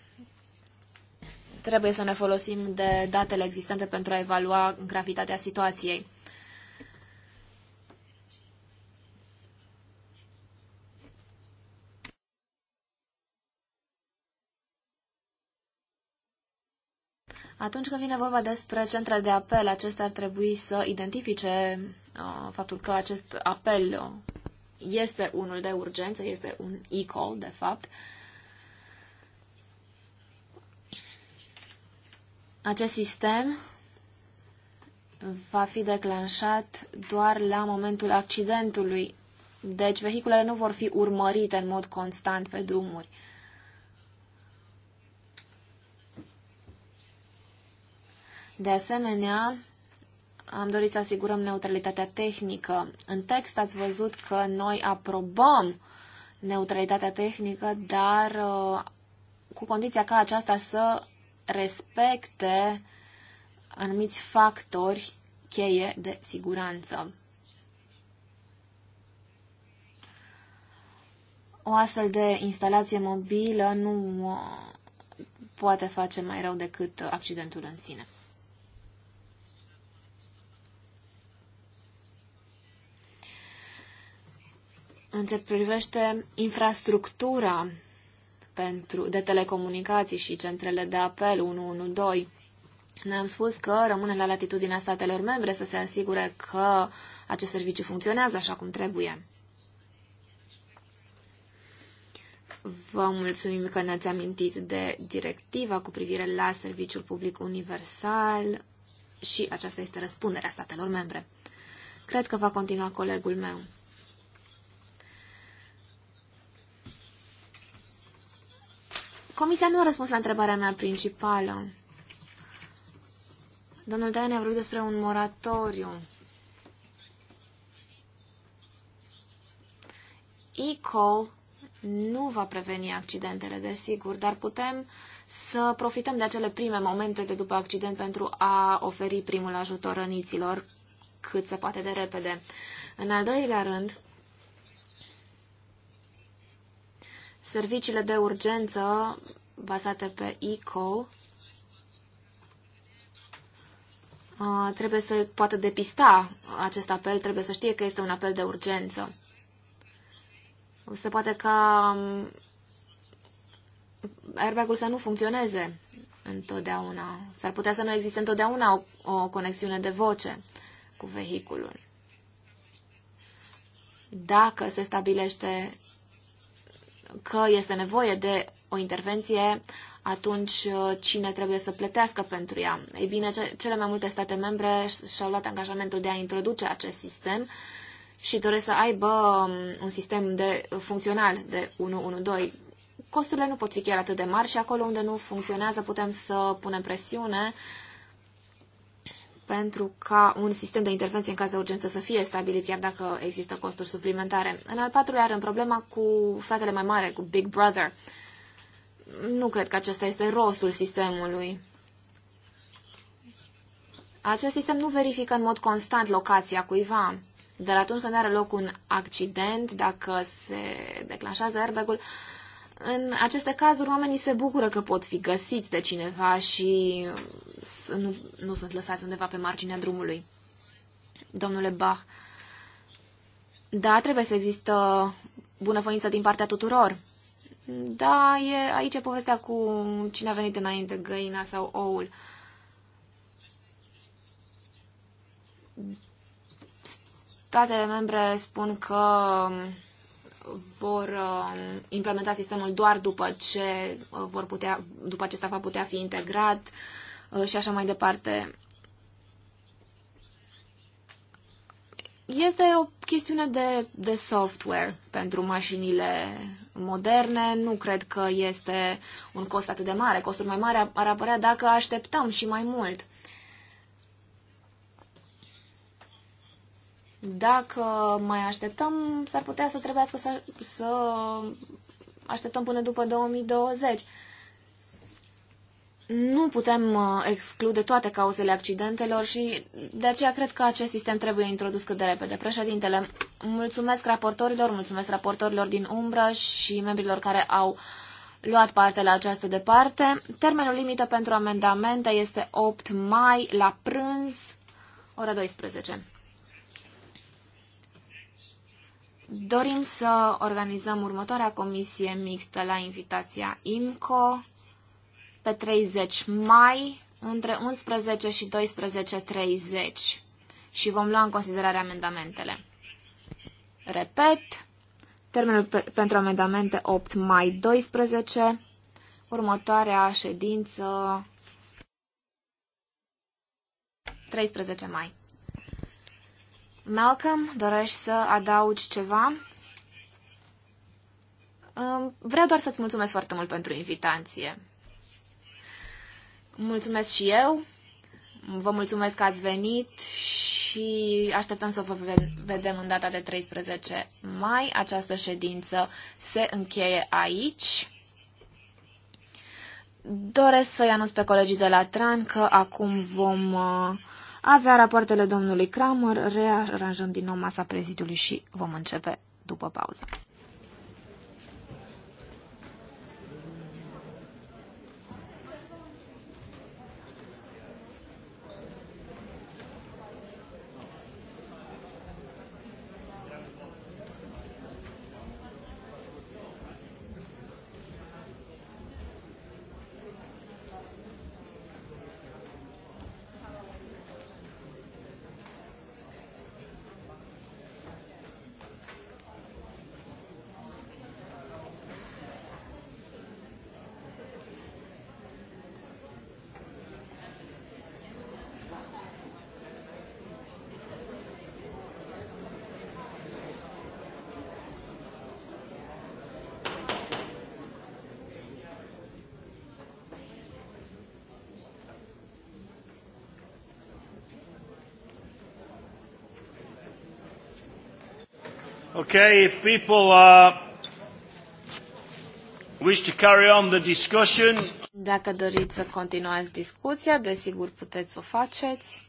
trebuie să ne folosim de datele existente pentru a evalua gravitatea situației. Atunci când vine vorba despre centre de apel, acestea ar trebui să identifice uh, faptul că acest apel uh, este unul de urgență, este un e-call, de fapt. Acest sistem va fi declanșat doar la momentul accidentului, deci vehiculele nu vor fi urmărite în mod constant pe drumuri. De asemenea, am dorit să asigurăm neutralitatea tehnică. În text ați văzut că noi aprobăm neutralitatea tehnică, dar uh, cu condiția ca aceasta să respecte anumiți factori cheie de siguranță. O astfel de instalație mobilă nu uh, poate face mai rău decât accidentul în sine. În ce privește infrastructura pentru, de telecomunicații și centrele de apel 112, ne-am spus că rămâne la latitudinea statelor membre să se asigure că acest serviciu funcționează așa cum trebuie. Vă mulțumim că ne-ați amintit de directiva cu privire la serviciul public universal și aceasta este răspunderea statelor membre. Cred că va continua colegul meu. Comisia nu a răspuns la întrebarea mea principală. Domnul Daian a vorbit despre un moratoriu. e nu va preveni accidentele, desigur, dar putem să profităm de acele prime momente de după accident pentru a oferi primul ajutor răniților cât se poate de repede. În al doilea rând, Serviciile de urgență bazate pe ECO trebuie să poată depista acest apel, trebuie să știe că este un apel de urgență. Se poate ca um, airbag-ul să nu funcționeze întotdeauna. S-ar putea să nu existe întotdeauna o, o conexiune de voce cu vehiculul. Dacă se stabilește că este nevoie de o intervenție, atunci uh, cine trebuie să plătească pentru ea? Ei bine, cele mai multe state membre și-au luat angajamentul de a introduce acest sistem și doresc să aibă um, un sistem de uh, funcțional de 112. Costurile nu pot fi chiar atât de mari și acolo unde nu funcționează putem să punem presiune uh, pentru ca un sistem de intervenție în caz de urgență să fie stabilit, chiar dacă există costuri suplimentare. În al patrulea rând, problema cu fratele mai mare, cu Big Brother. Nu cred că acesta este rostul sistemului. Acest sistem nu verifică în mod constant locația cuiva. Dar atunci când are loc un accident, dacă se declanșează airbag-ul, uh, în aceste cazuri oamenii se bucură că pot fi găsiți de cineva și um, nu, nu sunt lăsați undeva pe marginea drumului. Domnule Bach, da, trebuie să există bunăvoință din partea tuturor. Da, e, aici povestea cu cine a venit înainte, găina sau oul. Statele membre spun că um, vor um, implementa sistemul doar după ce, uh, vor putea, după acesta va putea fi integrat uh, și așa mai departe. Este o chestiune de, de software pentru mașinile moderne. Nu cred că este un cost atât de mare. Costul mai mare ar apărea dacă așteptăm și mai mult. Dacă mai așteptăm, s-ar putea să trebuiască să, să așteptăm până după 2020. Nu putem uh, exclude toate cauzele accidentelor și de aceea cred că acest sistem trebuie introdus cât de repede. Președintele, mulțumesc raportorilor, mulțumesc raportorilor din umbră și membrilor care au luat parte la această departe. Termenul limită pentru amendamente este 8 mai la prânz, ora 12. Dorim să organizăm următoarea comisie mixtă la invitația IMCO pe 30 mai între 11 și 12.30 și vom lua în considerare amendamentele. Repet, termenul pe, pentru amendamente 8 mai 12, următoarea ședință 13 mai. Malcolm, dorești să adaugi ceva? Vreau doar să-ți mulțumesc foarte mult pentru invitație. Mulțumesc și eu. Vă mulțumesc că ați venit și așteptăm să vă vedem în data de 13 mai. Această ședință se încheie aici. Doresc să-i anunț pe colegii de la TRAN că acum vom uh, avea rapoartele domnului Kramer, rearanjăm din nou masa prezidiului și vom începe după pauză. Okay, if people uh, wish to carry on the discussion. Dacă doriți să continuați discuția, desigur puteți să o faceți.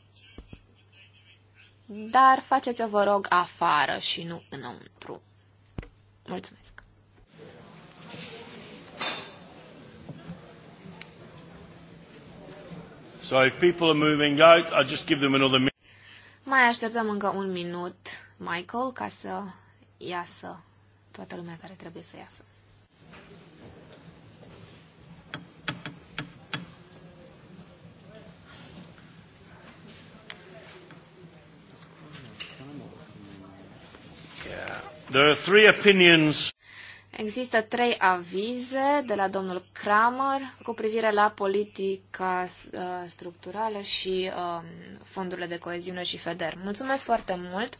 Dar faceți-o, vă rog, afară și nu înăuntru. Mulțumesc. So if people are moving out, I just give them another minute. Mai așteptăm încă un minut, Michael, ca să iasă toată lumea care trebuie să iasă. There are three opinions. Există trei avize de la domnul Kramer cu privire la politica uh, structurală și um, fondurile de coeziune și FEDER. Mulțumesc foarte mult!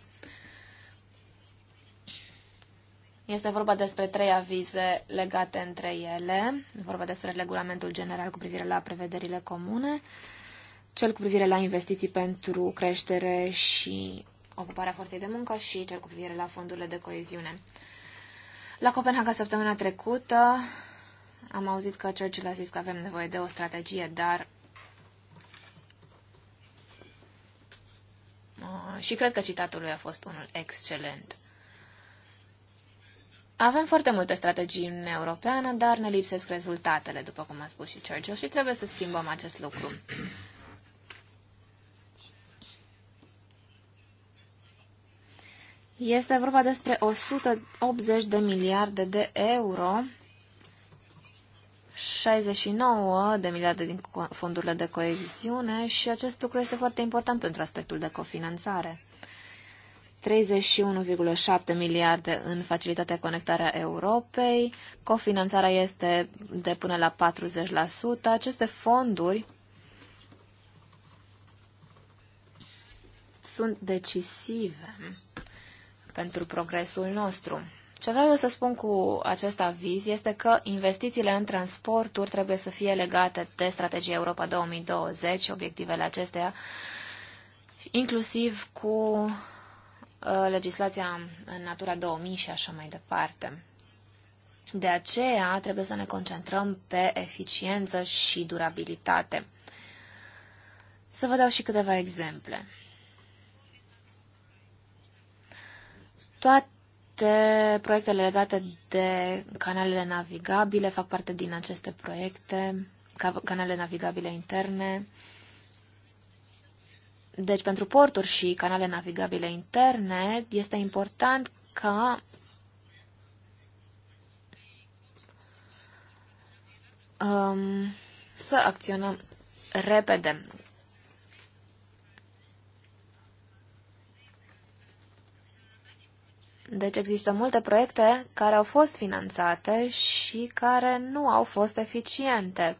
Este vorba despre trei avize legate între ele. Este vorba despre regulamentul general cu privire la prevederile comune, cel cu privire la investiții pentru creștere și ocuparea forței de muncă și cel cu privire la fondurile de coeziune. La Copenhaga săptămâna trecută am auzit că Churchill a zis că avem nevoie de o strategie, dar uh, și cred că citatul lui a fost unul excelent. Avem foarte multe strategii în Europeană, dar ne lipsesc rezultatele, după cum a spus și Churchill, și trebuie să schimbăm acest lucru. Este vorba despre 180 de miliarde de euro, 69 de miliarde din fondurile de coeziune și acest lucru este foarte important pentru aspectul de cofinanțare. 31,7 miliarde în facilitatea conectarea Europei, cofinanțarea este de până la 40%. Aceste fonduri sunt decisive pentru progresul nostru. Ce vreau eu să spun cu acest aviz este că investițiile în transporturi trebuie să fie legate de strategia Europa 2020, obiectivele acesteia, inclusiv cu Uh, legislația în Natura 2000 și așa mai departe. De aceea trebuie să ne concentrăm pe eficiență și durabilitate. Să vă dau și câteva exemple. Toate proiectele legate de canalele navigabile fac parte din aceste proiecte, Canalele navigabile interne, deci, pentru porturi și canale navigabile interne, este important ca um, să acționăm repede. Deci există multe proiecte care au fost finanțate și care nu au fost eficiente.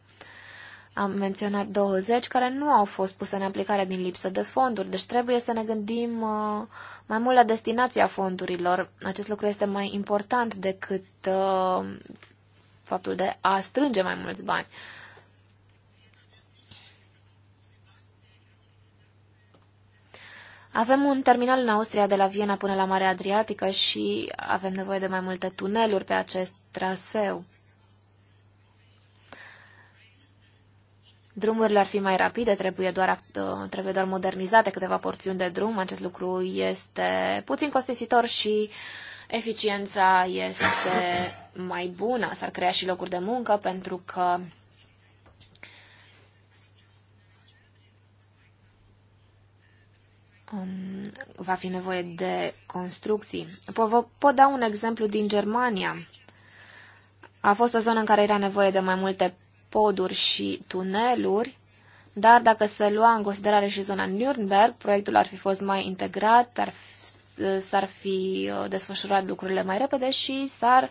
Am menționat 20 care nu au fost puse în aplicare din lipsă de fonduri, deci trebuie să ne gândim uh, mai mult la destinația fondurilor. Acest lucru este mai important decât uh, faptul de a strânge mai mulți bani. Avem un terminal în Austria de la Viena până la Marea Adriatică și avem nevoie de mai multe tuneluri pe acest traseu. Drumurile ar fi mai rapide, trebuie doar, uh, trebuie doar modernizate câteva porțiuni de drum. Acest lucru este puțin costisitor și eficiența este mai bună. S-ar crea și locuri de muncă pentru că um, va fi nevoie de construcții. Vă pot da un exemplu din Germania. A fost o zonă în care era nevoie de mai multe poduri și tuneluri, dar dacă se lua în considerare și zona Nürnberg, proiectul ar fi fost mai integrat, ar fi, s-ar fi uh, desfășurat lucrurile mai repede și s-ar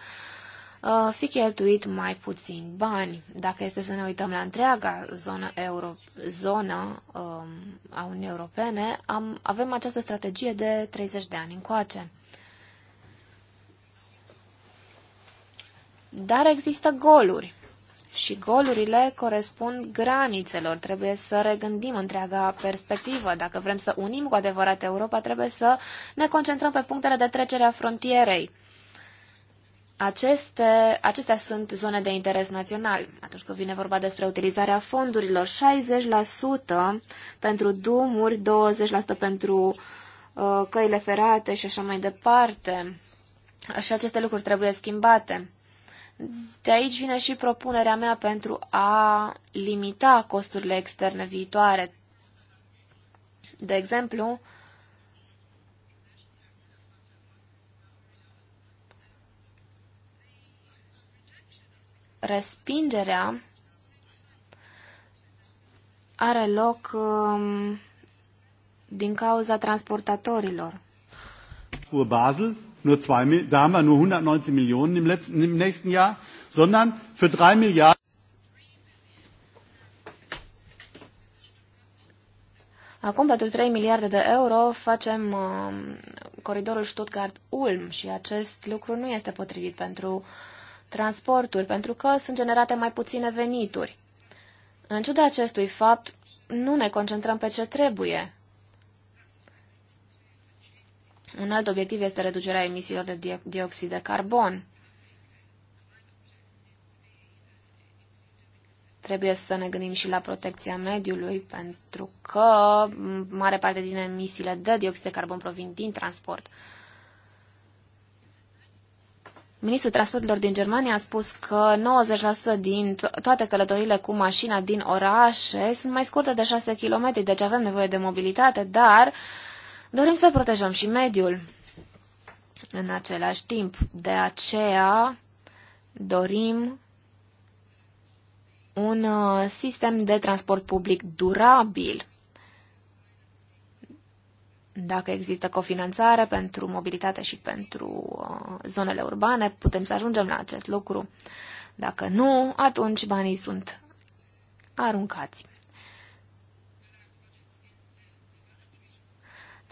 uh, fi cheltuit mai puțin bani. Dacă este să ne uităm la întreaga zonă, euro, zonă um, a Uniunii Europene, am, avem această strategie de 30 de ani încoace. Dar există goluri și golurile corespund granițelor. Trebuie să regândim întreaga perspectivă. Dacă vrem să unim cu adevărat Europa, trebuie să ne concentrăm pe punctele de trecere a frontierei. Aceste, acestea sunt zone de interes național. Atunci când vine vorba despre utilizarea fondurilor, 60% pentru dumuri, 20% pentru uh, căile ferate și așa mai departe. Și aceste lucruri trebuie schimbate. De aici vine și propunerea mea pentru a limita costurile externe viitoare. De exemplu, respingerea are loc um, din cauza transportatorilor. Basel nur zwei, da haben wir nur 190 Millionen im, letzten, im nächsten Jahr, sondern für drei Milliarden. Acum, pentru 3 miliarde de euro, facem uh, coridorul Stuttgart-Ulm și acest lucru nu este potrivit pentru transporturi, pentru că sunt generate mai puține venituri. În ciuda acestui fapt, nu ne concentrăm pe ce trebuie. Un alt obiectiv este reducerea emisiilor de dioxid de carbon. Trebuie să ne gândim și la protecția mediului, pentru că mare parte din emisiile de dioxid de carbon provin din transport. Ministrul Transportelor din Germania a spus că 90% din toate călătorile cu mașina din orașe sunt mai scurte de 6 km, deci avem nevoie de mobilitate, dar uh, Dorim să protejăm și mediul în același timp. De aceea dorim un uh, sistem de transport public durabil. Dacă există cofinanțare pentru mobilitate și pentru uh, zonele urbane, putem să ajungem la acest lucru. Dacă nu, atunci banii sunt aruncați.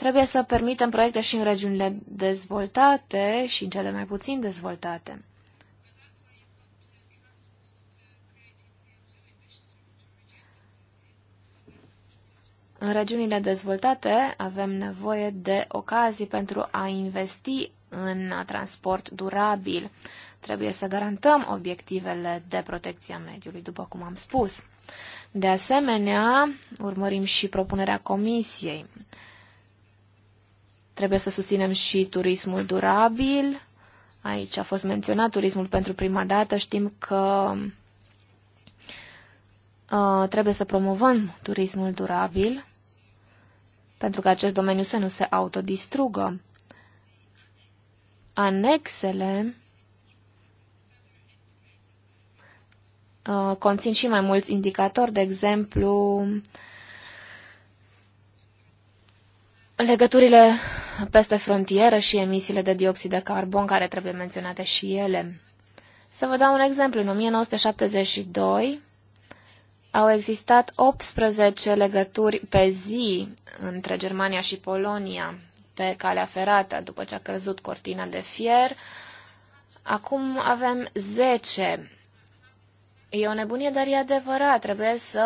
Trebuie să permitem proiecte și în regiunile dezvoltate și în cele mai puțin dezvoltate. În regiunile dezvoltate avem nevoie de ocazii pentru a investi în transport durabil. Trebuie să garantăm obiectivele de protecție a mediului, după cum am spus. De asemenea, urmărim și propunerea Comisiei Trebuie să susținem și turismul durabil. Aici a fost menționat turismul pentru prima dată. Știm că uh, trebuie să promovăm turismul durabil pentru că acest domeniu să nu se autodistrugă. Anexele uh, conțin și mai mulți indicatori, de exemplu, Legăturile peste frontieră și emisiile de dioxid de carbon care trebuie menționate și ele. Să vă dau un exemplu. În 1972 au existat 18 legături pe zi între Germania și Polonia pe calea ferată după ce a căzut cortina de fier. Acum avem 10. E o nebunie, dar e adevărat. Trebuie să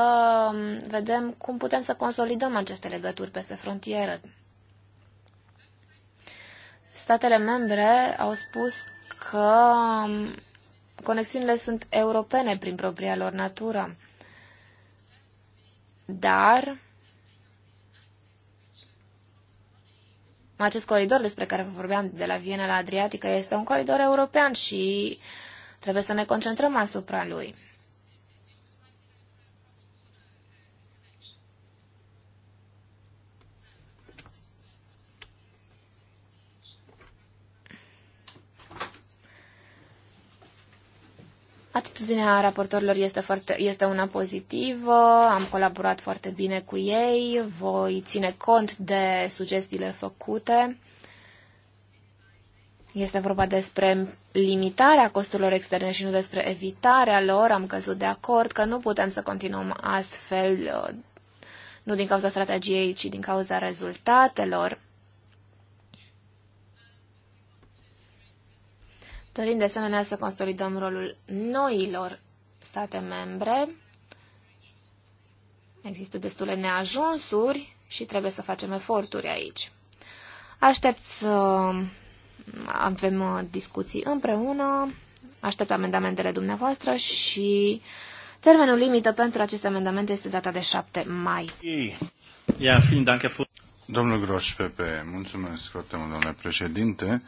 vedem cum putem să consolidăm aceste legături peste frontieră statele membre au spus că conexiunile sunt europene prin propria lor natură. Dar acest coridor despre care vă vorbeam de la Viena la Adriatică este un coridor european și trebuie să ne concentrăm asupra lui. Atitudinea raportorilor este, foarte, este una pozitivă, am colaborat foarte bine cu ei, voi ține cont de sugestiile făcute. Este vorba despre limitarea costurilor externe și nu despre evitarea lor. Am căzut de acord că nu putem să continuăm astfel, uh, nu din cauza strategiei, ci din cauza rezultatelor. Dorim de asemenea să consolidăm rolul noilor state membre. Există destule neajunsuri și trebuie să facem eforturi aici. Aștept să avem uh, discuții împreună, aștept amendamentele dumneavoastră și termenul limită pentru aceste amendamente este data de 7 mai. Domnul Groș, Pepe, mulțumesc foarte mult, domnule președinte.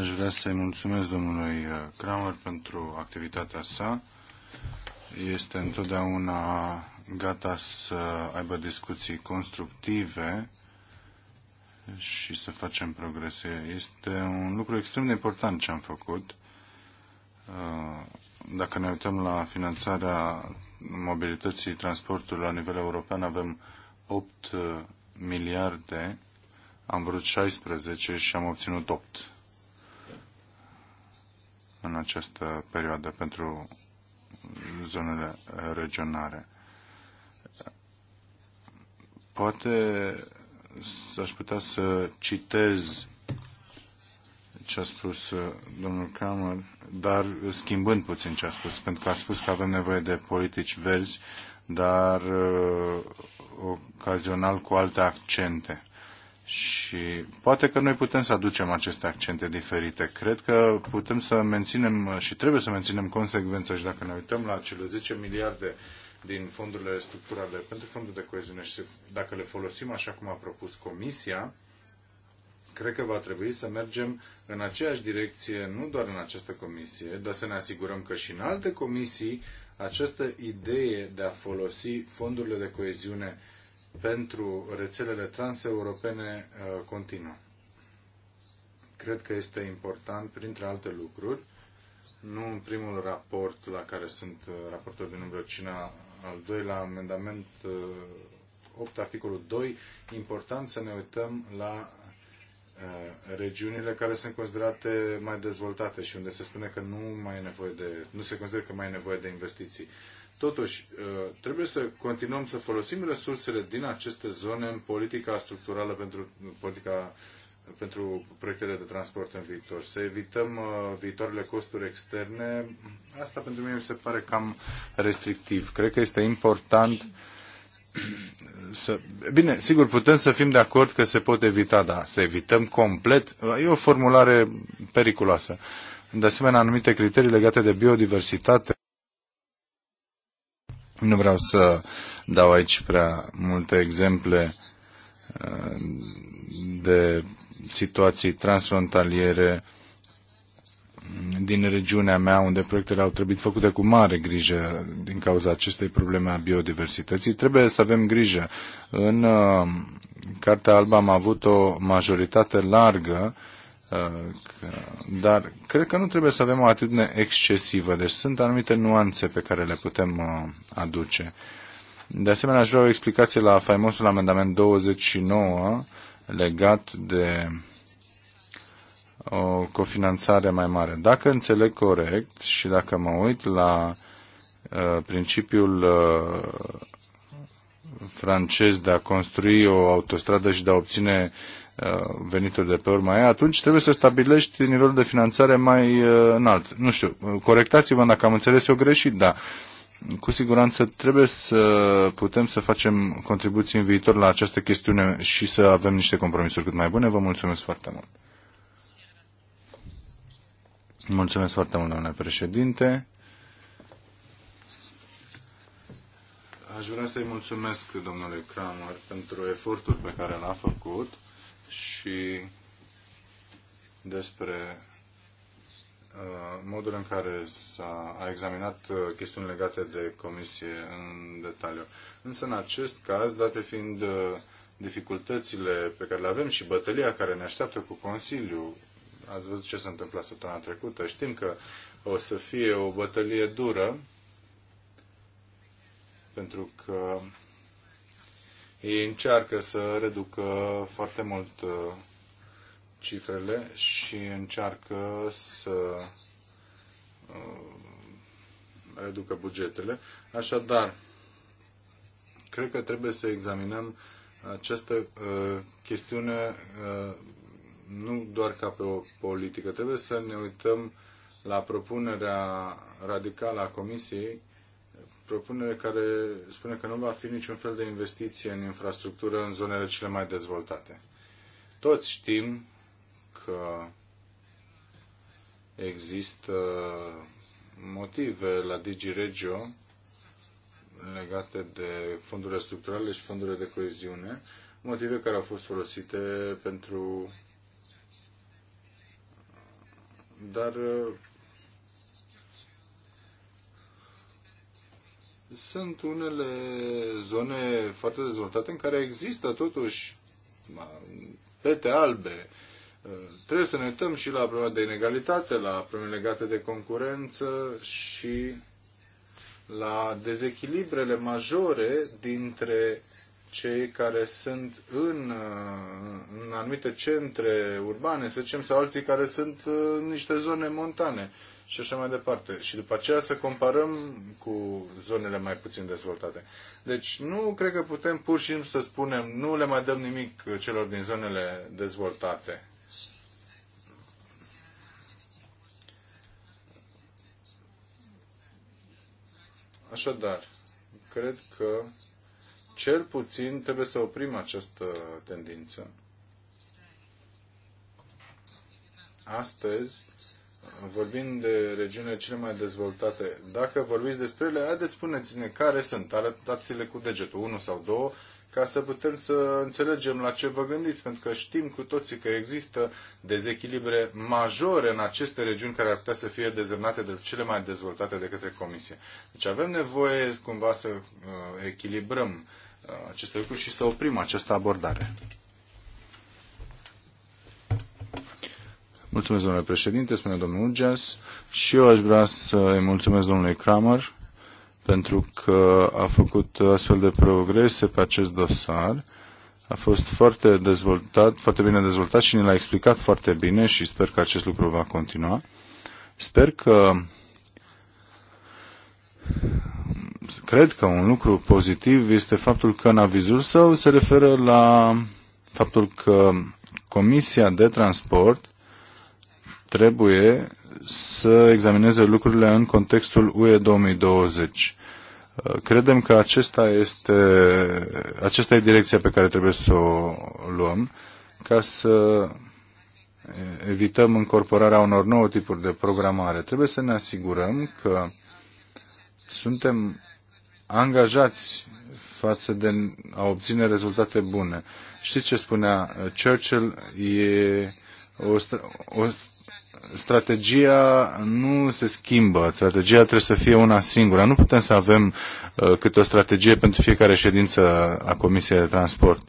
Aș vrea să-i mulțumesc domnului uh, Kramer pentru activitatea sa. Este întotdeauna gata să aibă discuții constructive și să facem progrese. Este un lucru extrem de important ce am făcut. Uh, dacă ne uităm la finanțarea mobilității transportului la nivel european, avem 8 uh, miliarde, am vrut 16 și am obținut 8 în această perioadă pentru zonele regionale. Poate aș putea să citez ce a spus uh, domnul Kramer, dar schimbând puțin ce a spus, pentru că a spus că avem nevoie de politici verzi, dar uh, ocazional cu alte accente. Și poate că noi putem să aducem aceste accente diferite. Cred că putem să menținem și trebuie să menținem consecvența și dacă ne uităm la cele 10 miliarde din fondurile structurale pentru fondul de coeziune și dacă le folosim așa cum a propus Comisia, cred că va trebui să mergem în aceeași direcție, nu doar în această comisie, dar să ne asigurăm că și în alte comisii această idee de a folosi fondurile de coeziune pentru rețelele transeuropene uh, continuă. Cred că este important, printre alte lucruri, nu în primul raport la care sunt uh, raportul din umbră, Cina, al doilea amendament 8, uh, articolul 2, important să ne uităm la regiunile care sunt considerate mai dezvoltate și unde se spune că nu mai e nevoie de, nu se consideră că mai e nevoie de investiții. Totuși, uh, trebuie să continuăm să folosim resursele din aceste zone în politica structurală pentru, politica, pentru proiectele de transport în viitor. Să evităm uh, viitoarele costuri externe. Asta pentru mine mi se pare cam restrictiv. Cred că este important să... Bine, sigur, putem să fim de acord că se pot evita, da, să evităm complet. E o formulare periculoasă. De asemenea, anumite criterii legate de biodiversitate nu vreau să dau aici prea multe exemple uh, de situații transfrontaliere din regiunea mea, unde proiectele au trebuit făcute cu mare grijă din cauza acestei probleme a biodiversității. Trebuie să avem grijă. În uh, Cartea Albă am avut o majoritate largă uh, Uh, dar cred că nu trebuie să avem o atitudine excesivă, deci sunt anumite nuanțe pe care le putem uh, aduce. De asemenea, aș vrea o explicație la faimosul amendament 29 legat de uh, o cofinanțare mai mare. Dacă înțeleg corect și dacă mă uit la principiul francez de a construi o autostradă și de a obține Uh, venituri de pe urma aia, atunci trebuie să stabilești nivelul de finanțare mai uh, înalt. Nu știu, uh, corectați-vă dacă am înțeles eu greșit, dar cu siguranță trebuie să putem să facem contribuții în viitor la această chestiune și să avem niște compromisuri cât mai bune. Vă mulțumesc foarte mult. Mulțumesc foarte mult, domnule președinte. Aș vrea să-i mulțumesc domnului Kramer pentru efortul pe care l-a făcut și despre uh, modul în care s-a a examinat uh, chestiuni legate de comisie în detaliu. Însă, în acest caz, date fiind uh, dificultățile pe care le avem și bătălia care ne așteaptă cu Consiliu, ați văzut ce s-a întâmplat săptămâna trecută, știm că o să fie o bătălie dură, pentru că ei încearcă să reducă foarte mult uh, cifrele și încearcă să uh, reducă bugetele. Așadar, cred că trebuie să examinăm această uh, chestiune uh, nu doar ca pe o politică. Trebuie să ne uităm la propunerea radicală a Comisiei propunere care spune că nu va fi niciun fel de investiție în infrastructură în zonele cele mai dezvoltate. Toți știm că există motive la DigiRegio legate de fondurile structurale și fondurile de coeziune, motive care au fost folosite pentru dar sunt unele zone foarte dezvoltate în care există totuși pete albe. Uh, trebuie să ne uităm și la problema de inegalitate, la probleme legate de concurență și la dezechilibrele majore dintre cei care sunt în, uh, în anumite centre urbane, să zicem, sau alții care sunt uh, în niște zone montane și așa mai departe. Și după aceea să comparăm cu zonele mai puțin dezvoltate. Deci nu cred că putem pur și simplu să spunem nu le mai dăm nimic celor din zonele dezvoltate. Așadar, cred că cel puțin trebuie să oprim această tendință. Astăzi vorbim de regiunile cele mai dezvoltate, dacă vorbiți despre ele, haideți spuneți-ne care sunt, arătați-le cu degetul, unul sau două, ca să putem să înțelegem la ce vă gândiți, pentru că știm cu toții că există dezechilibre majore în aceste regiuni care ar putea să fie dezemnate de cele mai dezvoltate de către Comisie. Deci avem nevoie cumva să uh, echilibrăm uh, aceste lucruri și să oprim această abordare. Mulțumesc, domnule președinte, spune domnul Ugeas. Și eu aș vrea să îi mulțumesc domnului Kramer pentru că a făcut astfel de progrese pe acest dosar. A fost foarte dezvoltat, foarte bine dezvoltat și ne l-a explicat foarte bine și sper că acest lucru va continua. Sper că cred că un lucru pozitiv este faptul că în avizul său se referă la faptul că Comisia de Transport trebuie să examineze lucrurile în contextul UE 2020. Credem că acesta este, acesta este direcția pe care trebuie să o luăm ca să evităm incorporarea unor nouă tipuri de programare. Trebuie să ne asigurăm că suntem angajați față de a obține rezultate bune. Știți ce spunea Churchill? E o, o, strategia nu se schimbă, strategia trebuie să fie una singură. Nu putem să avem uh, câte o strategie pentru fiecare ședință a Comisiei de Transport.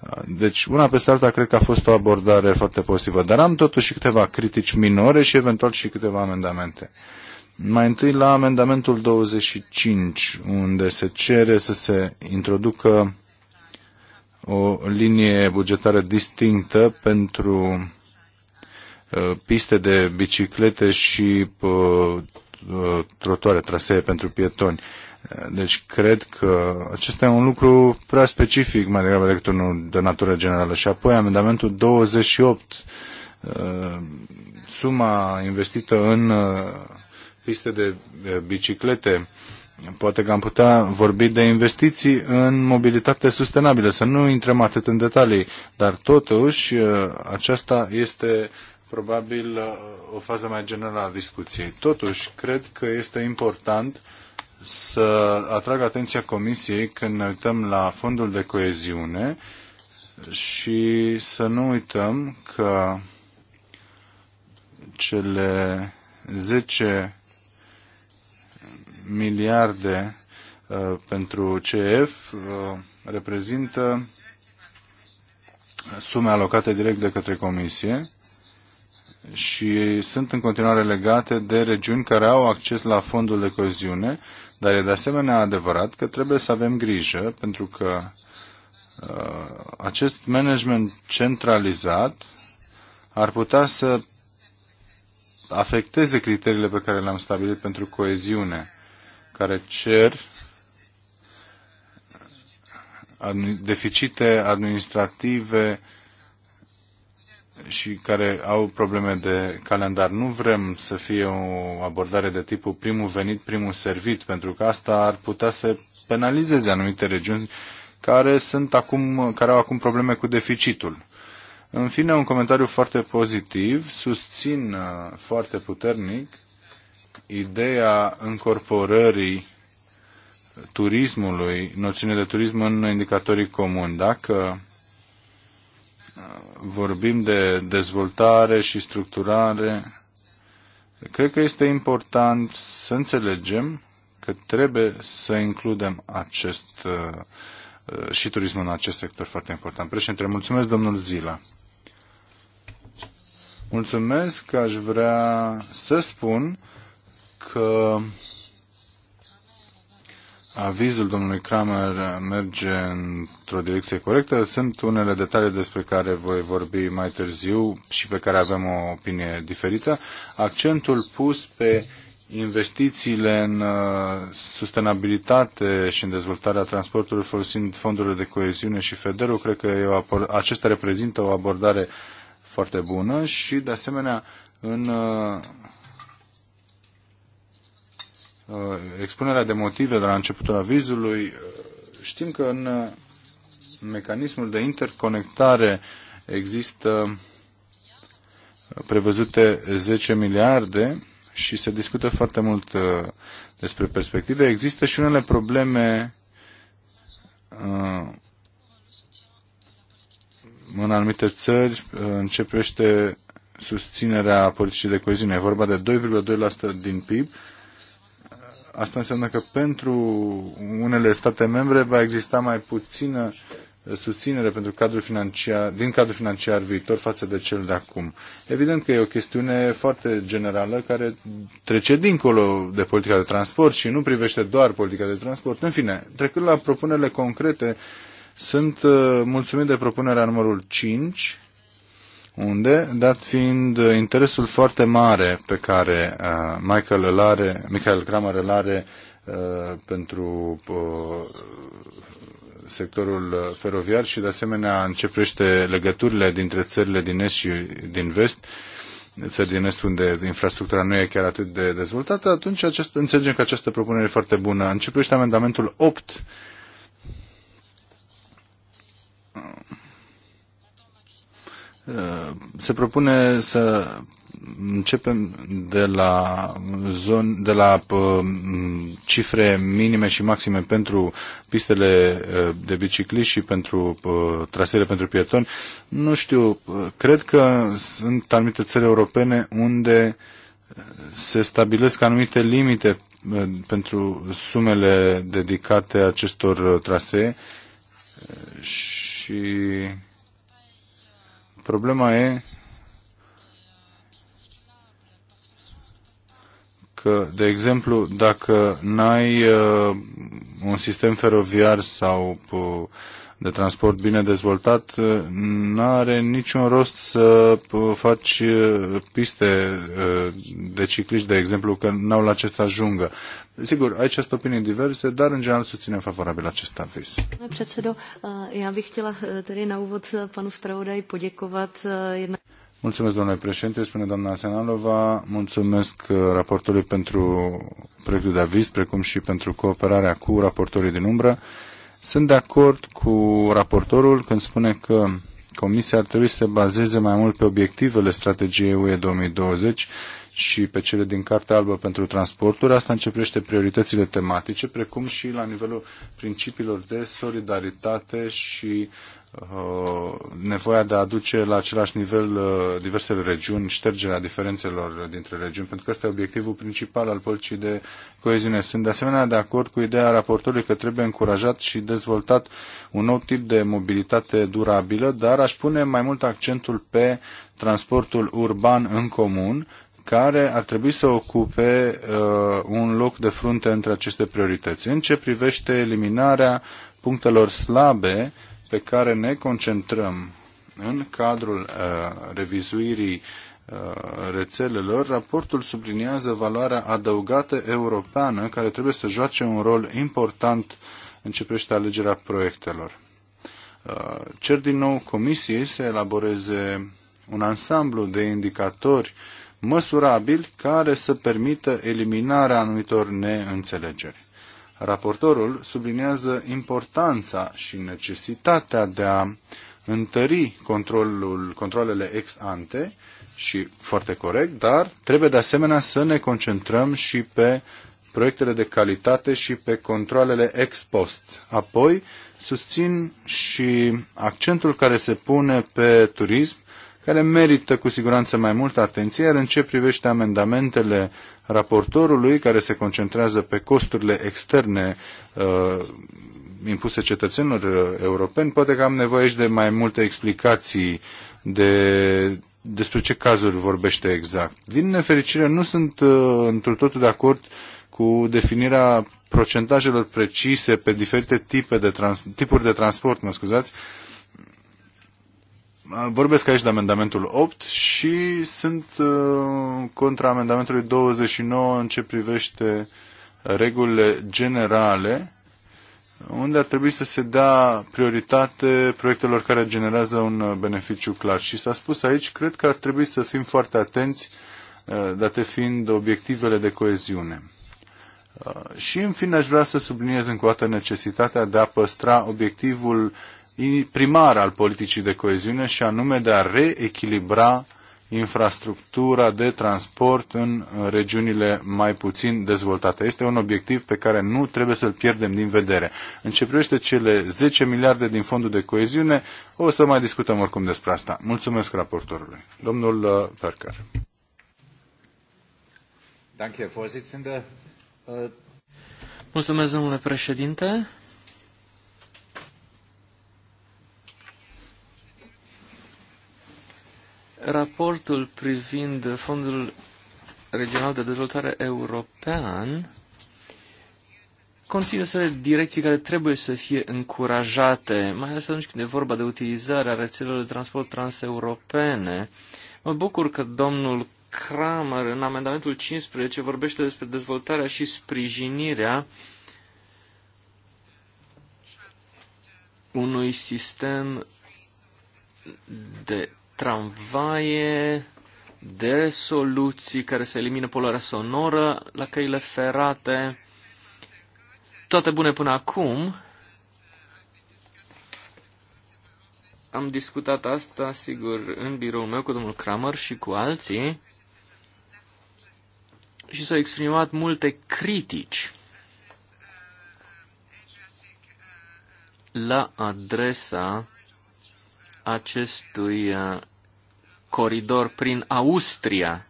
Uh, deci, una peste alta, cred că a fost o abordare foarte pozitivă. Dar am totuși câteva critici minore și eventual și câteva amendamente. Mai întâi la amendamentul 25, unde se cere să se introducă o linie bugetară distinctă pentru Uh, piste de biciclete și uh, uh, trotoare, trasee pentru pietoni. Deci cred că acesta e un lucru prea specific mai degrabă decât unul de natură generală. Și apoi amendamentul 28, suma investită în piste de biciclete, poate că am putea vorbi de investiții în mobilitate sustenabilă, să nu intrăm atât în detalii, dar totuși aceasta este probabil uh, o fază mai generală a discuției. Totuși, cred că este important să atrag atenția Comisiei când ne uităm la fondul de coeziune și să nu uităm că cele 10 miliarde uh, pentru CF uh, reprezintă sume alocate direct de către Comisie și sunt în continuare legate de regiuni care au acces la fondul de coziune, dar e de asemenea adevărat că trebuie să avem grijă, pentru că uh, acest management centralizat ar putea să afecteze criteriile pe care le-am stabilit pentru coeziune, care cer deficite administrative și care au probleme de calendar. Nu vrem să fie o abordare de tipul primul venit, primul servit, pentru că asta ar putea să penalizeze anumite regiuni care, sunt acum, care au acum probleme cu deficitul. În fine, un comentariu foarte pozitiv. Susțin uh, foarte puternic ideea încorporării turismului, noțiunea de turism în indicatorii comuni. Dacă vorbim de dezvoltare și structurare, cred că este important să înțelegem că trebuie să includem acest uh, uh, și turismul în acest sector foarte important. Președinte, mulțumesc domnul Zila. Mulțumesc că aș vrea să spun că avizul domnului Kramer merge într-o direcție corectă. Sunt unele detalii despre care voi vorbi mai târziu și pe care avem o opinie diferită. Accentul pus pe investițiile în uh, sustenabilitate și în dezvoltarea transportului folosind fondurile de coeziune și federul, cred că acesta reprezintă o abordare foarte bună și, de asemenea, în uh, Uh, expunerea de motive de la începutul avizului, uh, știm că în uh, mecanismul de interconectare există prevăzute 10 miliarde și se discută foarte mult despre perspective. Există și unele probleme în anumite țări începește susținerea politicii de coeziune. E vorba de 2,2% din PIB Asta înseamnă că pentru unele state membre va exista mai puțină eh, susținere pentru cadrul financiar, din cadrul financiar viitor față de cel de acum. Evident că e o chestiune foarte generală care trece dincolo de politica de transport și nu privește doar politica de transport. În fine, trecând la propunerile concrete, sunt eh, mulțumit de propunerea numărul 5 unde, dat fiind uh, interesul foarte mare pe care uh, Michael, îl are, Michael Kramer îl are uh, pentru sectorul feroviar și de asemenea începește legăturile dintre țările din est și din vest, țări din est unde infrastructura nu e chiar atât de dezvoltată, atunci acest, înțelegem că această propunere e foarte bună. Începește amendamentul 8 se propune să începem de la, zon, de la cifre minime și maxime pentru pistele de bicicli și pentru trasele pentru pietoni. Nu știu, cred că sunt anumite țări europene unde se stabilesc anumite limite pentru sumele dedicate acestor trasee și Problema e că, de exemplu, dacă n-ai uh, un sistem feroviar sau uh, de transport bine dezvoltat, uh, nu are niciun rost să uh, faci uh, piste de cicliști, de exemplu, că n-au la ce să ajungă. Sigur, aici sunt opinii diverse, dar în general susținem favorabil acest aviz. Pane předsedo, já bych chtěla tedy na úvod panu zpravodaj poděkovat Mulțumesc, domnule președinte, spune doamna Senalova, mulțumesc raportului pentru proiectul de aviz, precum și pentru cooperarea cu raportorii din umbră. Sunt de acord cu raportorul când spune că Comisia ar trebui să se bazeze mai mult pe obiectivele strategiei UE 2020 și pe cele din Cartea Albă pentru Transporturi. Asta începește prioritățile tematice, precum și la nivelul principiilor de solidaritate și Uh, nevoia de a aduce la același nivel uh, diversele regiuni, ștergerea diferențelor dintre regiuni, pentru că ăsta e obiectivul principal al politicii de coeziune. Sunt de asemenea de acord cu ideea raportului că trebuie încurajat și dezvoltat un nou tip de mobilitate durabilă, dar aș pune mai mult accentul pe transportul urban în comun, care ar trebui să ocupe uh, un loc de frunte între aceste priorități. În ce privește eliminarea punctelor slabe, uh, pe care ne concentrăm în cadrul uh, revizuirii uh, rețelelor, raportul subliniază valoarea adăugată europeană care trebuie să joace un rol important în ce privește alegerea proiectelor. Uh, cer din nou Comisiei să elaboreze un ansamblu de indicatori măsurabili care să permită eliminarea anumitor neînțelegeri. Raportorul subliniază importanța și necesitatea de a întări controlul, controlele ex ante și foarte corect, dar trebuie de asemenea să ne concentrăm și pe proiectele de calitate și pe controlele ex post. Apoi susțin și accentul care se pune pe turism, care merită cu siguranță mai multă atenție, iar în ce privește amendamentele raportorului care se concentrează pe costurile externe uh, impuse cetățenilor uh, europeni. Poate că am nevoie aici de mai multe explicații de despre ce cazuri vorbește exact. Din nefericire, nu sunt uh, într totul de acord cu definirea procentajelor precise pe diferite tipe de trans- tipuri de transport, mă scuzați, uh, vorbesc aici de amendamentul 8 și sunt uh, contra amendamentului 29 în ce privește regulile generale unde ar trebui să se dea prioritate proiectelor care generează un beneficiu clar. Și s-a spus aici, cred că ar trebui să fim foarte atenți, uh, date fiind obiectivele de coeziune. Uh, și în fine aș vrea să subliniez încă o dată necesitatea de a păstra obiectivul primar al politicii de coeziune și anume de a reechilibra infrastructura de transport în regiunile mai puțin dezvoltate. Este un obiectiv pe care nu trebuie să-l pierdem din vedere. În ce privește cele 10 miliarde din fondul de coeziune, o să mai discutăm oricum despre asta. Mulțumesc raportorului. Domnul uh, Perker. Uh, Mulțumesc, domnule președinte. Raportul privind Fondul Regional de Dezvoltare European conține să direcții care trebuie să fie încurajate, mai ales atunci când e vorba de utilizarea rețelelor de transport transeuropene. Mă bucur că domnul Kramer, în amendamentul 15, vorbește despre dezvoltarea și sprijinirea unui sistem de tramvaie, de soluții care să elimină poluarea sonoră la căile ferate. Toate bune până acum. Am discutat asta, sigur, în biroul meu cu domnul Kramer și cu alții și s-au exprimat multe critici la adresa acestui uh, coridor prin Austria.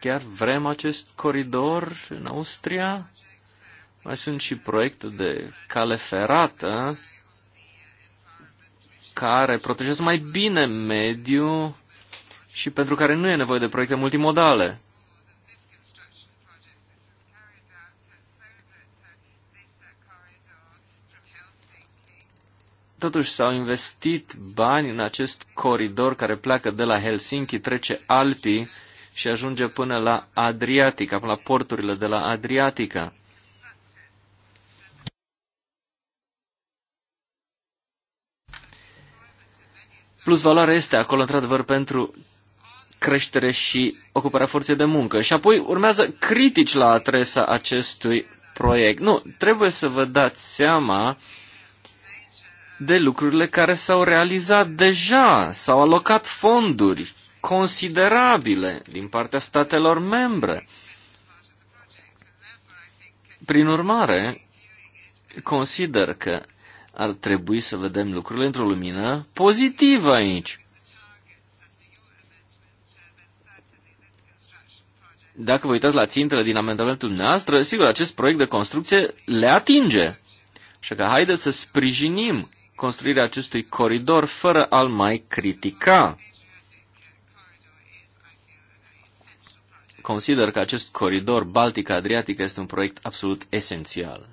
Chiar vrem acest coridor în Austria? Mai sunt și proiecte de cale ferată care protejează mai bine mediul și pentru care nu e nevoie de proiecte multimodale. totuși s-au investit bani în acest coridor care pleacă de la Helsinki, trece Alpii și ajunge până la Adriatica, până la porturile de la Adriatica. Plus valoare este acolo, într-adevăr, pentru creștere și ocuparea forței de muncă. Și apoi urmează critici la adresa acestui proiect. Nu, trebuie să vă dați seama uh, de lucrurile care s-au realizat deja, s-au alocat fonduri considerabile din partea statelor membre. Prin urmare, consider că ar trebui să vedem lucrurile într-o lumină pozitivă aici. Dacă vă uitați la țintele din amendamentul noastră, sigur, acest proiect de construcție le atinge. Așa că haideți să sprijinim construirea acestui coridor fără a-l mai critica. Consider că acest coridor Baltic-Adriatic este un proiect absolut esențial.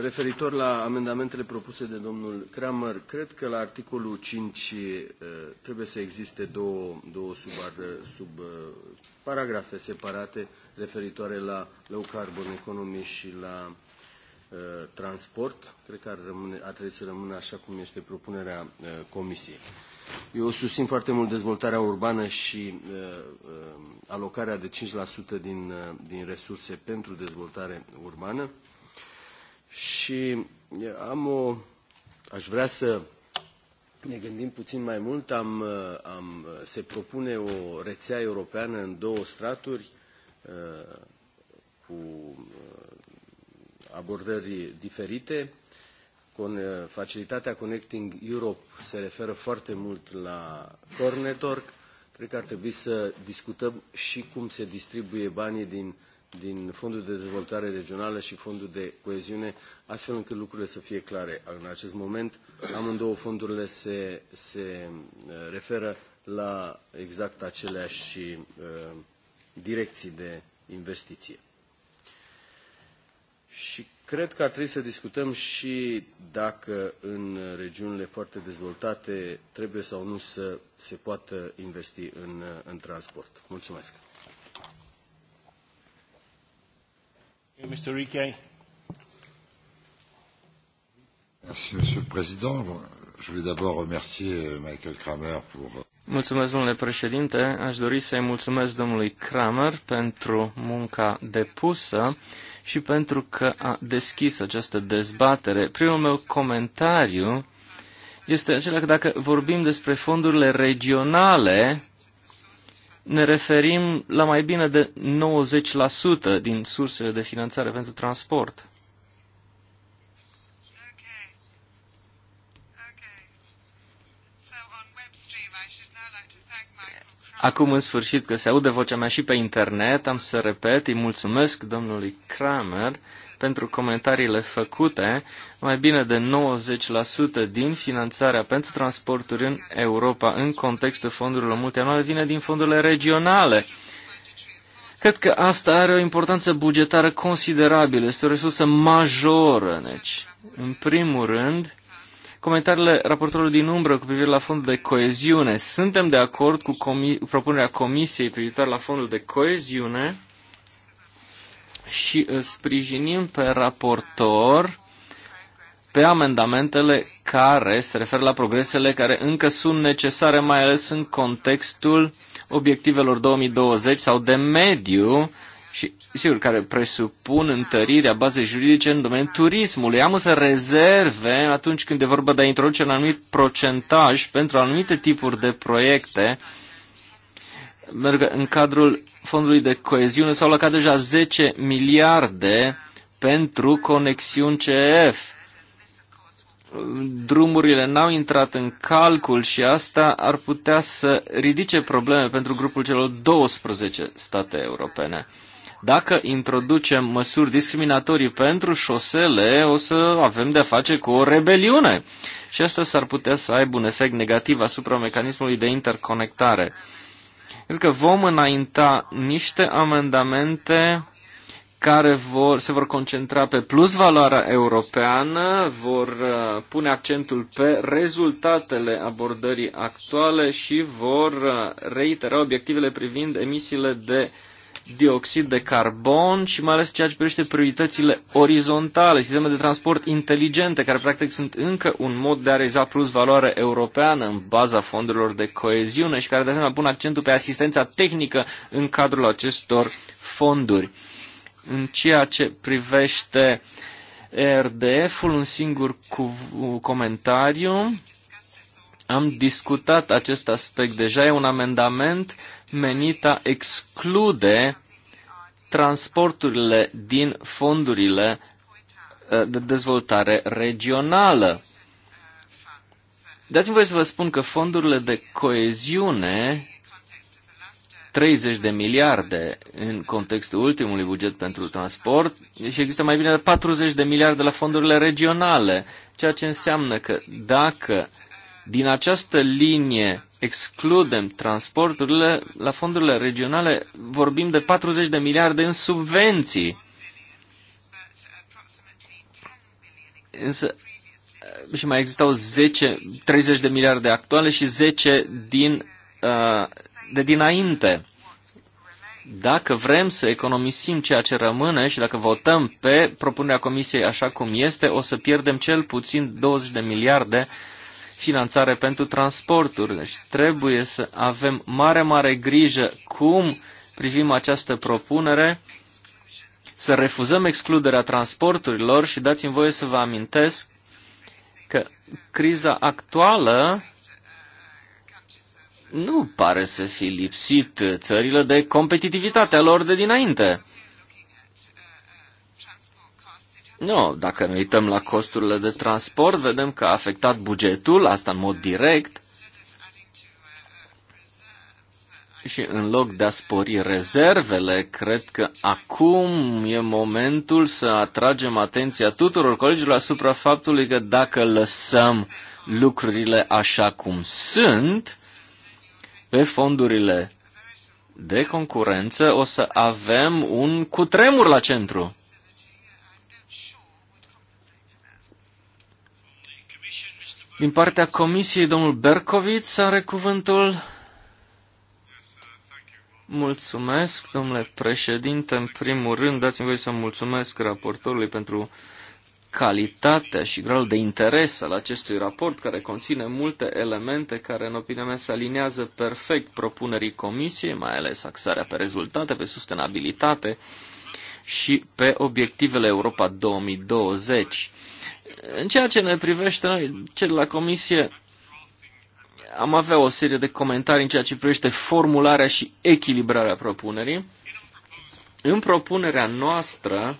Referitor la amendamentele propuse de domnul Kramer, cred că la articolul 5 eh, trebuie să existe două, două sub, sub eh, paragrafe separate referitoare la low carbon economy și la uh, transport. Cred că ar, rămâne, ar trebui să rămână așa cum este propunerea uh, Comisiei. Eu susțin foarte mult dezvoltarea urbană și uh, uh, alocarea de 5% din, uh, din resurse pentru dezvoltare urbană și uh, am o, aș vrea să ne gândim puțin mai mult, am, uh, am, se propune o rețea europeană în două straturi, Uh, cu uh, abordări diferite. Uh, facilitatea Connecting Europe se referă foarte mult la Core Network. Cred că ar trebui să discutăm și cum se distribuie banii din, din Fondul de Dezvoltare Regională și Fondul de Coeziune, astfel încât lucrurile să fie clare. În acest moment, amândouă fondurile se, se referă la exact aceleași uh, direcții de investiție. Și cred că ar trebui să discutăm și dacă în regiunile foarte dezvoltate trebuie sau nu să se poată investi în, în transport. Mulțumesc. Mr. Merci, Monsieur le Président. Je voulais d'abord remercier euh, Michael Kramer pour euh, Mulțumesc, domnule președinte. Aș dori să-i mulțumesc domnului Kramer pentru munca depusă și pentru că a deschis această dezbatere. Primul meu comentariu este acela că dacă vorbim despre fondurile regionale, ne referim la mai bine de 90% din sursele de finanțare pentru transport. Acum, în sfârșit, că se aude vocea mea și pe internet, am să repet, îi mulțumesc domnului Kramer pentru comentariile făcute. Mai bine de 90% din finanțarea pentru transporturi în Europa, în contextul fondurilor multianuale, vine din fondurile regionale. Cred că asta are o importanță bugetară considerabilă, este o resursă majoră. Deci, în primul rând, comentariile raportorului din umbră cu privire la fondul de coeziune. Suntem de acord cu comi propunerea Comisiei privitoare la fondul de coeziune și îl sprijinim pe raportor pe amendamentele care se referă la progresele care încă sunt necesare, mai ales în contextul obiectivelor 2020 sau de mediu, și, sigur, care presupun întărirea bazei juridice în domeniul turismului. Am însă rezerve atunci când e vorba de a introduce un anumit procentaj pentru anumite tipuri de proiecte merg în cadrul fondului de coeziune s-au lăcat deja 10 miliarde pentru conexiuni CF. Drumurile n-au intrat în calcul și asta ar putea să ridice probleme pentru grupul celor 12 state europene. Dacă introducem măsuri discriminatorii pentru șosele, o să avem de-a face cu o rebeliune. Și asta s-ar putea să aibă un efect negativ asupra mecanismului de interconectare. Cred că vom înainta niște amendamente care vor, se vor concentra pe plus valoarea europeană, vor uh, pune accentul pe rezultatele abordării actuale și vor uh, reitera obiectivele privind emisiile de dioxid de carbon și mai ales ceea ce privește prioritățile orizontale, sisteme de transport inteligente, care practic sunt încă un mod de a realiza plus valoare europeană în baza fondurilor de coeziune și care de asemenea pun accentul pe asistența tehnică în cadrul acestor fonduri. În ceea ce privește RDF-ul, un singur comentariu. Am discutat acest aspect deja, e un amendament menită exclude transporturile din fondurile eh, de dezvoltare regională. Dați-mi voie să vă spun că fondurile de coeziune, 30 de miliarde în contextul ultimului buget pentru transport, și există mai bine de 40 de miliarde la fondurile regionale, ceea ce înseamnă că dacă din această linie excludem transporturile, la fondurile regionale vorbim de 40 de miliarde în subvenții. Însă, și mai existau 10, 30 de miliarde actuale și 10 din, uh, de dinainte. Dacă vrem să economisim ceea ce rămâne și dacă votăm pe propunerea Comisiei așa cum este, o să pierdem cel puțin 20 de miliarde uh, finanțare pentru transporturi. Deci trebuie să avem mare, mare grijă cum privim această propunere, să refuzăm excluderea transporturilor și dați-mi voie să vă amintesc că criza actuală nu pare să fi lipsit țările de competitivitatea lor de dinainte. Nu, dacă ne uităm la costurile de transport, vedem că a afectat bugetul, asta în mod direct. Și în loc de a spori rezervele, cred că acum e momentul să atragem atenția tuturor colegilor asupra faptului că dacă lăsăm lucrurile așa cum sunt, pe fondurile de concurență o să avem un cutremur la centru. Din partea comisiei, domnul Bercoviț are cuvântul. Mulțumesc, domnule președinte. În primul rând, dați-mi voie să mulțumesc raportorului pentru calitatea și gradul de interes al acestui raport, care conține multe elemente care, în opinia mea, se aliniază perfect propunerii comisiei, mai ales axarea pe rezultate, pe sustenabilitate și pe obiectivele Europa 2020. În ceea ce ne privește noi, cel de la comisie, am avea o serie de comentarii în ceea ce privește formularea și echilibrarea propunerii. În propunerea noastră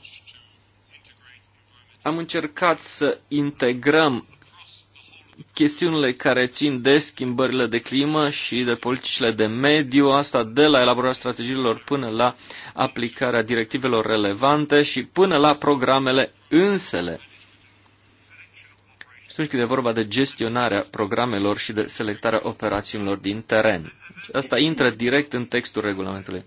am încercat să integrăm chestiunile care țin de schimbările de climă și de politicile de mediu, asta de la elaborarea strategiilor până la aplicarea directivelor relevante și până la programele însele atunci când e vorba de gestionarea programelor și de selectarea operațiunilor din teren. Asta intră direct în textul regulamentului.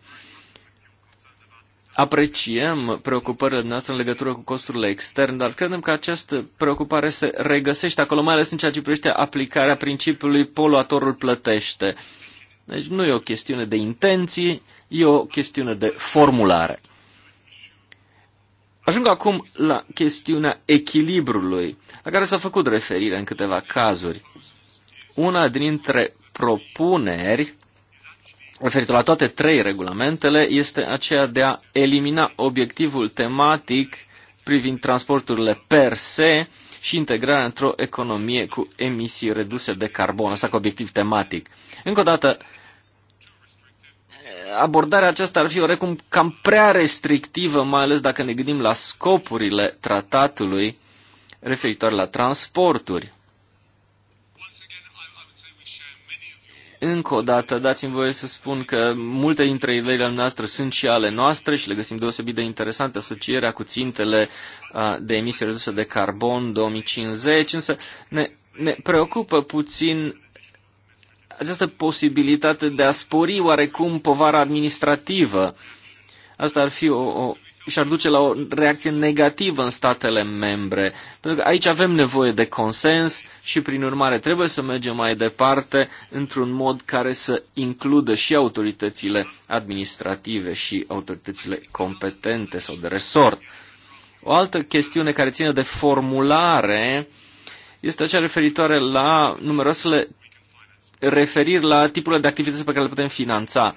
Apreciem preocupările noastre în legătură cu costurile externe, dar credem că această preocupare se regăsește acolo, mai ales în ceea ce privește aplicarea principiului poluatorul plătește. Deci nu e o chestiune de intenții, e o chestiune de formulare. Ajung acum la chestiunea echilibrului, la care s-a făcut referire în câteva cazuri. Una dintre propuneri referitor la toate trei regulamentele este aceea de a elimina obiectivul tematic privind transporturile per se și integrarea într-o economie cu emisii reduse de carbon, asta cu obiectiv tematic. Încă o dată, abordarea aceasta ar fi orecum cam prea restrictivă, mai ales dacă ne gândim la scopurile tratatului referitor la transporturi. Încă o dată, dați-mi voie să spun că multe dintre ideile noastre sunt și ale noastre și le găsim deosebit de interesante, asocierea cu țintele de emisii reduse de carbon 2050, însă ne, ne preocupă puțin această posibilitate de a spori oarecum povara administrativă. Asta ar fi o, o și-ar duce la o reacție negativă în statele membre. Pentru că aici avem nevoie de consens și, prin urmare, trebuie să mergem mai departe într-un mod care să includă și autoritățile administrative și autoritățile competente sau de resort. O altă chestiune care ține de formulare este cea referitoare la numeroasele referiri la tipurile de activități pe care le putem finanța.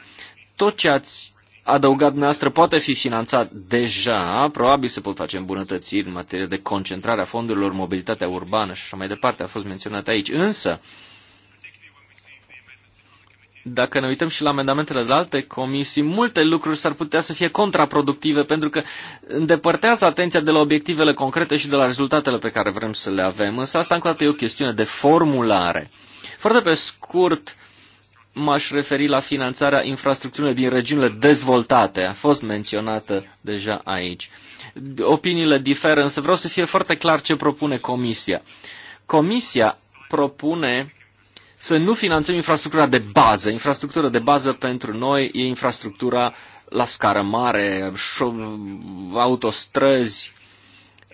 Tot ce ați adăugat dumneavoastră poate fi finanțat deja, probabil se pot face îmbunătățiri în materie de concentrare a fondurilor, mobilitatea urbană și așa mai departe, a fost menționat aici. Însă, dacă ne uităm și la amendamentele de alte comisii, multe lucruri s-ar putea să fie contraproductive pentru că îndepărtează atenția de la obiectivele concrete și de la rezultatele pe care vrem să le avem. Însă asta încă o dată e o chestiune de formulare. Foarte pe scurt, m-aș referi la finanțarea infrastructurilor din regiunile dezvoltate. A fost menționată deja aici. Opiniile diferă, însă vreau să fie foarte clar ce propune Comisia. Comisia propune să nu finanțăm infrastructura de bază. Infrastructura de bază pentru noi e infrastructura la scară mare, autostrăzi,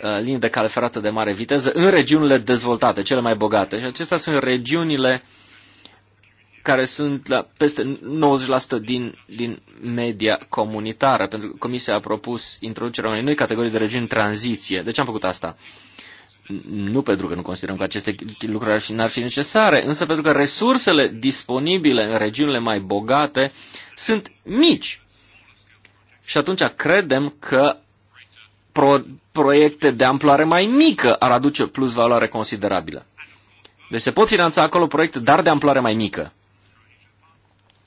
Uh, linii de cale ferată de mare viteză în regiunile dezvoltate, cele mai bogate. Și acestea sunt regiunile care sunt la peste 90% din, din media comunitară, pentru că Comisia a propus introducerea unei noi categorii de regiuni tranziție. De ce am făcut asta? Nu pentru că nu considerăm că aceste lucruri ar fi, n-ar fi necesare, însă pentru că resursele disponibile în regiunile mai bogate sunt mici. Și atunci credem că pro- proiecte de amploare mai mică ar aduce plus valoare considerabilă. Deci se pot finanța acolo proiecte, dar de amploare mai mică.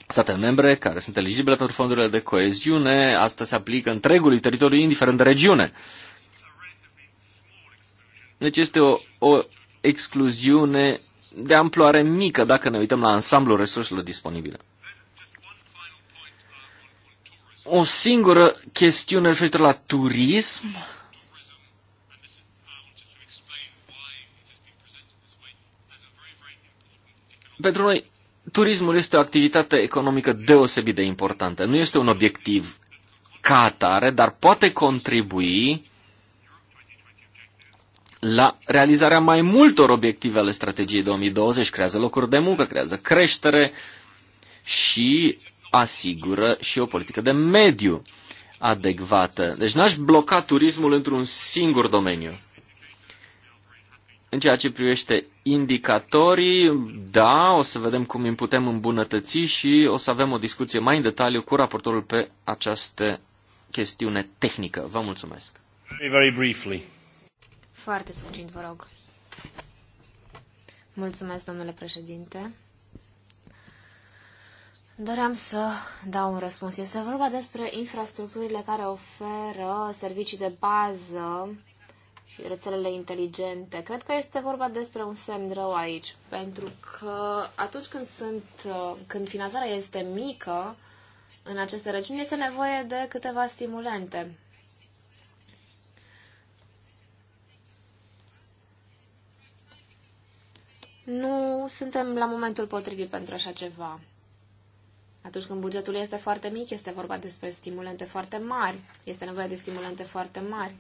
Statele membre care sunt eligibile pentru fondurile de coeziune, asta se aplică întregului teritoriu, indiferent de regiune. Deci este o, o excluziune de amploare mică dacă ne uităm la ansamblul resurselor disponibile o singură chestiune referitor la turism. Pentru noi, turismul este o activitate economică deosebit de importantă. Nu este un obiectiv ca atare, dar poate contribui la realizarea mai multor obiective ale strategiei 2020. Creează locuri de muncă, creează creștere și asigură și o politică de mediu adecvată. Deci n-aș bloca turismul într-un singur domeniu. În ceea ce privește indicatorii, da, o să vedem cum îi putem îmbunătăți și o să avem o discuție mai în detaliu cu raportorul pe această chestiune tehnică. Vă mulțumesc. Very, very briefly. Foarte succint, vă rog. Mulțumesc, domnule președinte. Doream să dau un răspuns. Este vorba despre infrastructurile care oferă servicii de bază și rețelele inteligente. Cred că este vorba despre un semn rău aici, pentru că atunci când, sunt, când finanțarea este mică în aceste regiuni, este nevoie de câteva stimulente. Nu suntem la momentul potrivit pentru așa ceva. Atunci când bugetul este foarte mic, este vorba despre stimulente foarte mari. Este nevoie de stimulente foarte mari.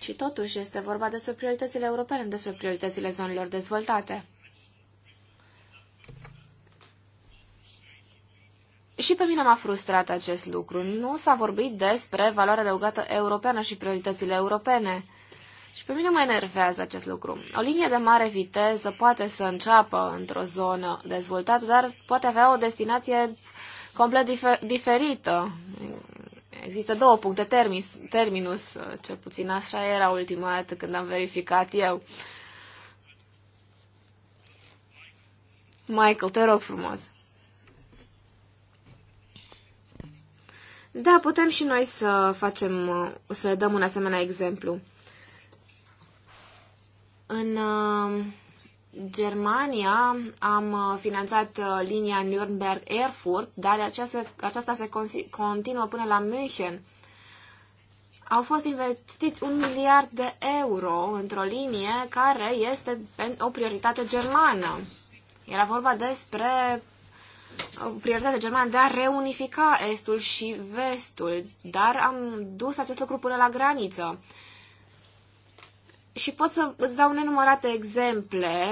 Și totuși este vorba despre prioritățile europene, despre prioritățile zonelor dezvoltate. Și pe mine m-a frustrat acest lucru. Nu s-a vorbit despre valoarea adăugată europeană și prioritățile europene. Și pe mine mă enervează acest lucru. O linie de mare viteză poate să înceapă într-o zonă dezvoltată, dar poate avea o destinație complet difer- diferită. Există două puncte terminus, terminus, cel puțin așa era ultima dată când am verificat eu. Michael, te rog frumos. Da, putem și noi să facem, să dăm un asemenea exemplu. În uh, Germania am uh, finanțat uh, linia Nürnberg-Erfurt, dar aceasta, aceasta se continuă până la München. Au fost investiți un miliard de euro într-o linie care este o prioritate germană. Era vorba despre prioritatea germană de a reunifica estul și vestul, dar am dus acest lucru până la graniță și pot să îți dau nenumărate exemple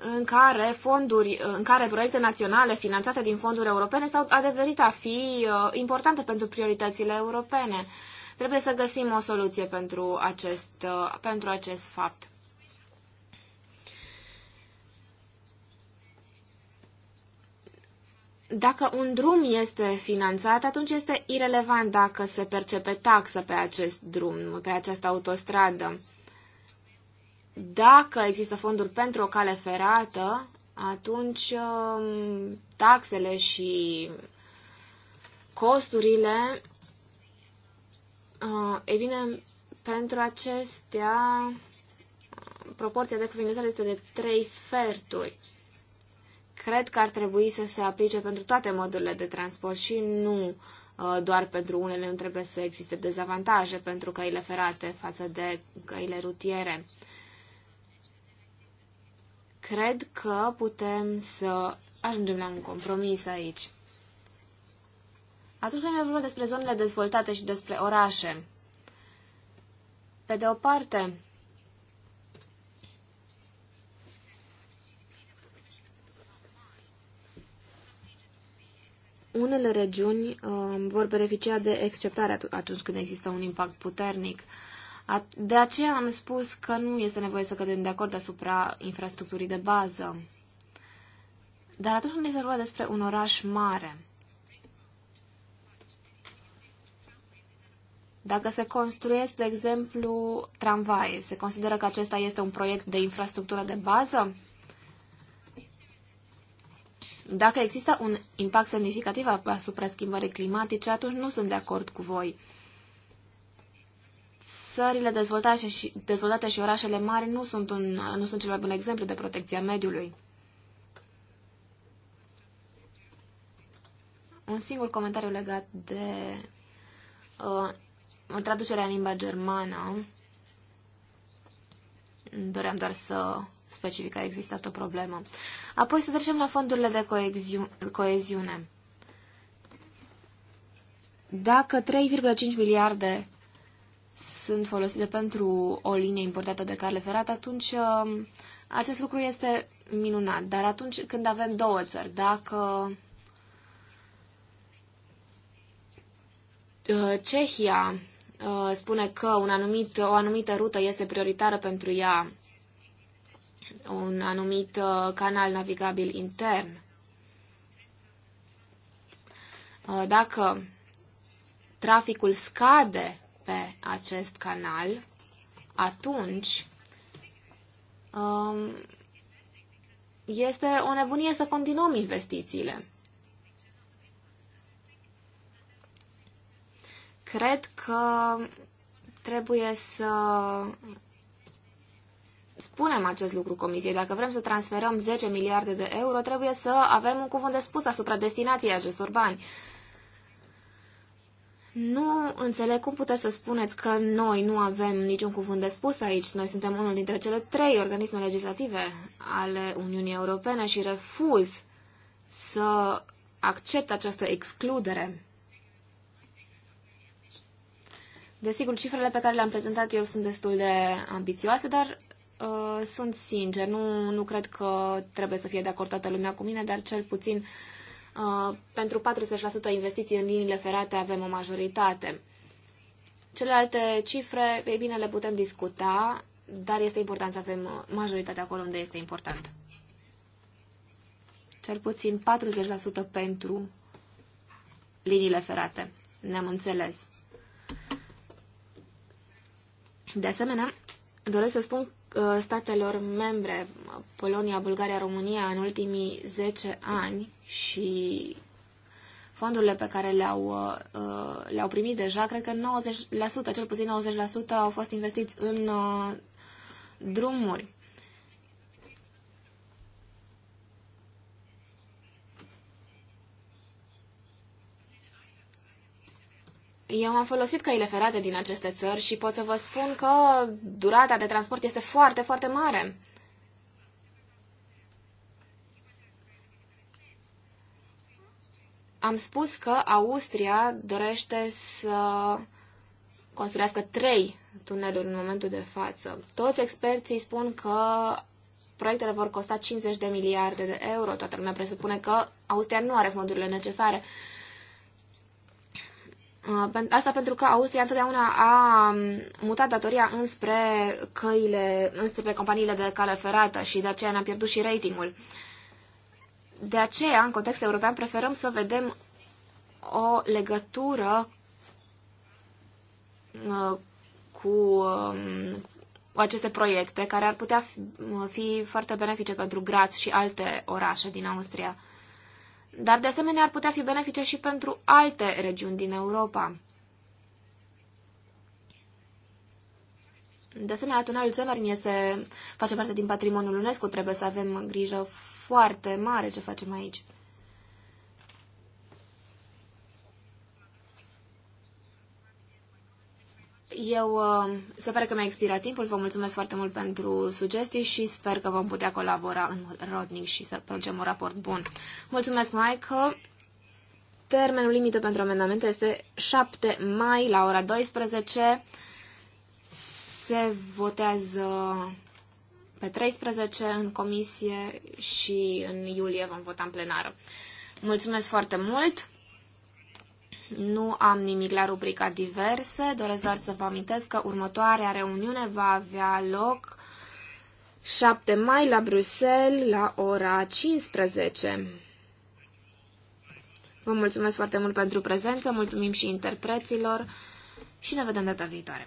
în care fonduri, în care proiecte naționale finanțate din fonduri europene s-au adeverit a fi uh, importante pentru prioritățile europene. Trebuie să găsim o soluție pentru acest, uh, pentru acest fapt. Dacă un drum este finanțat, atunci este irelevant dacă se percepe taxă pe acest drum, pe această autostradă dacă există fonduri pentru o cale ferată, atunci um, taxele și costurile, uh, e bine, pentru acestea proporția de cuvințare este de 3 sferturi. Cred că ar trebui să se aplice pentru toate modurile de transport și nu uh, doar pentru unele nu trebuie să existe dezavantaje pentru căile ferate față de căile rutiere. Cred că putem să ajungem la un compromis aici. Atunci când ne vorbim despre zonele dezvoltate și despre orașe, pe de o parte, unele regiuni uh, vor beneficia de exceptare atunci când există un impact puternic. Uh, de aceea am spus că nu este nevoie să cădem de acord asupra infrastructurii de bază. Dar atunci când este vorba despre un oraș mare, Dacă se construiesc, de exemplu, tramvaie, se consideră că acesta este un proiect de infrastructură de bază? Dacă există un impact semnificativ asupra schimbării climatice, atunci nu sunt de acord cu voi. Țările dezvoltate și, dezvoltate și orașele mari nu sunt, un, nu sunt cel mai bun exemplu de protecția mediului. Un singur comentariu legat de uh, traducerea în limba germană. Doream doar să specific că a existat o problemă. Apoi să trecem la fondurile de coeziune. Dacă 3,5 miliarde sunt folosite pentru o linie importată de carne ferată, atunci um, acest lucru este minunat. Dar atunci când avem două țări, dacă uh, Cehia uh, spune că un anumit, o anumită rută este prioritară pentru ea, un anumit uh, canal navigabil intern, dacă traficul scade pe acest canal, atunci um, este o nebunie să continuăm investițiile. Cred că trebuie să spunem acest lucru Comisiei. Dacă vrem să transferăm 10 miliarde de euro, trebuie să avem un cuvânt de spus asupra destinației acestor bani. Nu înțeleg cum puteți să spuneți că noi nu avem niciun cuvânt de spus aici. Noi suntem unul dintre cele trei organisme legislative ale Uniunii Europene și refuz să accept această excludere. Desigur, cifrele pe care le-am prezentat eu sunt destul de ambițioase, dar uh, sunt sincer. Nu, nu cred că trebuie să fie de acord toată lumea cu mine, dar cel puțin uh, Uh, pentru 40% investiții în liniile ferate avem o majoritate. Celelalte cifre, ei bine, le putem discuta, dar este important să avem uh, majoritatea acolo unde este important. Cel puțin 40% pentru liniile ferate. Ne-am înțeles. De asemenea, doresc să spun Uh, statelor membre, Polonia, Bulgaria, România, în ultimii 10 ani și fondurile pe care le-au, uh, uh, le-au primit deja, cred că 90%, cel puțin 90% au fost investiți în drumuri. Eu am folosit căile ferate din aceste țări și pot să vă spun că durata de transport este foarte, foarte mare. Am spus că Austria dorește să construiască trei tuneluri în momentul de față. Toți experții spun că proiectele vor costa 50 de miliarde de euro. Toată lumea presupune că Austria nu are fondurile necesare. Uh, Uh, asta pentru că Austria întotdeauna a um, mutat datoria înspre căile, înspre companiile de cale ferată și de aceea ne-am pierdut și ratingul. De aceea, în context european, preferăm să vedem o legătură uh, um, cu aceste proiecte care ar putea uh, fi foarte benefice pentru Graz și alte orașe din Austria dar de asemenea ar putea fi benefice și pentru alte regiuni din Europa. De asemenea, tunelul Severin este, face parte din patrimoniul UNESCO, trebuie să avem grijă foarte mare ce facem aici. Eu uh, se pare că mi-a expirat timpul, vă mulțumesc foarte mult pentru sugestii și sper că vom putea colabora în rodnic și să producem un raport bun. Mulțumesc, Michael! Termenul limită pentru amendamente este 7 mai la ora 12. Se votează pe 13 în comisie și în iulie vom vota în plenară. Mulțumesc foarte mult! Nu am nimic la rubrica diverse, doresc doar să vă amintesc că următoarea reuniune va avea loc 7 mai la Bruxelles la ora 15. Vă mulțumesc foarte mult pentru prezență, mulțumim și interpreților și ne vedem data viitoare.